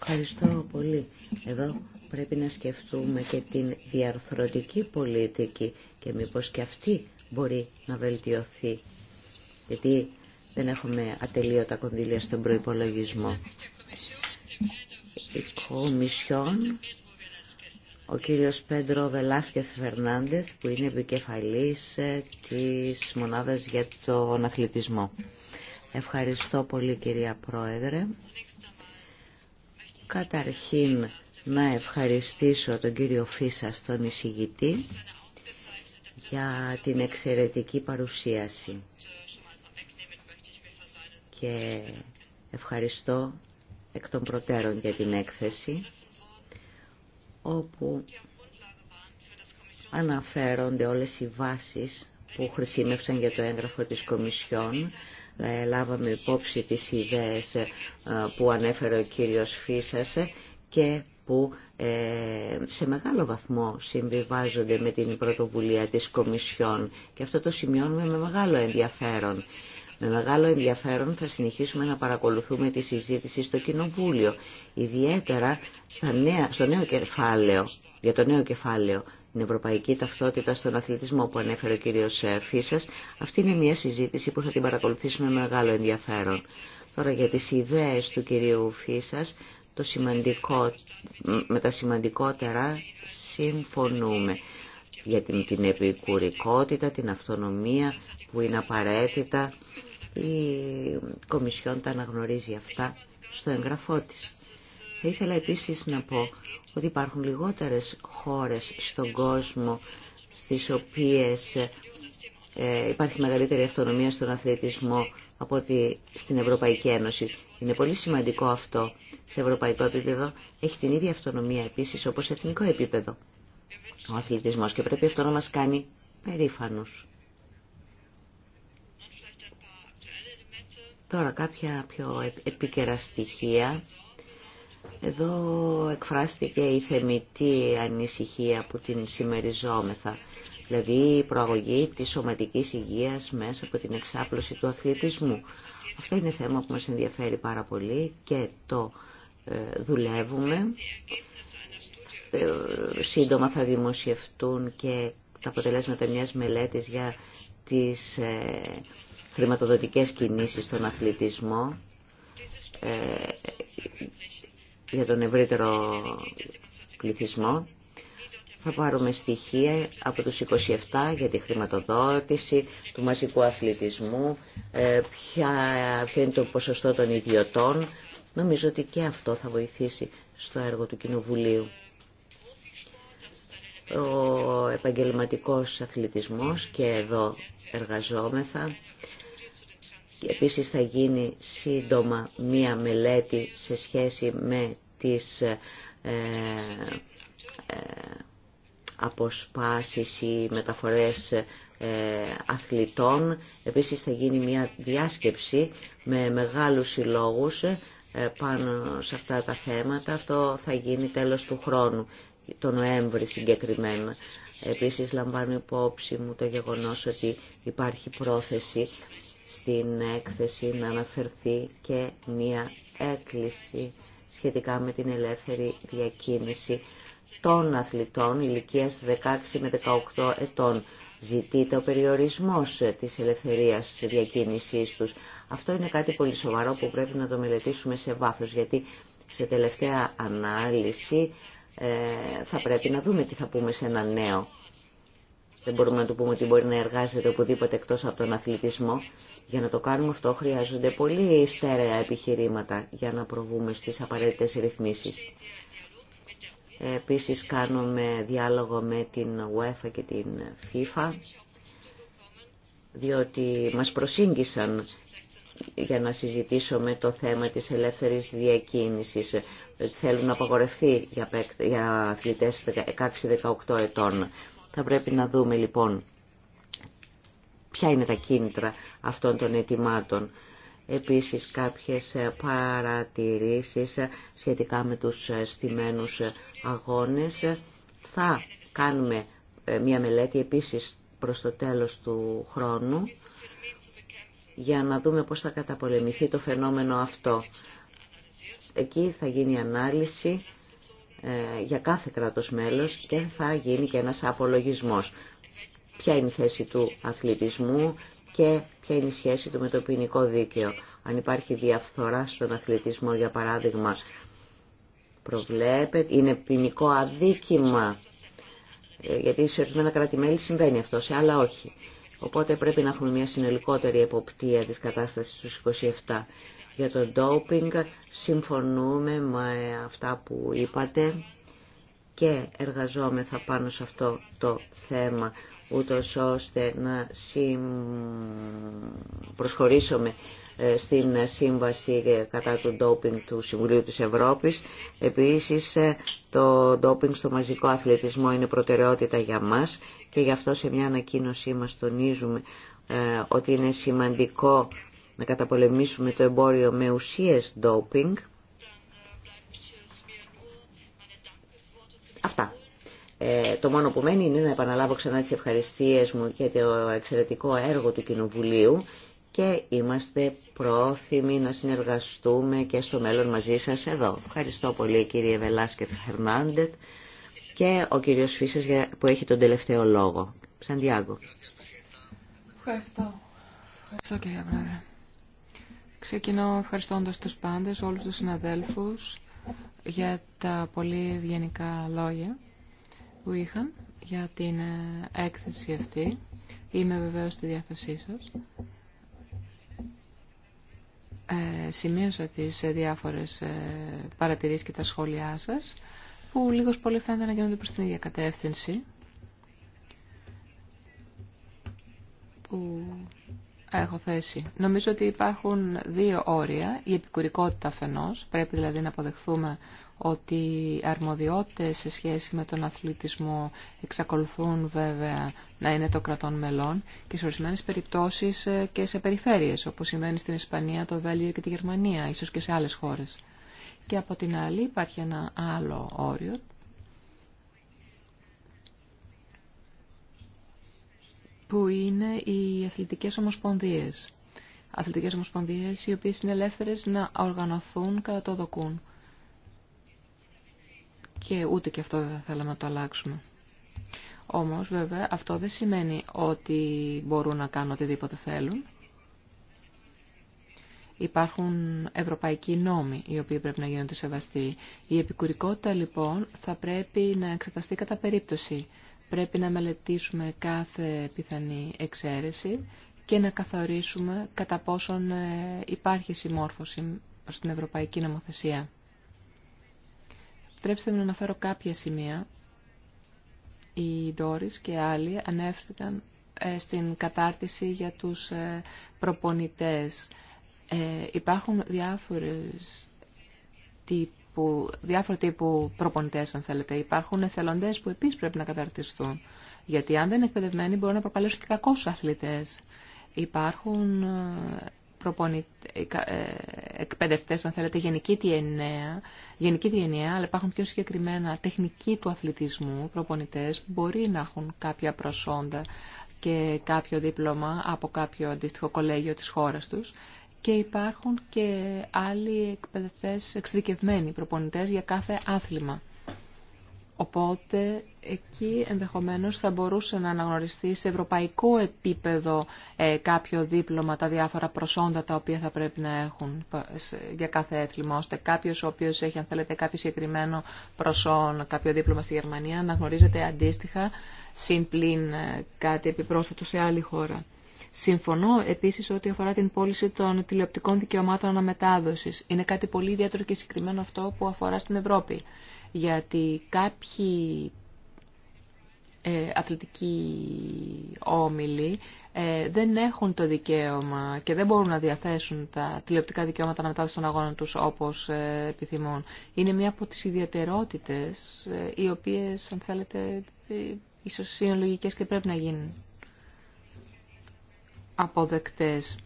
Ευχαριστώ πολύ. Εδώ πρέπει να σκεφτούμε και την διαρθρωτική πολιτική και μήπως και αυτή μπορεί να βελτιωθεί. Γιατί δεν έχουμε ατελείωτα κονδύλια στον προϋπολογισμό. Η Κομισιόν, ο κύριος Πέντρο Βελάσκεθ Φερνάντεθ, που είναι επικεφαλής ε, της Μονάδας για τον Αθλητισμό. Ευχαριστώ πολύ κυρία Πρόεδρε. Καταρχήν να ευχαριστήσω τον κύριο Φίσα τον εισηγητή για την εξαιρετική παρουσίαση. Και ευχαριστώ εκ των προτέρων για την έκθεση όπου αναφέρονται όλες οι βάσεις που χρησιμεύσαν για το έγγραφο της Κομισιόν. Ε, λάβαμε υπόψη τις ιδέες ε, που ανέφερε ο κύριος Φίσας ε, και που ε, σε μεγάλο βαθμό συμβιβάζονται με την πρωτοβουλία της Κομισιόν και αυτό το σημειώνουμε με μεγάλο ενδιαφέρον. Με μεγάλο ενδιαφέρον θα συνεχίσουμε να παρακολουθούμε τη συζήτηση στο Κοινοβούλιο, ιδιαίτερα στα νέα, στο νέο κεφάλαιο, για το νέο κεφάλαιο, την ευρωπαϊκή ταυτότητα στον αθλητισμό που ανέφερε ο κύριος ε, Φίσας. Αυτή είναι μια συζήτηση που θα την παρακολουθήσουμε με μεγάλο ενδιαφέρον. Τώρα για τις ιδέες του κυρίου Φίσας, το σημαντικό, με τα σημαντικότερα συμφωνούμε για την, την επικουρικότητα, την αυτονομία που είναι απαραίτητα. Η Κομισιόν τα αναγνωρίζει αυτά στο εγγραφό της. Θα ήθελα επίσης να πω ότι υπάρχουν λιγότερες χώρες στον κόσμο στις οποίες ε, υπάρχει μεγαλύτερη αυτονομία στον αθλητισμό από ότι στην Ευρωπαϊκή Ένωση. Είναι πολύ σημαντικό αυτό σε ευρωπαϊκό επίπεδο. Έχει την ίδια αυτονομία επίσης όπως σε εθνικό επίπεδο ο αθλητισμό και πρέπει αυτό να μας κάνει περήφανου. Τώρα κάποια πιο επίκαιρα στοιχεία. Εδώ εκφράστηκε η θεμητή ανησυχία που την σημεριζόμεθα δηλαδή η προαγωγή της σωματικής υγείας μέσα από την εξάπλωση του αθλητισμού. Αυτό είναι θέμα που μας ενδιαφέρει πάρα πολύ και το ε, δουλεύουμε. Ε, σύντομα θα δημοσιευτούν και τα αποτελέσματα μιας μελέτης για τις ε, χρηματοδοτικές κινήσεις στον αθλητισμό για τον ευρύτερο πληθυσμό θα πάρουμε στοιχεία από τους 27 για τη χρηματοδότηση του μαζικού αθλητισμού, ε, ποια, ποιο είναι το ποσοστό των ιδιωτών. Νομίζω ότι και αυτό θα βοηθήσει στο έργο του Κοινοβουλίου. Ο επαγγελματικός αθλητισμός και εδώ εργαζόμεθα. Επίσης θα γίνει σύντομα μία μελέτη σε σχέση με τις ε, ε, αποσπάσεις ή μεταφορές ε, αθλητών. Επίσης θα γίνει μια διάσκεψη με μεγάλους συλλόγους ε, πάνω σε αυτά τα θέματα. Αυτό θα γίνει τέλος του χρόνου, το Νοέμβρη συγκεκριμένα. Επίσης λαμβάνω υπόψη μου το γεγονός ότι υπάρχει πρόθεση στην έκθεση να αναφερθεί και μια έκκληση σχετικά με την ελεύθερη διακίνηση των αθλητών ηλικίας 16 με 18 ετών. Ζητείται ο περιορισμός της ελευθερίας διακίνησής τους. Αυτό είναι κάτι πολύ σοβαρό που πρέπει να το μελετήσουμε σε βάθος, γιατί σε τελευταία ανάλυση ε, θα πρέπει να δούμε τι θα πούμε σε ένα νέο. Δεν μπορούμε να του πούμε ότι μπορεί να εργάζεται οπουδήποτε εκτός από τον αθλητισμό. Για να το κάνουμε αυτό χρειάζονται πολύ στέρεα επιχειρήματα για να προβούμε στις απαραίτητες ρυθμίσεις. Επίσης κάνουμε διάλογο με την UEFA και την FIFA, διότι μας προσήγγισαν για να συζητήσουμε το θέμα της ελεύθερης διακίνησης. Θέλουν να απαγορευτεί για αθλητές 16-18 ετών. Θα πρέπει να δούμε λοιπόν ποια είναι τα κίνητρα αυτών των ετοιμάτων. Επίσης κάποιες ε, παρατηρήσεις ε, σχετικά με τους ε, στημένους αγώνες. Θα κάνουμε μια μελέτη επίσης προς το τέλος του χρόνου για να δούμε πώς θα καταπολεμηθεί το φαινόμενο αυτό. Εκεί θα γίνει ανάλυση για κάθε κράτος μέλος και θα γίνει και ένας απολογισμός. Ποια είναι η θέση του αθλητισμού, και ποια είναι η σχέση του με το ποινικό δίκαιο. Αν υπάρχει διαφθορά στον αθλητισμό, για παράδειγμα, προβλέπεται, είναι ποινικό αδίκημα, ε, γιατί σε ορισμένα κράτη-μέλη συμβαίνει αυτό, σε άλλα όχι. Οπότε πρέπει να έχουμε μια συνολικότερη εποπτεία της κατάστασης του 27. Για το ντόπινγκ συμφωνούμε με αυτά που είπατε και εργαζόμεθα πάνω σε αυτό το θέμα ούτως ώστε να προσχωρήσουμε ε, στην σύμβαση κατά του ντόπινγκ του Συμβουλίου της Ευρώπης. Επίσης, ε, το ντόπινγκ στο μαζικό αθλητισμό είναι προτεραιότητα για μας και γι' αυτό σε μια ανακοίνωσή μας τονίζουμε ε, ότι είναι σημαντικό να καταπολεμήσουμε το εμπόριο με ουσίες ντόπινγκ. Αυτά. Ε, το μόνο που μένει είναι να επαναλάβω ξανά τις ευχαριστίες μου για το εξαιρετικό έργο του Κοινοβουλίου και είμαστε πρόθυμοι να συνεργαστούμε και στο μέλλον μαζί σας εδώ. Ευχαριστώ πολύ κύριε Βελάσκεφ Χερνάντετ και ο κύριος Φίσας που έχει τον τελευταίο λόγο. Σαντιάγκο. Ευχαριστώ. Ευχαριστώ κύριε Πρόεδρε. Ξεκινώ ευχαριστώντας τους πάντες, όλους τους συναδέλφους για τα πολύ ευγενικά λόγια που είχαν για την ε, έκθεση αυτή. Είμαι βεβαίως στη διάθεσή σας. Ε, σημείωσα τις ε, διάφορες ε, παρατηρήσεις και τα σχόλιά σας που λίγος πολύ φαίνεται να γίνονται προς την ίδια κατεύθυνση που έχω θέσει. Νομίζω ότι υπάρχουν δύο όρια. Η επικουρικότητα αφενός, πρέπει δηλαδή να αποδεχθούμε ότι οι αρμοδιότητες σε σχέση με τον αθλητισμό εξακολουθούν βέβαια να είναι το κρατών μελών και σε ορισμένες περιπτώσεις ε, και σε περιφέρειες, όπως σημαίνει στην Ισπανία, το Βέλγιο και τη Γερμανία, ίσως και σε άλλες χώρες. Και από την άλλη υπάρχει ένα άλλο όριο, που είναι οι αθλητικές ομοσπονδίες. Αθλητικές ομοσπονδίες οι οποίες είναι ελεύθερες να οργανωθούν κατά το δοκούν και ούτε και αυτό δεν θα θέλαμε να το αλλάξουμε. Όμως βέβαια αυτό δεν σημαίνει ότι μπορούν να κάνουν οτιδήποτε θέλουν. Υπάρχουν ευρωπαϊκοί νόμοι οι οποίοι πρέπει να γίνονται σεβαστοί. Η επικουρικότητα λοιπόν θα πρέπει να εξεταστεί κατά περίπτωση. Πρέπει να μελετήσουμε κάθε πιθανή εξαίρεση και να καθορίσουμε κατά πόσον ε, υπάρχει συμμόρφωση στην ευρωπαϊκή νομοθεσία. Επιτρέψτε μου να αναφέρω κάποια σημεία. Οι Ντόρις και άλλοι ανέφθηκαν ε, στην κατάρτιση για τους ε, προπονητές. Ε, υπάρχουν διάφορες τύπου, διάφορο τύπου προπονητές, αν θέλετε. Υπάρχουν εθελοντές που επίσης πρέπει να καταρτιστούν. Γιατί αν δεν είναι εκπαιδευμένοι μπορούν να προκαλέσουν και κακούς αθλητές. Υπάρχουν προπονητές, ε, ε, εκπαιδευτές, αν θέλετε, γενική τη γενική τη αλλά υπάρχουν πιο συγκεκριμένα τεχνικοί του αθλητισμού προπονητές που μπορεί να έχουν κάποια προσόντα και κάποιο δίπλωμα από κάποιο αντίστοιχο κολέγιο της χώρας τους και υπάρχουν και άλλοι εκπαιδευτές εξειδικευμένοι προπονητές για κάθε άθλημα. Οπότε εκεί ενδεχομένως θα μπορούσε να αναγνωριστεί σε ευρωπαϊκό επίπεδο ε, κάποιο δίπλωμα τα διάφορα προσόντα τα οποία θα πρέπει να έχουν ε, για κάθε έθλημα, ώστε κάποιος ο οποίος έχει αν θέλετε κάποιο συγκεκριμένο προσόν, κάποιο δίπλωμα στη Γερμανία να γνωρίζεται αντίστοιχα συμπλήν ε, κάτι επιπρόσθετο σε άλλη χώρα. Συμφωνώ επίση ό,τι αφορά την πώληση των τηλεοπτικών δικαιωμάτων αναμετάδοση. Είναι κάτι πολύ ιδιαίτερο και συγκεκριμένο αυτό που αφορά στην Ευρώπη γιατί κάποιοι ε, αθλητικοί όμιλοι ε, δεν έχουν το δικαίωμα και δεν μπορούν να διαθέσουν τα τηλεοπτικά δικαιώματα να μετάδουν στον αγώνα τους όπως ε, επιθυμούν. Είναι μία από τις ιδιαιτερότητες οι οποίες, αν θέλετε, ίσως είναι λογικές και πρέπει να γίνουν αποδεκτές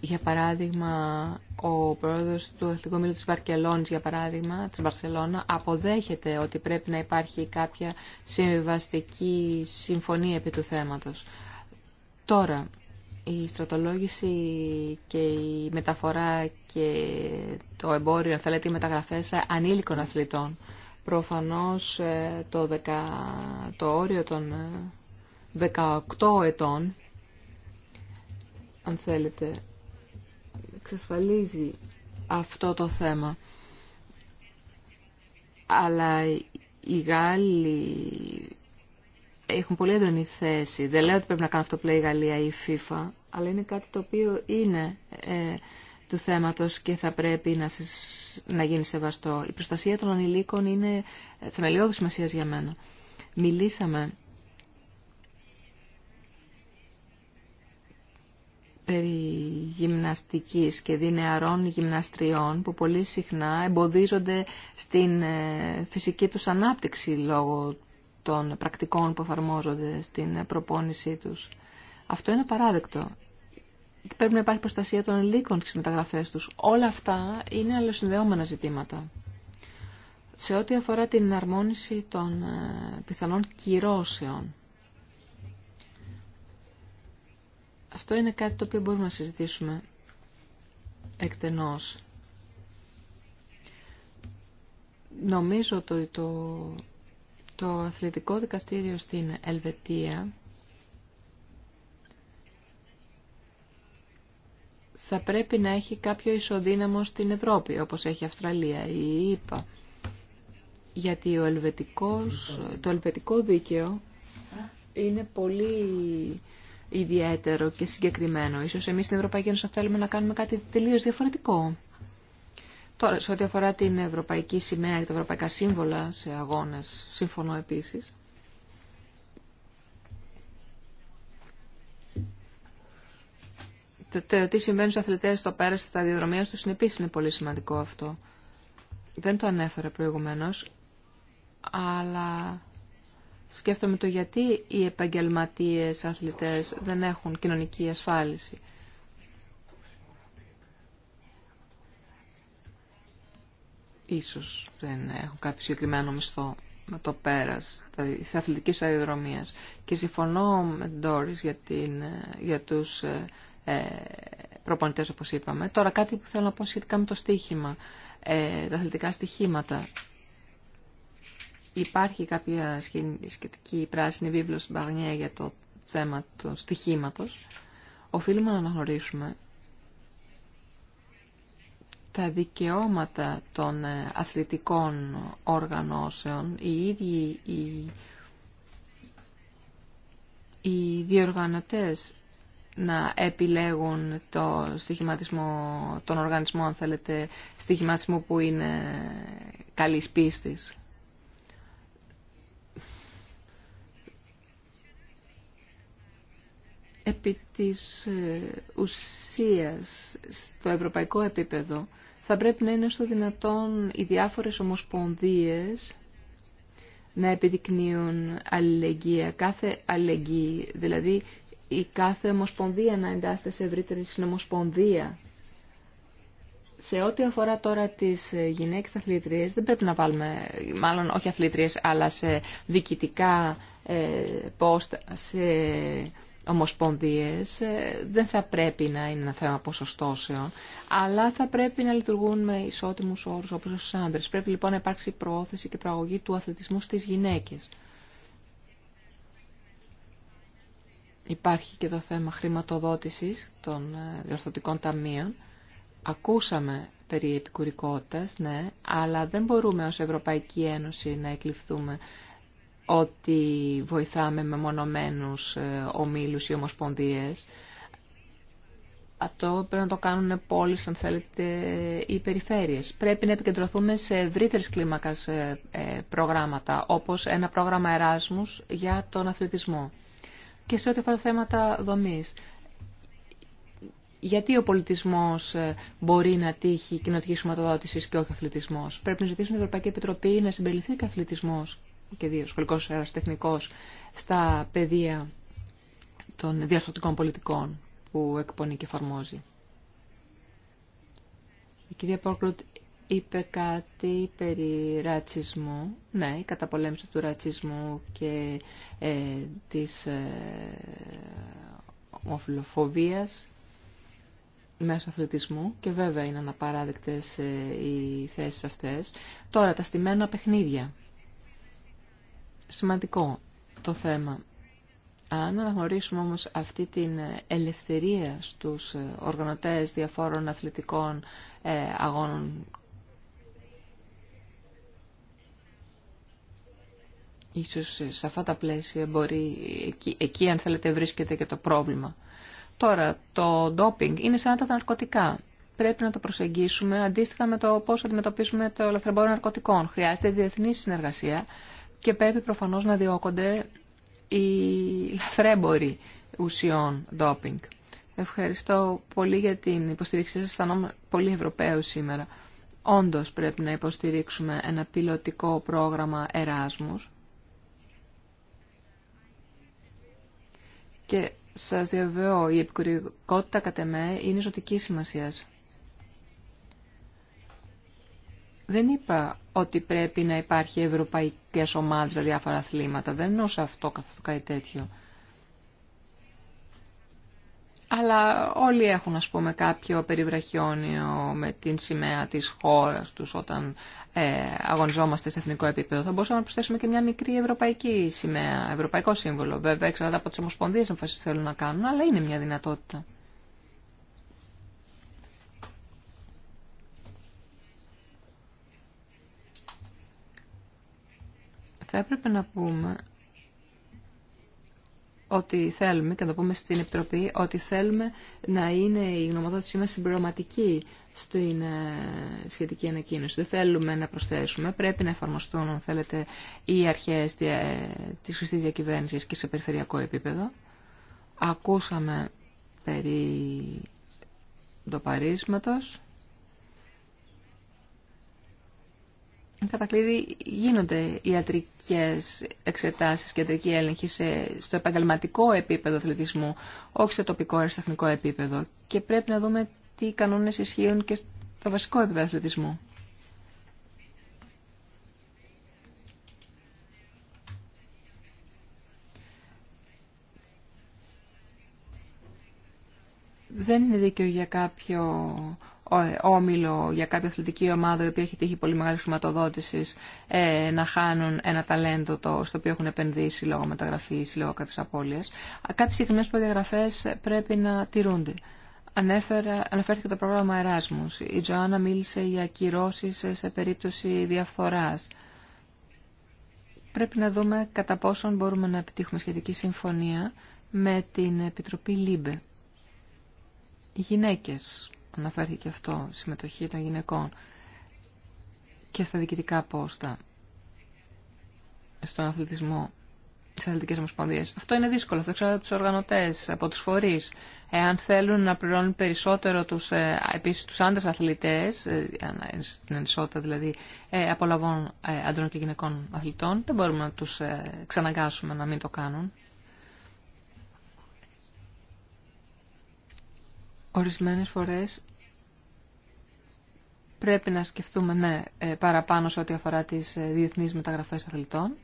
για παράδειγμα, ο πρόεδρος του Αθλητικού Μήλου της Βαρκελόνης, για παράδειγμα, της Βαρσελώνα, αποδέχεται ότι πρέπει να υπάρχει κάποια συμβιβαστική συμφωνία επί του θέματος. Τώρα, η στρατολόγηση και η μεταφορά και το εμπόριο, αν θέλετε, οι μεταγραφές ανήλικων αθλητών. Προφανώς ε, το, 10, το όριο των 18 ε, ετών, αν θέλετε, εξασφαλίζει αυτό το θέμα. Αλλά οι Γάλλοι έχουν πολύ έντονη θέση. Δεν λέω ότι πρέπει να κάνει αυτό που λέει η Γαλλία ή η FIFA, αλλά είναι κάτι το οποίο είναι ε, του θέματος και θα πρέπει να, σας, να γίνει σεβαστό. Η προστασία των ανηλίκων είναι θεμελιώδης σημασία για μένα. Μιλήσαμε περί γυμναστικής και δινεαρών γυμναστριών που πολύ συχνά εμποδίζονται στην ε, φυσική τους ανάπτυξη λόγω των πρακτικών που εφαρμόζονται στην ε, προπόνησή τους. Αυτό είναι παράδεκτο. Πρέπει να υπάρχει προστασία των λύκων στις μεταγραφές τους. Όλα αυτά είναι αλλοσυνδεόμενα ζητήματα. Σε ό,τι αφορά την αρμόνιση των ε, πιθανών κυρώσεων, Αυτό είναι κάτι το οποίο μπορούμε να συζητήσουμε εκτενώς. Νομίζω ότι το, το, το αθλητικό δικαστήριο στην Ελβετία θα πρέπει να έχει κάποιο ισοδύναμο στην Ευρώπη, όπως έχει η Αυστραλία ή η Γιατί ο ελβετικός, το ελβετικό δίκαιο είναι πολύ ιδιαίτερο και συγκεκριμένο. Ίσως εμείς στην Ευρωπαϊκή Ένωση θέλουμε να κάνουμε κάτι τελείως διαφορετικό. Τώρα, σε ό,τι αφορά την ευρωπαϊκή σημαία και τα ευρωπαϊκά σύμβολα σε αγώνες, συμφωνώ επίσης. Το, το τι συμβαίνει στους αθλητές στο πέρας στα διαδρομία τους είναι επίσης είναι πολύ σημαντικό αυτό. Δεν το ανέφερα προηγουμένως, αλλά Σκέφτομαι το γιατί οι επαγγελματίες αθλητές δεν έχουν κοινωνική ασφάλιση. Ίσως δεν έχουν κάποιο συγκεκριμένο μισθό με το πέρας της αθλητικής αεροδρομίας. Και συμφωνώ με την Doris για, την, για τους ε, ε, προπονητές όπως είπαμε. Τώρα κάτι που θέλω να πω σχετικά με το στοίχημα, ε, τα αθλητικά στοιχήματα. Υπάρχει κάποια σχετική πράσινη στην Παγνία για το θέμα του στοιχήματο, Οφείλουμε να αναγνωρίσουμε τα δικαιώματα των ε, αθλητικών οργανώσεων, οι ίδιοι οι, οι διοργανωτές να επιλέγουν το στοιχηματισμό, τον οργανισμό, αν θέλετε, στοιχηματισμό που είναι καλής πίστης. επί της ε, ουσίας στο ευρωπαϊκό επίπεδο θα πρέπει να είναι στο δυνατόν οι διάφορες ομοσπονδίες να επιδεικνύουν αλληλεγγύα, κάθε αλληλεγγύη, δηλαδή η κάθε ομοσπονδία να εντάσσεται σε ευρύτερη συνομοσπονδία. Σε ό,τι αφορά τώρα τις ε, γυναίκες αθλητρίες, δεν πρέπει να βάλουμε, μάλλον όχι αθλητρίες, αλλά σε διοικητικά ε, πόστα, σε ομοσπονδίες ε, δεν θα πρέπει να είναι ένα θέμα ποσοστώσεων, αλλά θα πρέπει να λειτουργούν με ισότιμους όρους όπως στους άντρες. Πρέπει λοιπόν να υπάρξει προώθηση και προαγωγή του αθλητισμού στις γυναίκες. Υπάρχει και το θέμα χρηματοδότησης των ε, διορθωτικών ταμείων. Ακούσαμε περί επικουρικότητας, ναι, αλλά δεν μπορούμε ως Ευρωπαϊκή Ένωση να εκλειφθούμε ότι βοηθάμε με μονομένους ε, ομίλους ή ομοσπονδίες. Αυτό πρέπει να το κάνουν πόλεις, αν θέλετε, οι περιφέρειες. Πρέπει να επικεντρωθούμε σε ευρύτερες κλίμακας ε, ε, προγράμματα, όπως ένα πρόγραμμα Εράσμους για τον αθλητισμό. Και σε ό,τι αφορά θέματα δομής. Γιατί ο πολιτισμός μπορεί να τύχει κοινοτική σωματοδότηση και όχι ο αθλητισμός. Πρέπει να ζητήσουμε την Ευρωπαϊκή Επιτροπή να συμπεριληφθεί και ο αθλητισμός και δύο σχολικός τεχνικός στα πεδία των διαρθρωτικών πολιτικών που εκπονεί και εφαρμόζει. Η κυρία Πόρκλουτ είπε κάτι περί ρατσισμού, ναι, η καταπολέμηση του ρατσισμού και ε, της ε, ομοφιλοφοβίας μέσω αθλητισμού και βέβαια είναι αναπαράδεκτες ε, οι θέσεις αυτές. Τώρα, τα στημένα παιχνίδια σημαντικό το θέμα. Αν αναγνωρίσουμε όμως αυτή την ελευθερία στους ε, οργανωτές διαφόρων αθλητικών ε, αγώνων Ίσως ε, σε αυτά τα πλαίσια μπορεί, εκεί, εκεί αν θέλετε βρίσκεται και το πρόβλημα. Τώρα, το ντόπινγκ είναι σαν τα ναρκωτικά. Πρέπει να το προσεγγίσουμε αντίστοιχα με το πώς αντιμετωπίζουμε το λαθρεμπόριο ναρκωτικών. Χρειάζεται διεθνή συνεργασία και πρέπει προφανώς να διώκονται οι θρέμποροι ουσιών ντόπινγκ. Ευχαριστώ πολύ για την υποστήριξή σας. Αισθανόμαι πολύ Ευρωπαίο σήμερα. Όντως πρέπει να υποστηρίξουμε ένα πιλωτικό πρόγραμμα Εράσμους. Και σας διαβεβαιώ, η επικουρικότητα κατ' εμέ είναι ζωτική σημασίας. Δεν είπα ότι πρέπει να υπάρχει ευρωπαϊκές ομάδες για διάφορα αθλήματα. Δεν σε αυτό καθόλου κάτι τέτοιο. Αλλά όλοι έχουν, ας πούμε, κάποιο περιβραχιόνιο με την σημαία της χώρας τους όταν ε, αγωνιζόμαστε σε εθνικό επίπεδο. Θα μπορούσαμε να προσθέσουμε και μια μικρή ευρωπαϊκή σημαία, ευρωπαϊκό σύμβολο. Βέβαια, εξαρτάται από τις ομοσπονδίες εμφάσεις θέλουν να κάνουν, αλλά είναι μια δυνατότητα. Θα έπρεπε να πούμε ότι θέλουμε, και να το πούμε στην Επιτροπή, ότι θέλουμε να είναι η γνωμοδότησή μας συμπληρωματική στην ε, σχετική ανακοίνωση. Δεν θέλουμε να προσθέσουμε. Πρέπει να εφαρμοστούν, αν θέλετε, οι αρχές ε, της χρηστής διακυβέρνησης και σε περιφερειακό επίπεδο. Ακούσαμε περί το παρίσματος. Κατά κλείδι γίνονται ιατρικές εξετάσεις και ιατρική έλεγχη στο επαγγελματικό επίπεδο αθλητισμού, όχι στο τοπικό αριστεχνικό επίπεδο. Και πρέπει να δούμε τι κανόνες ισχύουν και στο βασικό επίπεδο αθλητισμού. Δεν είναι δίκαιο για κάποιο όμιλο για κάποια αθλητική ομάδα η οποία έχει τύχει πολύ μεγάλη χρηματοδότηση ε, να χάνουν ένα ταλέντο το, στο οποίο έχουν επενδύσει λόγω μεταγραφή ή λόγω κάποιε απώλειε. Κάποιε συγκεκριμένε προδιαγραφέ πρέπει να τηρούνται. Ανέφερα, αναφέρθηκε το πρόγραμμα Εράσμου. Η Τζοάννα μίλησε για κυρώσει σε περίπτωση διαφθορά. Πρέπει να τηρουνται αναφερθηκε το κατά πόσον μπορούμε να επιτύχουμε σχετική συμφωνία με την Επιτροπή ΛΥΜΠΕ. Οι γυναίκες αναφέρθηκε αυτό, συμμετοχή των γυναικών και στα διοικητικά πόστα, στον αθλητισμό, στι αθλητικές ομοσπονδίε. Αυτό είναι δύσκολο. Αυτό ξέρω από του οργανωτέ, από τους φορείς. Εάν θέλουν να πληρώνουν περισσότερο του ε, επίσης τους άντρε αθλητές, ε, στην ενισότητα δηλαδή ε, απολαβών αντρών και γυναικών αθλητών, δεν μπορούμε να του ξαναγκάσουμε να μην το κάνουν. Ορισμένες φορές πρέπει να σκεφτούμε ναι, ε, παραπάνω σε ό,τι αφορά τις ε, διεθνείς μεταγραφές αθλητών.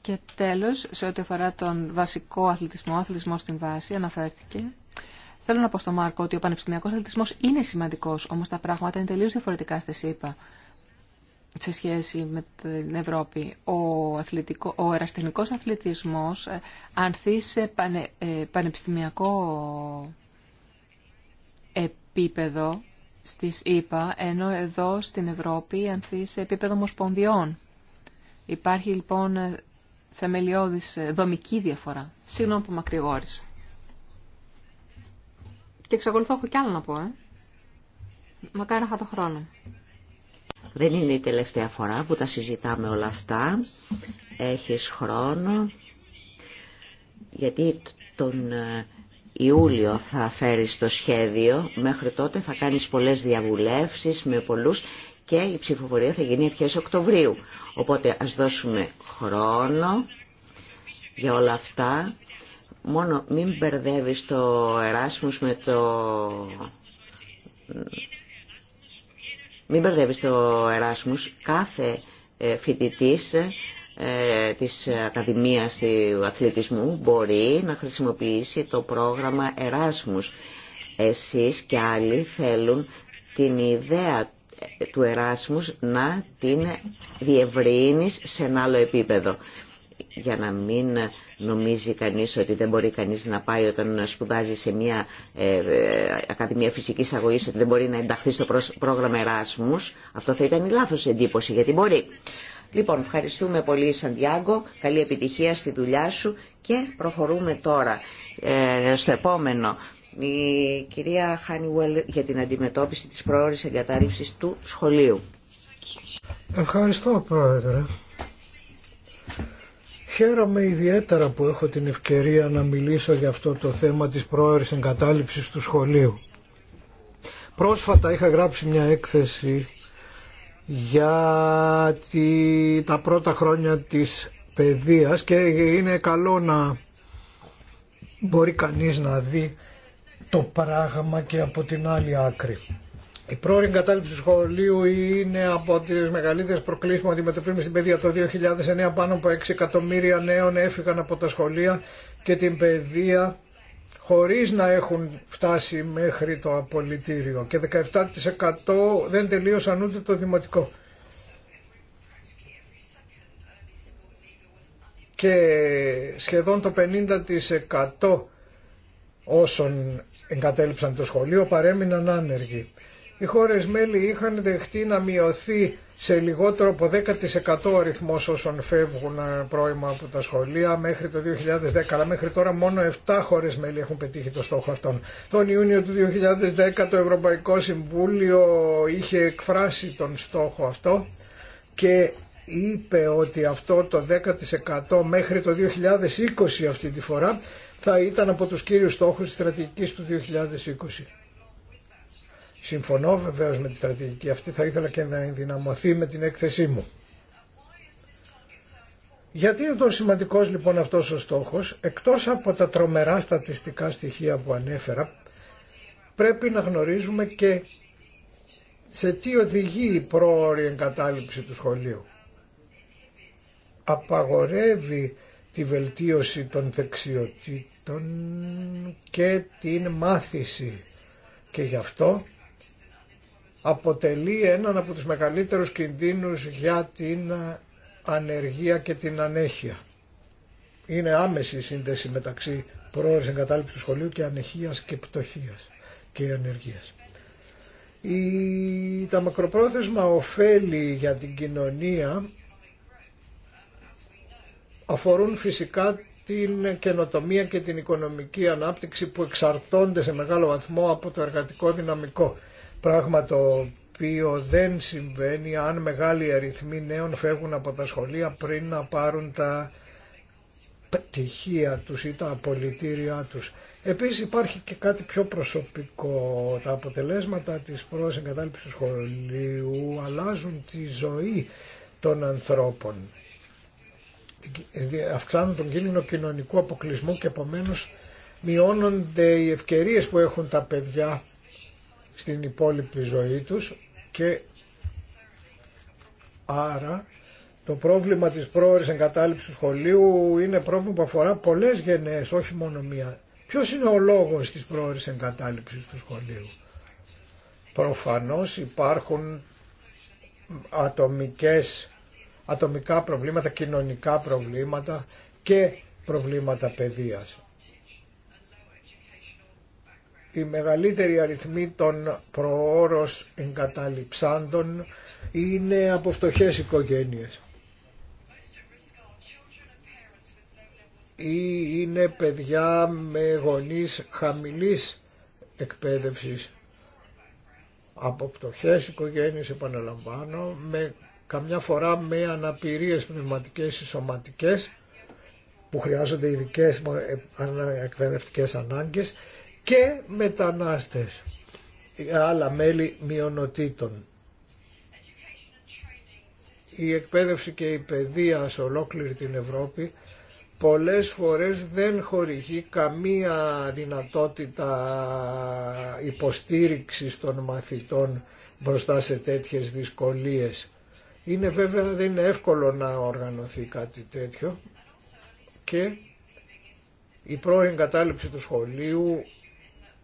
Και τέλος, σε ό,τι αφορά τον βασικό αθλητισμό, αθλητισμό στην βάση, αναφέρθηκε. Θέλω να πω στον Μάρκο ότι ο πανεπιστημιακός αθλητισμός είναι σημαντικός, όμως τα πράγματα είναι τελείως διαφορετικά στη ΣΥΠΑ σε σχέση με την Ευρώπη. Ο, αθλητικό, ο εραστηνικός αθλητισμός ε, ανθεί σε πανε, πανεπιστημιακό επίπεδο στις ΗΠΑ, ενώ εδώ στην Ευρώπη ανθεί σε επίπεδο ομοσπονδιών. Υπάρχει λοιπόν ε, θεμελιώδης ε, δομική διαφορά. Συγγνώμη που μακρηγόρησα. Και εξακολουθώ έχω κι άλλο να πω, ε. Μακάρι να το χρόνο. Δεν είναι η τελευταία φορά που τα συζητάμε όλα αυτά. Έχεις χρόνο, γιατί τον ε, Ιούλιο θα φέρει το σχέδιο. Μέχρι τότε θα κάνεις πολλές διαβουλεύσεις με πολλούς και η ψηφοφορία θα γίνει αρχές Οκτωβρίου. Οπότε ας δώσουμε χρόνο για όλα αυτά. Μόνο μην μπερδεύεις το Εράσμους με το... Μην μπερδεύεις το Εράσμους. Κάθε ε, φοιτητής ε, ε, της Ακαδημίας του Αθλητισμού μπορεί να χρησιμοποιήσει το πρόγραμμα Εράσμους. Εσείς και άλλοι θέλουν την ιδέα του Εράσμους να την διευρύνεις σε ένα άλλο επίπεδο για να μην νομίζει κανείς ότι δεν μπορεί κανείς να πάει όταν σπουδάζει σε μια ε, ε, Ακαδημία Φυσικής Αγωγής ότι δεν μπορεί να ενταχθεί στο πρόγραμμα Εράσμους αυτό θα ήταν η λάθος εντύπωση γιατί μπορεί Λοιπόν, ευχαριστούμε πολύ Σαντιάγκο, καλή επιτυχία στη δουλειά σου και προχωρούμε τώρα ε, στο επόμενο. Η κυρία Χάνιουελ για την αντιμετώπιση της προώρης εγκατάλειψης του σχολείου. Ευχαριστώ πρόεδρε. Χαίρομαι ιδιαίτερα που έχω την ευκαιρία να μιλήσω για αυτό το θέμα της πρόορης εγκατάλειψης του σχολείου. Πρόσφατα είχα γράψει μια έκθεση για τα πρώτα χρόνια της παιδείας και είναι καλό να μπορεί κανείς να δει το πράγμα και από την άλλη άκρη. Η πρώην κατάληψη του σχολείου είναι από τι μεγαλύτερε προκλήσει που αντιμετωπίζουμε στην παιδεία. Το 2009 πάνω από 6 εκατομμύρια νέων έφυγαν από τα σχολεία και την παιδεία χωρίς να έχουν φτάσει μέχρι το απολυτήριο και 17% δεν τελείωσαν ούτε το δημοτικό. Και σχεδόν το 50% όσων εγκατέλειψαν το σχολείο παρέμειναν άνεργοι οι χώρες μέλη είχαν δεχτεί να μειωθεί σε λιγότερο από 10% ο αριθμός όσων φεύγουν ε, πρώιμα από τα σχολεία μέχρι το 2010, αλλά μέχρι τώρα μόνο 7 χώρες μέλη έχουν πετύχει το στόχο αυτόν. Τον Ιούνιο του 2010 το Ευρωπαϊκό Συμβούλιο είχε εκφράσει τον στόχο αυτό και είπε ότι αυτό το 10% μέχρι το 2020 αυτή τη φορά θα ήταν από τους κύριους στόχους της στρατηγικής του 2020. Συμφωνώ βεβαίω με τη στρατηγική αυτή, θα ήθελα και να ενδυναμωθεί με την έκθεσή μου. Γιατί είναι τόσο σημαντικός λοιπόν αυτός ο στόχος, εκτό από τα τρομερά στατιστικά στοιχεία που ανέφερα, πρέπει να γνωρίζουμε και σε τι οδηγεί η πρόορη εγκατάλειψη του σχολείου. Απαγορεύει τη βελτίωση των δεξιοτήτων και την μάθηση. Και γι' αυτό αποτελεί έναν από τους μεγαλύτερους κινδύνους για την ανεργία και την ανέχεια. Είναι άμεση η σύνδεση μεταξύ πρόορης εγκατάλειψης του σχολείου και ανεχίας και πτωχίας και ανεργίας. Η, τα μακροπρόθεσμα ωφέλη για την κοινωνία αφορούν φυσικά την καινοτομία και την οικονομική ανάπτυξη που εξαρτώνται σε μεγάλο βαθμό από το εργατικό δυναμικό. Πράγμα το οποίο δεν συμβαίνει αν μεγάλοι αριθμοί νέων φεύγουν από τα σχολεία πριν να πάρουν τα πτυχία τους ή τα απολυτήριά τους. Επίσης υπάρχει και κάτι πιο προσωπικό. Τα αποτελέσματα της πρώτης εγκατάλειψης του σχολείου αλλάζουν τη ζωή των ανθρώπων. Αυξάνουν τον κίνδυνο κοινωνικού αποκλεισμού και επομένω μειώνονται οι ευκαιρίες που έχουν τα παιδιά στην υπόλοιπη ζωή τους και άρα το πρόβλημα της πρόορης εγκατάλειψης του σχολείου είναι πρόβλημα που αφορά πολλές γενναίες, όχι μόνο μία. Ποιος είναι ο λόγος της πρόορης εγκατάλειψης του σχολείου. Προφανώς υπάρχουν ατομικές, ατομικά προβλήματα, κοινωνικά προβλήματα και προβλήματα παιδείας οι μεγαλύτεροι αριθμοί των προώρος εγκαταλειψάντων είναι από φτωχέ οικογένειες. Ή είναι παιδιά με γονείς χαμηλής εκπαίδευσης από φτωχέ οικογένειες, επαναλαμβάνω, με, καμιά φορά με αναπηρίες πνευματικές ή σωματικές που χρειάζονται ειδικέ ε, εκπαιδευτικές ανάγκες και μετανάστες, άλλα μέλη μειονοτήτων. Η εκπαίδευση και η παιδεία σε ολόκληρη την Ευρώπη πολλές φορές δεν χορηγεί καμία δυνατότητα υποστήριξης των μαθητών μπροστά σε τέτοιες δυσκολίες. Είναι βέβαια δεν είναι εύκολο να οργανωθεί κάτι τέτοιο και η πρώην κατάληψη του σχολείου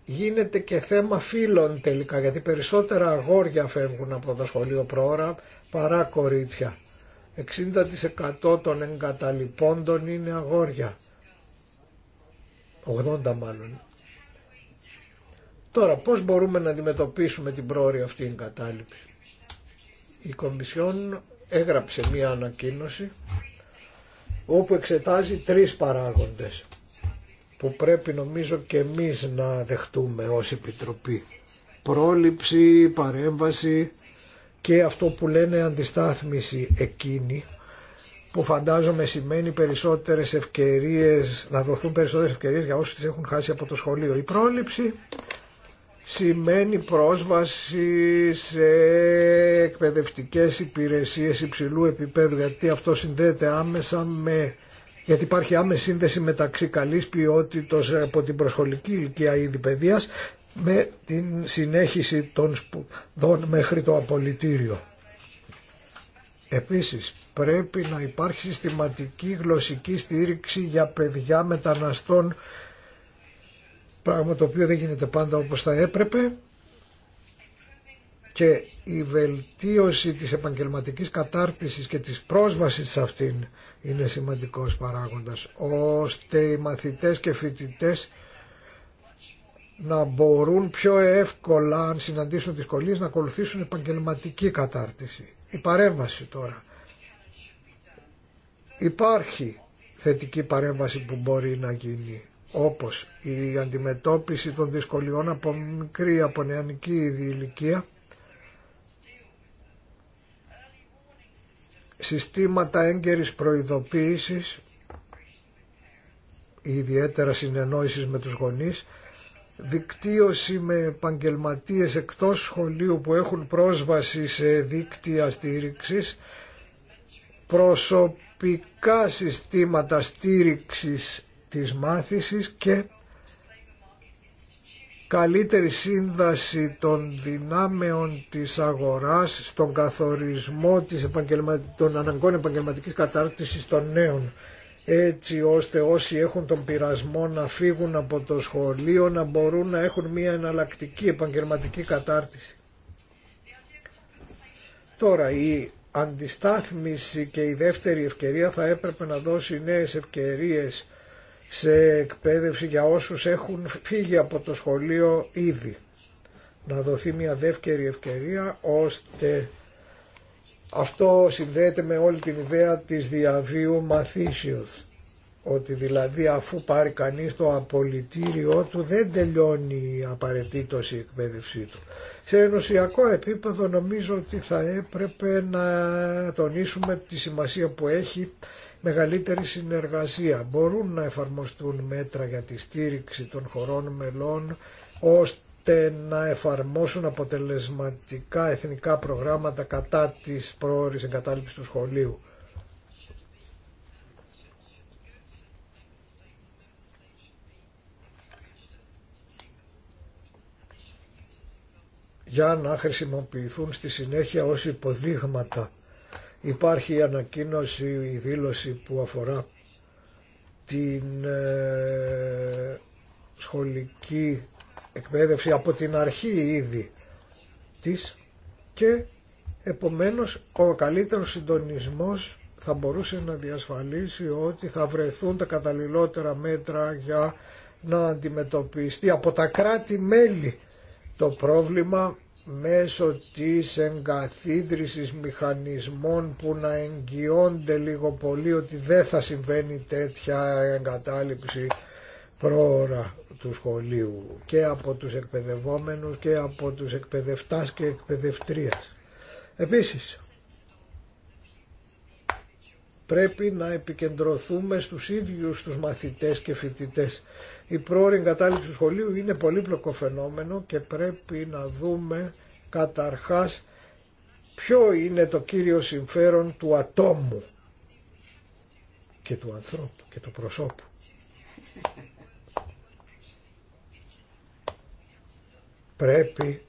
γίνεται και θέμα φίλων τελικά γιατί περισσότερα αγόρια φεύγουν από το σχολείο προώρα παρά κορίτσια. 60% των εγκαταλειπώντων είναι αγόρια. 80 μάλλον. Τώρα πώς μπορούμε να αντιμετωπίσουμε την πρόορη αυτή εγκατάλειψη. Η Κομισιόν έγραψε μία ανακοίνωση όπου εξετάζει τρεις παράγοντες που πρέπει νομίζω και εμείς να δεχτούμε ως Επιτροπή. Πρόληψη, παρέμβαση και αυτό που λένε αντιστάθμιση εκείνη που φαντάζομαι σημαίνει περισσότερες ευκαιρίες, να δοθούν περισσότερες ευκαιρίες για όσους τις έχουν χάσει από το σχολείο. Η πρόληψη σημαίνει πρόσβαση σε εκπαιδευτικές υπηρεσίες υψηλού επίπεδου γιατί αυτό συνδέεται άμεσα με γιατί υπάρχει άμεση σύνδεση μεταξύ καλής ποιότητος ε, από την προσχολική ηλικία ήδη παιδείας με την συνέχιση των σπουδών μέχρι το απολυτήριο. Επίσης, πρέπει να υπάρχει συστηματική γλωσσική στήριξη για παιδιά μεταναστών, πράγμα το οποίο δεν γίνεται πάντα όπως θα έπρεπε, και η βελτίωση της επαγγελματικής κατάρτισης και της πρόσβασης σε αυτήν είναι σημαντικός παράγοντας, ώστε οι μαθητές και φοιτητές να μπορούν πιο εύκολα, αν συναντήσουν δυσκολίες, να ακολουθήσουν επαγγελματική κατάρτιση. Η παρέμβαση τώρα. Υπάρχει θετική παρέμβαση που μπορεί να γίνει, όπως η αντιμετώπιση των δυσκολιών από μικρή, από νεανική ηλικία, συστήματα έγκαιρης προειδοποίησης, ιδιαίτερα συνεννόησης με τους γονείς, δικτύωση με επαγγελματίες εκτός σχολείου που έχουν πρόσβαση σε δίκτυα στήριξης, προσωπικά συστήματα στήριξης της μάθησης και καλύτερη σύνδαση των δυνάμεων της αγοράς στον καθορισμό της των αναγκών επαγγελματικής κατάρτισης των νέων έτσι ώστε όσοι έχουν τον πειρασμό να φύγουν από το σχολείο να μπορούν να έχουν μια εναλλακτική επαγγελματική κατάρτιση. Τώρα η αντιστάθμιση και η δεύτερη ευκαιρία θα έπρεπε να δώσει νέες ευκαιρίες σε εκπαίδευση για όσους έχουν φύγει από το σχολείο ήδη. Να δοθεί μια δεύτερη ευκαιρία ώστε αυτό συνδέεται με όλη την ιδέα της διαβίου μαθήσεως. Ότι δηλαδή αφού πάρει κανείς το απολυτήριό του δεν τελειώνει η απαραίτητος η εκπαίδευσή του. Σε ενωσιακό επίπεδο νομίζω ότι θα έπρεπε να τονίσουμε τη σημασία που έχει μεγαλύτερη συνεργασία. Μπορούν να εφαρμοστούν μέτρα για τη στήριξη των χωρών μελών ώστε να εφαρμόσουν αποτελεσματικά εθνικά προγράμματα κατά της πρόορης εγκατάλειψης του σχολείου. για να χρησιμοποιηθούν στη συνέχεια ως υποδείγματα Υπάρχει η ανακοίνωση, η δήλωση που αφορά την ε, σχολική εκπαίδευση από την αρχή ήδη της και επομένως ο καλύτερος συντονισμός θα μπορούσε να διασφαλίσει ότι θα βρεθούν τα καταλληλότερα μέτρα για να αντιμετωπιστεί από τα κράτη-μέλη το πρόβλημα μέσω της εγκαθίδρυσης μηχανισμών που να εγγυώνται λίγο πολύ ότι δεν θα συμβαίνει τέτοια εγκατάλειψη πρόωρα του σχολείου και από τους εκπαιδευόμενους και από τους εκπαιδευτάς και εκπαιδευτρίας. Επίσης, πρέπει να επικεντρωθούμε στους ίδιους τους μαθητές και φοιτητές η πρόορη εγκατάλειψη του σχολείου είναι πολύπλοκο φαινόμενο και πρέπει να δούμε καταρχάς ποιο είναι το κύριο συμφέρον του ατόμου και του ανθρώπου και του προσώπου. Πρέπει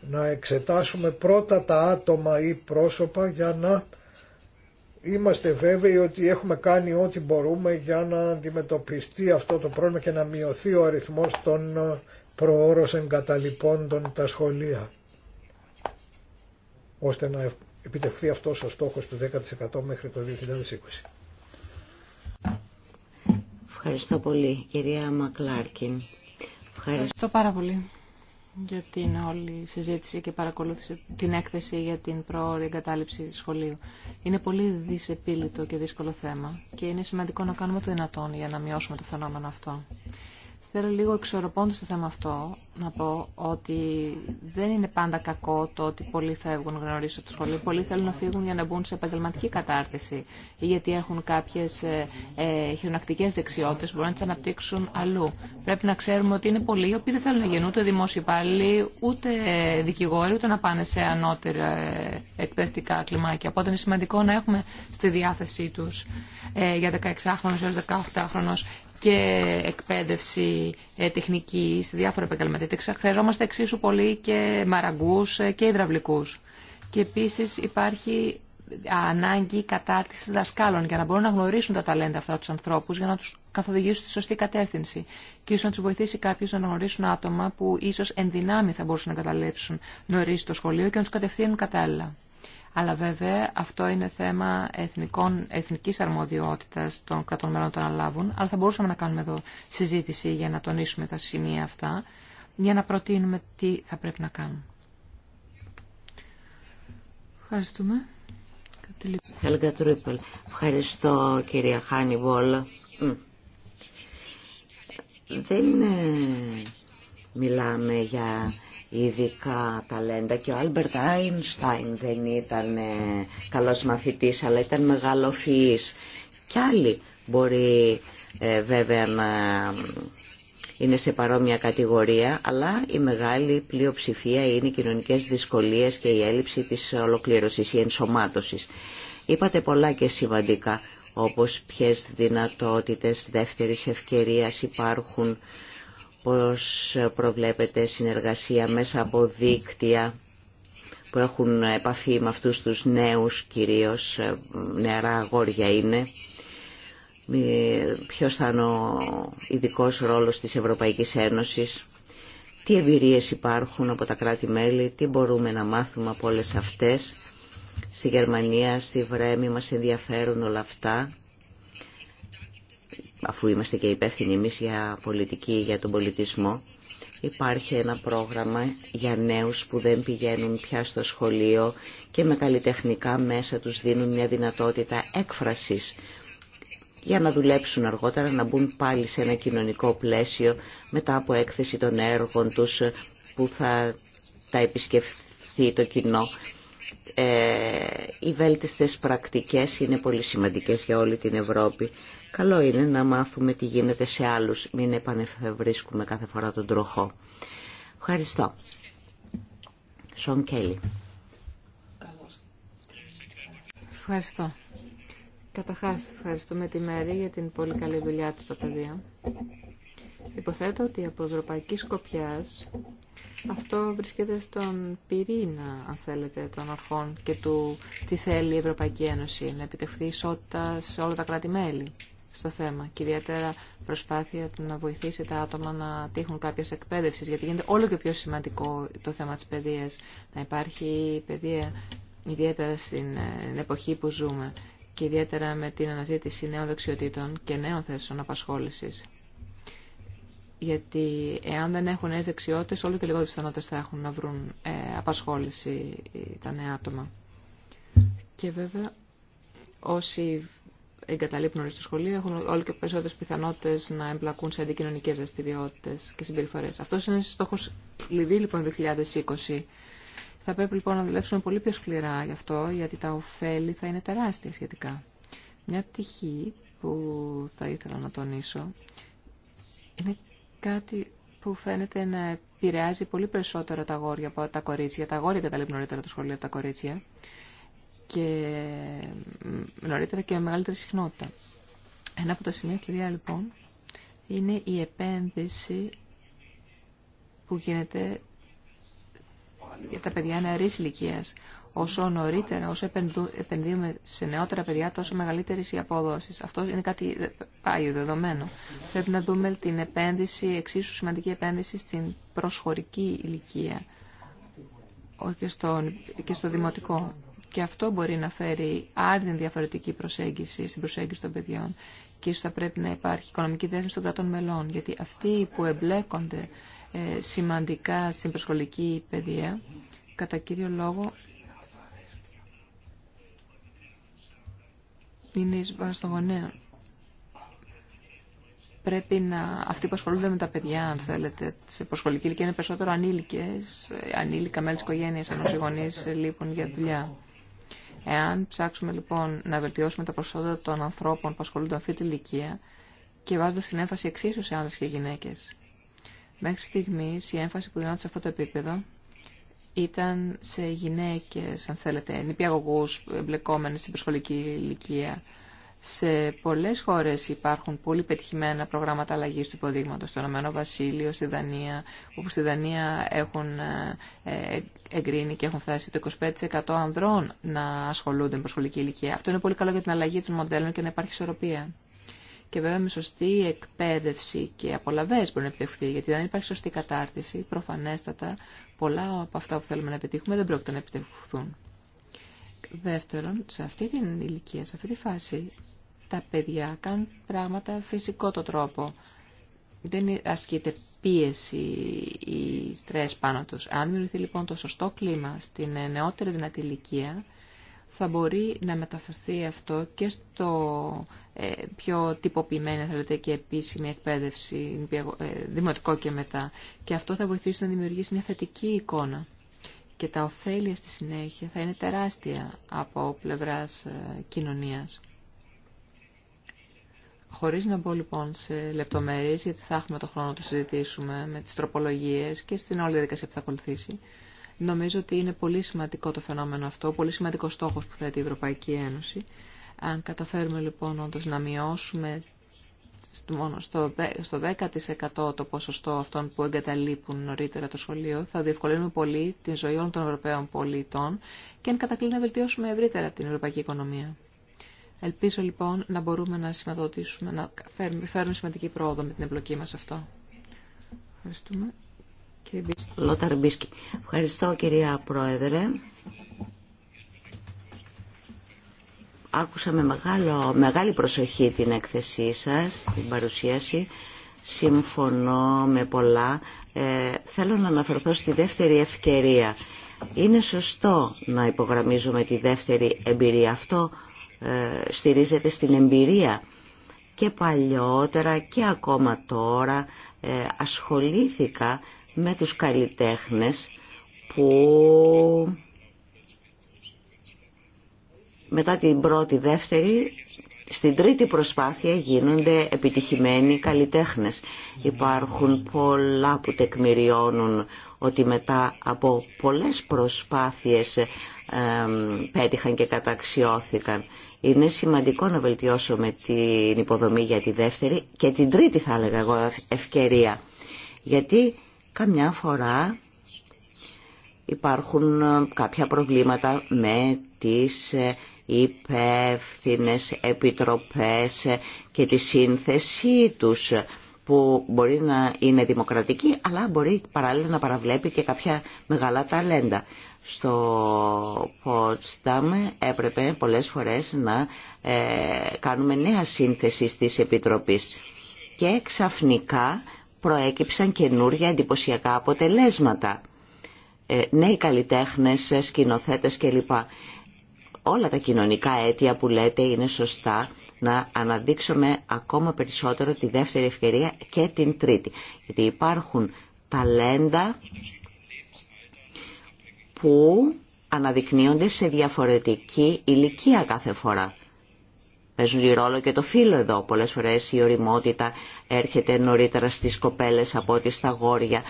να εξετάσουμε πρώτα τα άτομα ή πρόσωπα για να Είμαστε βέβαιοι ότι έχουμε κάνει ό,τι μπορούμε για να αντιμετωπιστεί αυτό το πρόβλημα και να μειωθεί ο αριθμός των ε, προώρως εγκαταλειπώντων τα σχολεία ώστε να επιτευχθεί αυτός ο στόχος του 10% μέχρι το 2020. Ευχαριστώ πολύ κυρία Μακλάρκιν. Ευχαριστώ πάρα πολύ για την όλη συζήτηση και παρακολούθησε την έκθεση για την προώρη εγκατάλειψη σχολείου. Είναι πολύ δυσεπίλητο και δύσκολο θέμα και είναι σημαντικό να κάνουμε το δυνατόν για να μειώσουμε το φαινόμενο αυτό. Θέλω λίγο εξορροπώντας το θέμα αυτό να πω ότι δεν είναι πάντα κακό το ότι πολλοί φεύγουν γνωρίσω από το σχολείο. Πολλοί θέλουν να φύγουν για να μπουν σε επαγγελματική κατάρτιση ή γιατί έχουν κάποιες ε, ε, χειρονακτικές δεξιότητες που μπορούν να τις αναπτύξουν αλλού. Πρέπει να ξέρουμε ότι είναι πολλοί οι οποίοι δεν θέλουν να γίνουν ούτε δημόσιοι υπάλληλοι, ούτε δικηγόροι, ούτε να πάνε σε ανώτερα ε, εκπαιδευτικά κλιμάκια. Οπότε είναι σημαντικό να έχουμε στη διάθεσή τους ε, για 16χρονους 18 18χρονους και εκπαίδευση ε, τεχνική σε διάφορα επαγγελματικά. Χρειαζόμαστε εξίσου πολύ και μαραγκούς ε, και υδραυλικούς. Και επίση υπάρχει ε, ανάγκη κατάρτιση δασκάλων για να μπορούν να γνωρίσουν τα ταλέντα αυτά του ανθρώπου, για να του καθοδηγήσουν στη σωστή κατεύθυνση. Και ίσω να του βοηθήσει κάποιο να γνωρίσουν άτομα που ίσω εν δυνάμει θα μπορούσαν να καταλέψουν νωρί το σχολείο και να του κατευθύνουν κατάλληλα αλλά βέβαια αυτό είναι θέμα εθνικών, εθνικής αρμοδιότητας των κρατών μελών των Αλλάβων, αλλά θα μπορούσαμε να κάνουμε εδώ συζήτηση για να τονίσουμε τα σημεία αυτά, για να προτείνουμε τι θα πρέπει να κάνουμε. Ευχαριστούμε. Ευχαριστώ κυρία Χάνιβολ. Δεν ε, μιλάμε για ειδικά ταλέντα και ο Άλμπερτ Άινστάιν δεν ήταν ε, καλός μαθητής αλλά ήταν μεγαλοφυής κι άλλοι μπορεί ε, βέβαια να είναι σε παρόμοια κατηγορία, αλλά η μεγάλη πλειοψηφία είναι οι κοινωνικές δυσκολίες και η έλλειψη της ολοκλήρωσης, η ενσωμάτωσης. Είπατε πολλά και σημαντικά, όπως ποιες δυνατότητες δεύτερης ευκαιρίας υπάρχουν πως προβλέπεται συνεργασία μέσα από δίκτυα που έχουν επαφή με αυτούς τους νέους κυρίως, ε, νεαρά αγόρια είναι. Ε, ποιος θα είναι ο ειδικό ρόλος της Ευρωπαϊκής Ένωσης, τι εμπειρίες υπάρχουν από τα κράτη-μέλη, τι μπορούμε να μάθουμε από όλες αυτές. Στη Γερμανία, στη Βρέμη μας ενδιαφέρουν όλα αυτά αφού είμαστε και υπεύθυνοι εμείς για πολιτική, για τον πολιτισμό, υπάρχει ένα πρόγραμμα για νέους που δεν πηγαίνουν πια στο σχολείο και με καλλιτεχνικά μέσα τους δίνουν μια δυνατότητα έκφρασης για να δουλέψουν αργότερα, να μπουν πάλι σε ένα κοινωνικό πλαίσιο μετά από έκθεση των έργων τους που θα τα επισκεφθεί το κοινό ε, οι βέλτιστες πρακτικές είναι πολύ σημαντικές για όλη την Ευρώπη. Καλό είναι να μάθουμε τι γίνεται σε άλλους, μην επανεφευρίσκουμε κάθε φορά τον τροχό. Ευχαριστώ. Σομ Κέλλη. Ευχαριστώ. Καταρχάς ευχαριστούμε τη Μέρη για την πολύ καλή δουλειά του στο πεδίο. Υποθέτω ότι από ευρωπαϊκή σκοπιά αυτό βρίσκεται στον πυρήνα, αν θέλετε, των αρχών και του τι θέλει η Ευρωπαϊκή Ένωση, να επιτευχθεί ισότητα σε όλα τα κράτη-μέλη στο θέμα και ιδιαίτερα προσπάθεια να βοηθήσει τα άτομα να τύχουν κάποιε εκπαίδευση, γιατί γίνεται όλο και πιο σημαντικό το θέμα τη παιδεία, να υπάρχει παιδεία ιδιαίτερα στην ε, εποχή που ζούμε και ιδιαίτερα με την αναζήτηση νέων δεξιοτήτων και νέων θέσεων απασχόλησης γιατί εάν δεν έχουν νέε δεξιότητε, όλο και λιγότερε πιθανότητε θα έχουν να βρουν ε, απασχόληση τα νέα άτομα. Και βέβαια, όσοι εγκαταλείπουν όλοι στο σχολείο έχουν όλο και περισσότερε πιθανότητε να εμπλακούν σε αντικοινωνικέ δραστηριότητε και συμπεριφορέ. Αυτό είναι στόχο κλειδί λοιπόν το 2020. Θα πρέπει λοιπόν να δουλέψουμε πολύ πιο σκληρά γι' αυτό, γιατί τα ωφέλη θα είναι τεράστια σχετικά. Μια πτυχή που θα ήθελα να τονίσω είναι κάτι που φαίνεται να επηρεάζει πολύ περισσότερο τα αγόρια από τα κορίτσια. Τα αγόρια καταλήγουν νωρίτερα το σχολείο από τα κορίτσια και νωρίτερα και με μεγαλύτερη συχνότητα. Ένα από τα σημεία κλειδιά λοιπόν είναι η επένδυση που γίνεται για τα παιδιά νεαρής ηλικία, Όσο νωρίτερα, όσο επενδύουμε σε νεότερα παιδιά, τόσο μεγαλύτερε οι αποδόσει. Αυτό είναι κάτι πάγιο, δεδομένο. Πρέπει να δούμε την επένδυση, εξίσου σημαντική επένδυση στην προσχωρική ηλικία και στο, και δημοτικό. Και αυτό μπορεί να φέρει άρδιν διαφορετική προσέγγιση στην προσέγγιση των παιδιών. Και ίσω θα πρέπει να υπάρχει οικονομική δέσμευση των κρατών μελών. Γιατί αυτοί που εμπλέκονται ε, σημαντικά στην προσχολική παιδεία, κατά κύριο λόγο είναι εις των γονέων. Πρέπει να, αυτοί που ασχολούνται με τα παιδιά, αν θέλετε, σε προσχολική ηλικία είναι περισσότερο ανήλικες, ανήλικα μέλη της οικογένειας, ενώ οι γονείς λείπουν για δουλειά. Εάν ψάξουμε λοιπόν να βελτιώσουμε τα προσόντα των ανθρώπων που ασχολούνται αυτή τη ηλικία και βάζοντα την έμφαση εξίσου σε άνδρες και γυναίκες. Μέχρι στιγμή η έμφαση που δίνεται σε αυτό το επίπεδο ήταν σε γυναίκες, αν θέλετε, νηπιαγωγούς εμπλεκόμενες στην προσχολική ηλικία. Σε πολλές χώρες υπάρχουν πολύ πετυχημένα προγράμματα αλλαγής του υποδείγματος, στο Ηνωμένο Βασίλειο, στη Δανία, όπου στη Δανία έχουν ε, ε, εγκρίνει και έχουν φτάσει το 25% ανδρών να ασχολούνται με προσχολική ηλικία. Αυτό είναι πολύ καλό για την αλλαγή των μοντέλων και να υπάρχει ισορροπία. Και βέβαια με σωστή εκπαίδευση και απολαβέ μπορεί να επιτευχθεί, γιατί αν υπάρχει σωστή κατάρτιση, προφανέστατα πολλά από αυτά που θέλουμε να πετύχουμε δεν πρόκειται να επιτευχθούν. Δεύτερον, σε αυτή την ηλικία, σε αυτή τη φάση, τα παιδιά κάνουν πράγματα φυσικό το τρόπο. Δεν ασκείται πίεση ή στρες πάνω τους. Αν δημιουργηθεί λοιπόν το σωστό κλίμα στην νεότερη δυνατή ηλικία, θα μπορεί να μεταφερθεί αυτό και στο ε, πιο τυποποιημένη θέλετε, και επίσημη εκπαίδευση, ε, δημοτικό και μετά. Και αυτό θα βοηθήσει να δημιουργήσει μια θετική εικόνα. Και τα ωφέλεια στη συνέχεια θα είναι τεράστια από πλευράς ε, κοινωνίας. Χωρίς να μπω λοιπόν σε λεπτομέρειες, γιατί θα έχουμε το χρόνο να το συζητήσουμε με τις τροπολογίες και στην όλη διαδικασία που θα ακολουθήσει, νομίζω ότι είναι πολύ σημαντικό το φαινόμενο αυτό, πολύ σημαντικό στόχος που θέτει η Ευρωπαϊκή Ένωση αν καταφέρουμε λοιπόν όντως να μειώσουμε μόνο στο 10% το ποσοστό αυτών που εγκαταλείπουν νωρίτερα το σχολείο, θα διευκολύνουμε πολύ την ζωή όλων των Ευρωπαίων πολιτών και εν κατακλείδη να βελτιώσουμε ευρύτερα την ευρωπαϊκή οικονομία. Ελπίζω λοιπόν να μπορούμε να σηματοδοτήσουμε, να φέρουμε, σημαντική πρόοδο με την εμπλοκή μας αυτό. Ευχαριστούμε. Λόταρ Μπίσκι. Ευχαριστώ κυρία Πρόεδρε. Άκουσα με μεγάλο, μεγάλη προσοχή την έκθεσή σας, την παρουσίαση. Συμφωνώ με πολλά. Ε, θέλω να αναφερθώ στη δεύτερη ευκαιρία. Είναι σωστό να υπογραμμίζουμε τη δεύτερη εμπειρία. Αυτό ε, στηρίζεται στην εμπειρία. Και παλιότερα και ακόμα τώρα ε, ασχολήθηκα με τους καλλιτέχνες που μετά την πρώτη, δεύτερη, στην τρίτη προσπάθεια γίνονται επιτυχημένοι καλλιτέχνες. Υπάρχουν πολλά που τεκμηριώνουν ότι μετά από πολλές προσπάθειες ε, πέτυχαν και καταξιώθηκαν. Είναι σημαντικό να βελτιώσουμε την υποδομή για τη δεύτερη και την τρίτη θα έλεγα εγώ ευκαιρία. Γιατί καμιά φορά υπάρχουν ε, κάποια προβλήματα με τις ε, υπεύθυνε επιτροπές και τη σύνθεσή τους που μπορεί να είναι δημοκρατική αλλά μπορεί παράλληλα να παραβλέπει και κάποια μεγάλα ταλέντα. Στο Ποτστάμ έπρεπε πολλές φορές να ε, κάνουμε νέα σύνθεση στις επιτροπής και ξαφνικά προέκυψαν καινούργια εντυπωσιακά αποτελέσματα. Ε, νέοι καλλιτέχνες, σκηνοθέτες κλπ όλα τα κοινωνικά αίτια που λέτε είναι σωστά να αναδείξουμε ακόμα περισσότερο τη δεύτερη ευκαιρία και την τρίτη. Γιατί υπάρχουν ταλέντα που αναδεικνύονται σε διαφορετική ηλικία κάθε φορά. Παίζουν ρόλο και το φύλλο εδώ. Πολλές φορές η οριμότητα έρχεται νωρίτερα στις κοπέλες από ό,τι στα γόρια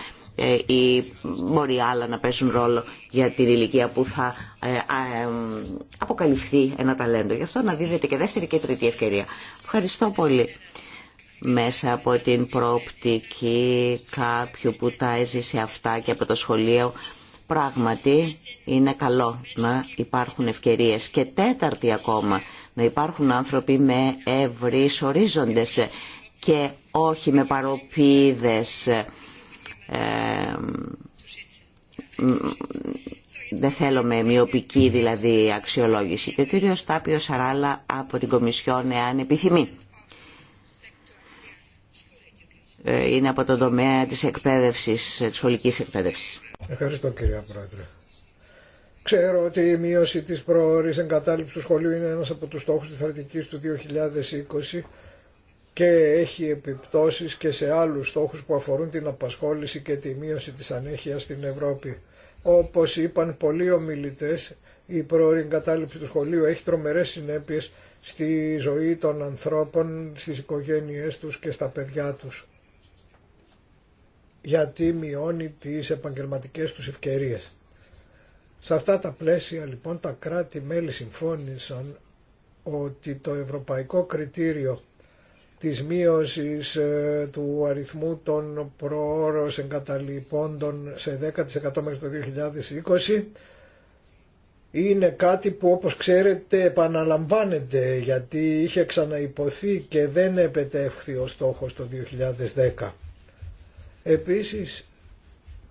ή ε, μπορεί άλλα να παίζουν ρόλο για την ηλικία που θα ε, αποκαλυφθεί ένα ταλέντο. Γι' αυτό να δίδεται και δεύτερη και τρίτη ευκαιρία. Ευχαριστώ πολύ. Μέσα από την προοπτική κάποιου που τα έζησε αυτά και από το σχολείο, πράγματι είναι καλό να υπάρχουν ευκαιρίες. Και τέταρτη ακόμα, να υπάρχουν άνθρωποι με ευρύς ορίζοντες και όχι με παροπίδες ε, δεν θέλουμε μειοπική δηλαδή αξιολόγηση. Και ο κύριος Τάπιο Σαράλα από την Κομισιόν εάν επιθυμεί. Ε, είναι από τον τομέα της εκπαίδευσης, της σχολικής εκπαίδευσης. Ευχαριστώ κυρία Πρόεδρε. Ξέρω ότι η μείωση της προώρης εγκατάλειψης του σχολείου είναι ένας από τους στόχους της στρατηγικής του 2020 και έχει επιπτώσεις και σε άλλους στόχους που αφορούν την απασχόληση και τη μείωση της ανέχειας στην Ευρώπη. Όπως είπαν πολλοί ομιλητές, η πρόορη κατάληψη του σχολείου έχει τρομερές συνέπειες στη ζωή των ανθρώπων, στις οικογένειές τους και στα παιδιά τους. Γιατί μειώνει τις επαγγελματικές τους ευκαιρίες. Σε αυτά τα πλαίσια λοιπόν τα κράτη-μέλη συμφώνησαν ότι το ευρωπαϊκό κριτήριο της μείωσης ε, του αριθμού των προώρως εγκαταλειπώντων σε 10% μέχρι το 2020 είναι κάτι που όπως ξέρετε επαναλαμβάνεται γιατί είχε ξαναϋποθεί και δεν επετεύχθη ο στόχος το 2010. Επίσης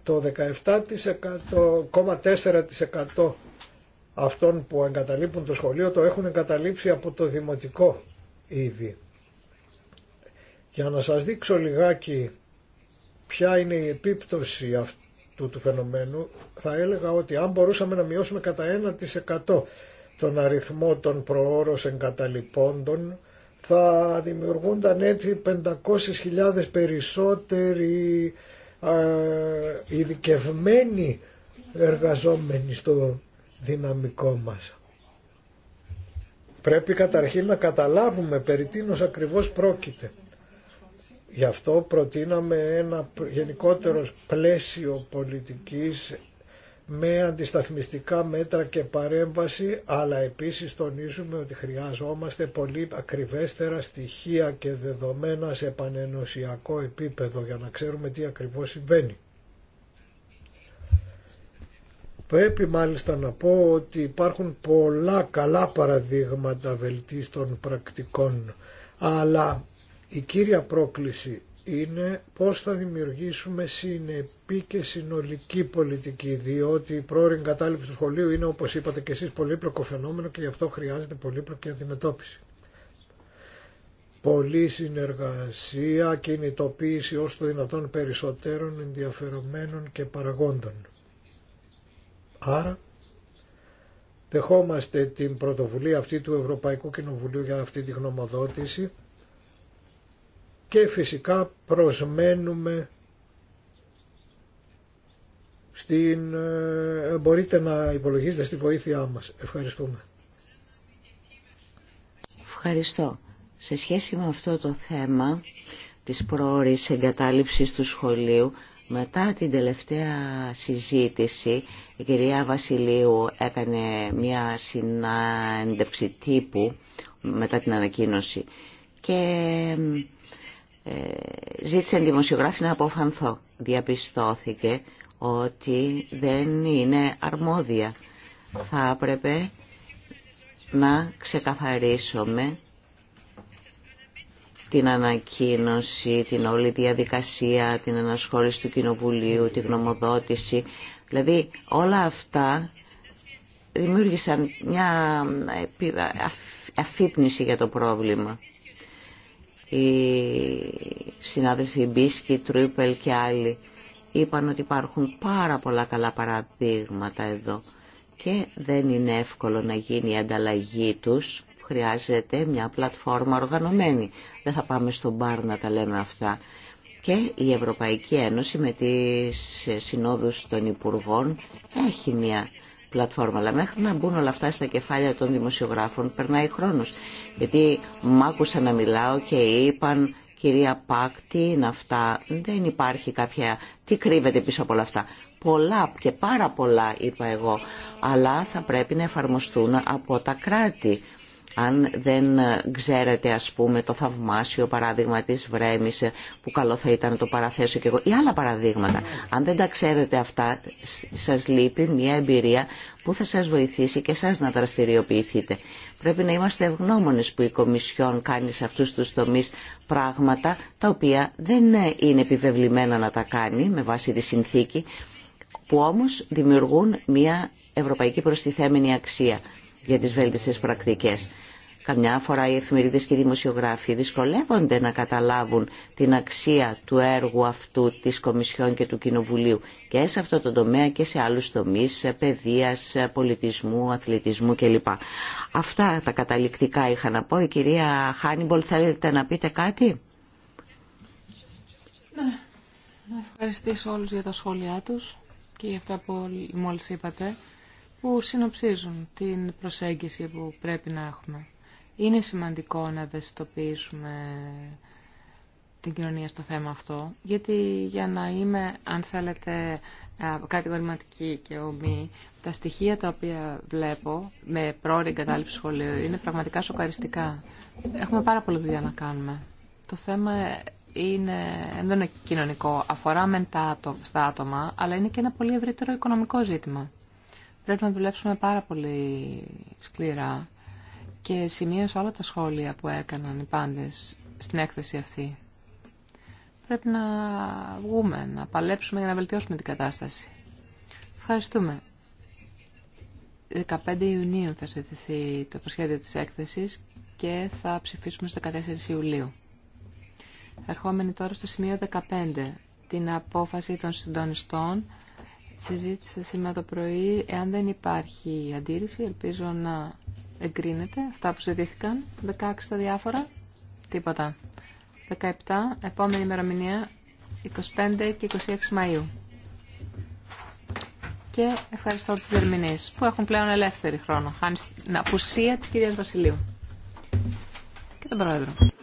το 17,4% αυτών που εγκαταλείπουν το σχολείο το έχουν εγκαταλείψει από το δημοτικό ήδη. Για να σας δείξω λιγάκι ποια είναι η επίπτωση αυτού του φαινομένου, θα έλεγα ότι αν μπορούσαμε να μειώσουμε κατά 1% τον αριθμό των προώρως εγκαταλειπώντων, θα δημιουργούνταν έτσι 500.000 περισσότεροι ε, ειδικευμένοι εργαζόμενοι στο δυναμικό μας. Πρέπει καταρχήν να καταλάβουμε περί τίνος ακριβώς πρόκειται. Γι' αυτό προτείναμε ένα γενικότερο πλαίσιο πολιτικής με αντισταθμιστικά μέτρα και παρέμβαση, αλλά επίσης τονίζουμε ότι χρειάζομαστε πολύ ακριβέστερα στοιχεία και δεδομένα σε πανενωσιακό επίπεδο για να ξέρουμε τι ακριβώς συμβαίνει. Πρέπει μάλιστα να πω ότι υπάρχουν πολλά καλά παραδείγματα βελτίστων πρακτικών, αλλά η κύρια πρόκληση είναι πώς θα δημιουργήσουμε συνεπή και συνολική πολιτική, διότι η πρόορη εγκατάλειψη του σχολείου είναι, όπως είπατε και εσείς, πολύπλοκο φαινόμενο και γι' αυτό χρειάζεται πολύπλοκη αντιμετώπιση. Πολύ συνεργασία, κινητοποίηση όσο το δυνατόν περισσότερων ενδιαφερομένων και παραγόντων. Άρα, δεχόμαστε την πρωτοβουλία αυτή του Ευρωπαϊκού Κοινοβουλίου για αυτή τη γνωμοδότηση, και φυσικά προσμένουμε στην, ε, μπορείτε να υπολογίζετε στη βοήθειά μας. Ευχαριστούμε. Ευχαριστώ. Σε σχέση με αυτό το θέμα της πρόορης εγκατάλειψης του σχολείου, μετά την τελευταία συζήτηση, η κυρία Βασιλείου έκανε μια συνάντευξη τύπου μετά την ανακοίνωση και ζήτησαν δημοσιογράφη να αποφανθώ. Διαπιστώθηκε ότι δεν είναι αρμόδια. Θα έπρεπε να ξεκαθαρίσουμε την ανακοίνωση, την όλη διαδικασία, την ανασχόληση του Κοινοβουλίου, τη γνωμοδότηση. Δηλαδή όλα αυτά δημιούργησαν μια ε, ε, αφύπνιση για το πρόβλημα οι συνάδελφοι Μπίσκι, Τρούπελ και άλλοι είπαν ότι υπάρχουν πάρα πολλά καλά παραδείγματα εδώ και δεν είναι εύκολο να γίνει η ανταλλαγή τους. Χρειάζεται μια πλατφόρμα οργανωμένη. Δεν θα πάμε στον μπαρ να τα λέμε αυτά. Και η Ευρωπαϊκή Ένωση με τις συνόδους των Υπουργών έχει μια πλατφόρμα. Αλλά μέχρι να μπουν όλα αυτά στα κεφάλια των δημοσιογράφων περνάει χρόνος. Γιατί μ' άκουσα να μιλάω και είπαν κυρία Πακ, τι είναι αυτά, δεν υπάρχει κάποια, τι κρύβεται πίσω από όλα αυτά. Πολλά και πάρα πολλά είπα εγώ, αλλά θα πρέπει να εφαρμοστούν από τα κράτη αν δεν ε, ξέρετε ας πούμε το θαυμάσιο παράδειγμα της Βρέμης ε, που καλό θα ήταν το παραθέσω και εγώ ή άλλα παραδείγματα αν δεν τα ξέρετε αυτά σας λείπει μια εμπειρία που θα σας βοηθήσει και σας να δραστηριοποιηθείτε πρέπει να είμαστε ευγνώμονες που η Κομισιόν κάνει σε αυτούς τους τομείς πράγματα τα οποία δεν ε, είναι επιβεβλημένα να τα κάνει με βάση τη συνθήκη που όμως δημιουργούν μια ευρωπαϊκή προστιθέμενη αξία για τις βέλτιστες πρακτικές. Καμιά φορά οι εφημερίδες και οι δημοσιογράφοι δυσκολεύονται να καταλάβουν την αξία του έργου αυτού της Κομισιόν και του Κοινοβουλίου και σε αυτό το τομέα και σε άλλους τομείς, παιδείας, πολιτισμού, αθλητισμού κλπ. Αυτά τα καταληκτικά είχα να πω. Η κυρία Χάνιμπολ θέλετε να πείτε κάτι. Ναι. Να ευχαριστήσω όλους για τα σχόλιά τους και για αυτά που μόλις είπατε που συνοψίζουν την προσέγγιση που πρέπει να έχουμε. Είναι σημαντικό να ευαισθητοποιήσουμε την κοινωνία στο θέμα αυτό, γιατί για να είμαι, αν θέλετε, κατηγορηματική και ομή, τα στοιχεία τα οποία βλέπω με πρόορη εγκατάλειψη σχολείου είναι πραγματικά σοκαριστικά. Έχουμε πάρα πολλή δουλειά να κάνουμε. Το θέμα είναι έντονο κοινωνικό, αφορά μεν στα άτομα, αλλά είναι και ένα πολύ ευρύτερο οικονομικό ζήτημα. Πρέπει να δουλέψουμε πάρα πολύ σκληρά και σημείωσα όλα τα σχόλια που έκαναν οι πάντες στην έκθεση αυτή. Πρέπει να βγούμε, να παλέψουμε για να βελτιώσουμε την κατάσταση. Ευχαριστούμε. 15 Ιουνίου θα συζητηθεί το προσχέδιο της έκθεσης και θα ψηφίσουμε στις 14 Ιουλίου. Ερχόμενοι τώρα στο σημείο 15, την απόφαση των συντονιστών. Συζήτησα σήμερα το πρωί, εάν δεν υπάρχει αντίρρηση, ελπίζω να εγκρίνεται. Αυτά που ζητήθηκαν. 16 τα διάφορα. Τίποτα. 17. Επόμενη ημερομηνία 25 και 26 Μαΐου. Και ευχαριστώ τους Δερμηνείς που έχουν πλέον ελεύθερη χρόνο. Χάνει την απουσία της κυρίας Βασιλείου και τον Πρόεδρο.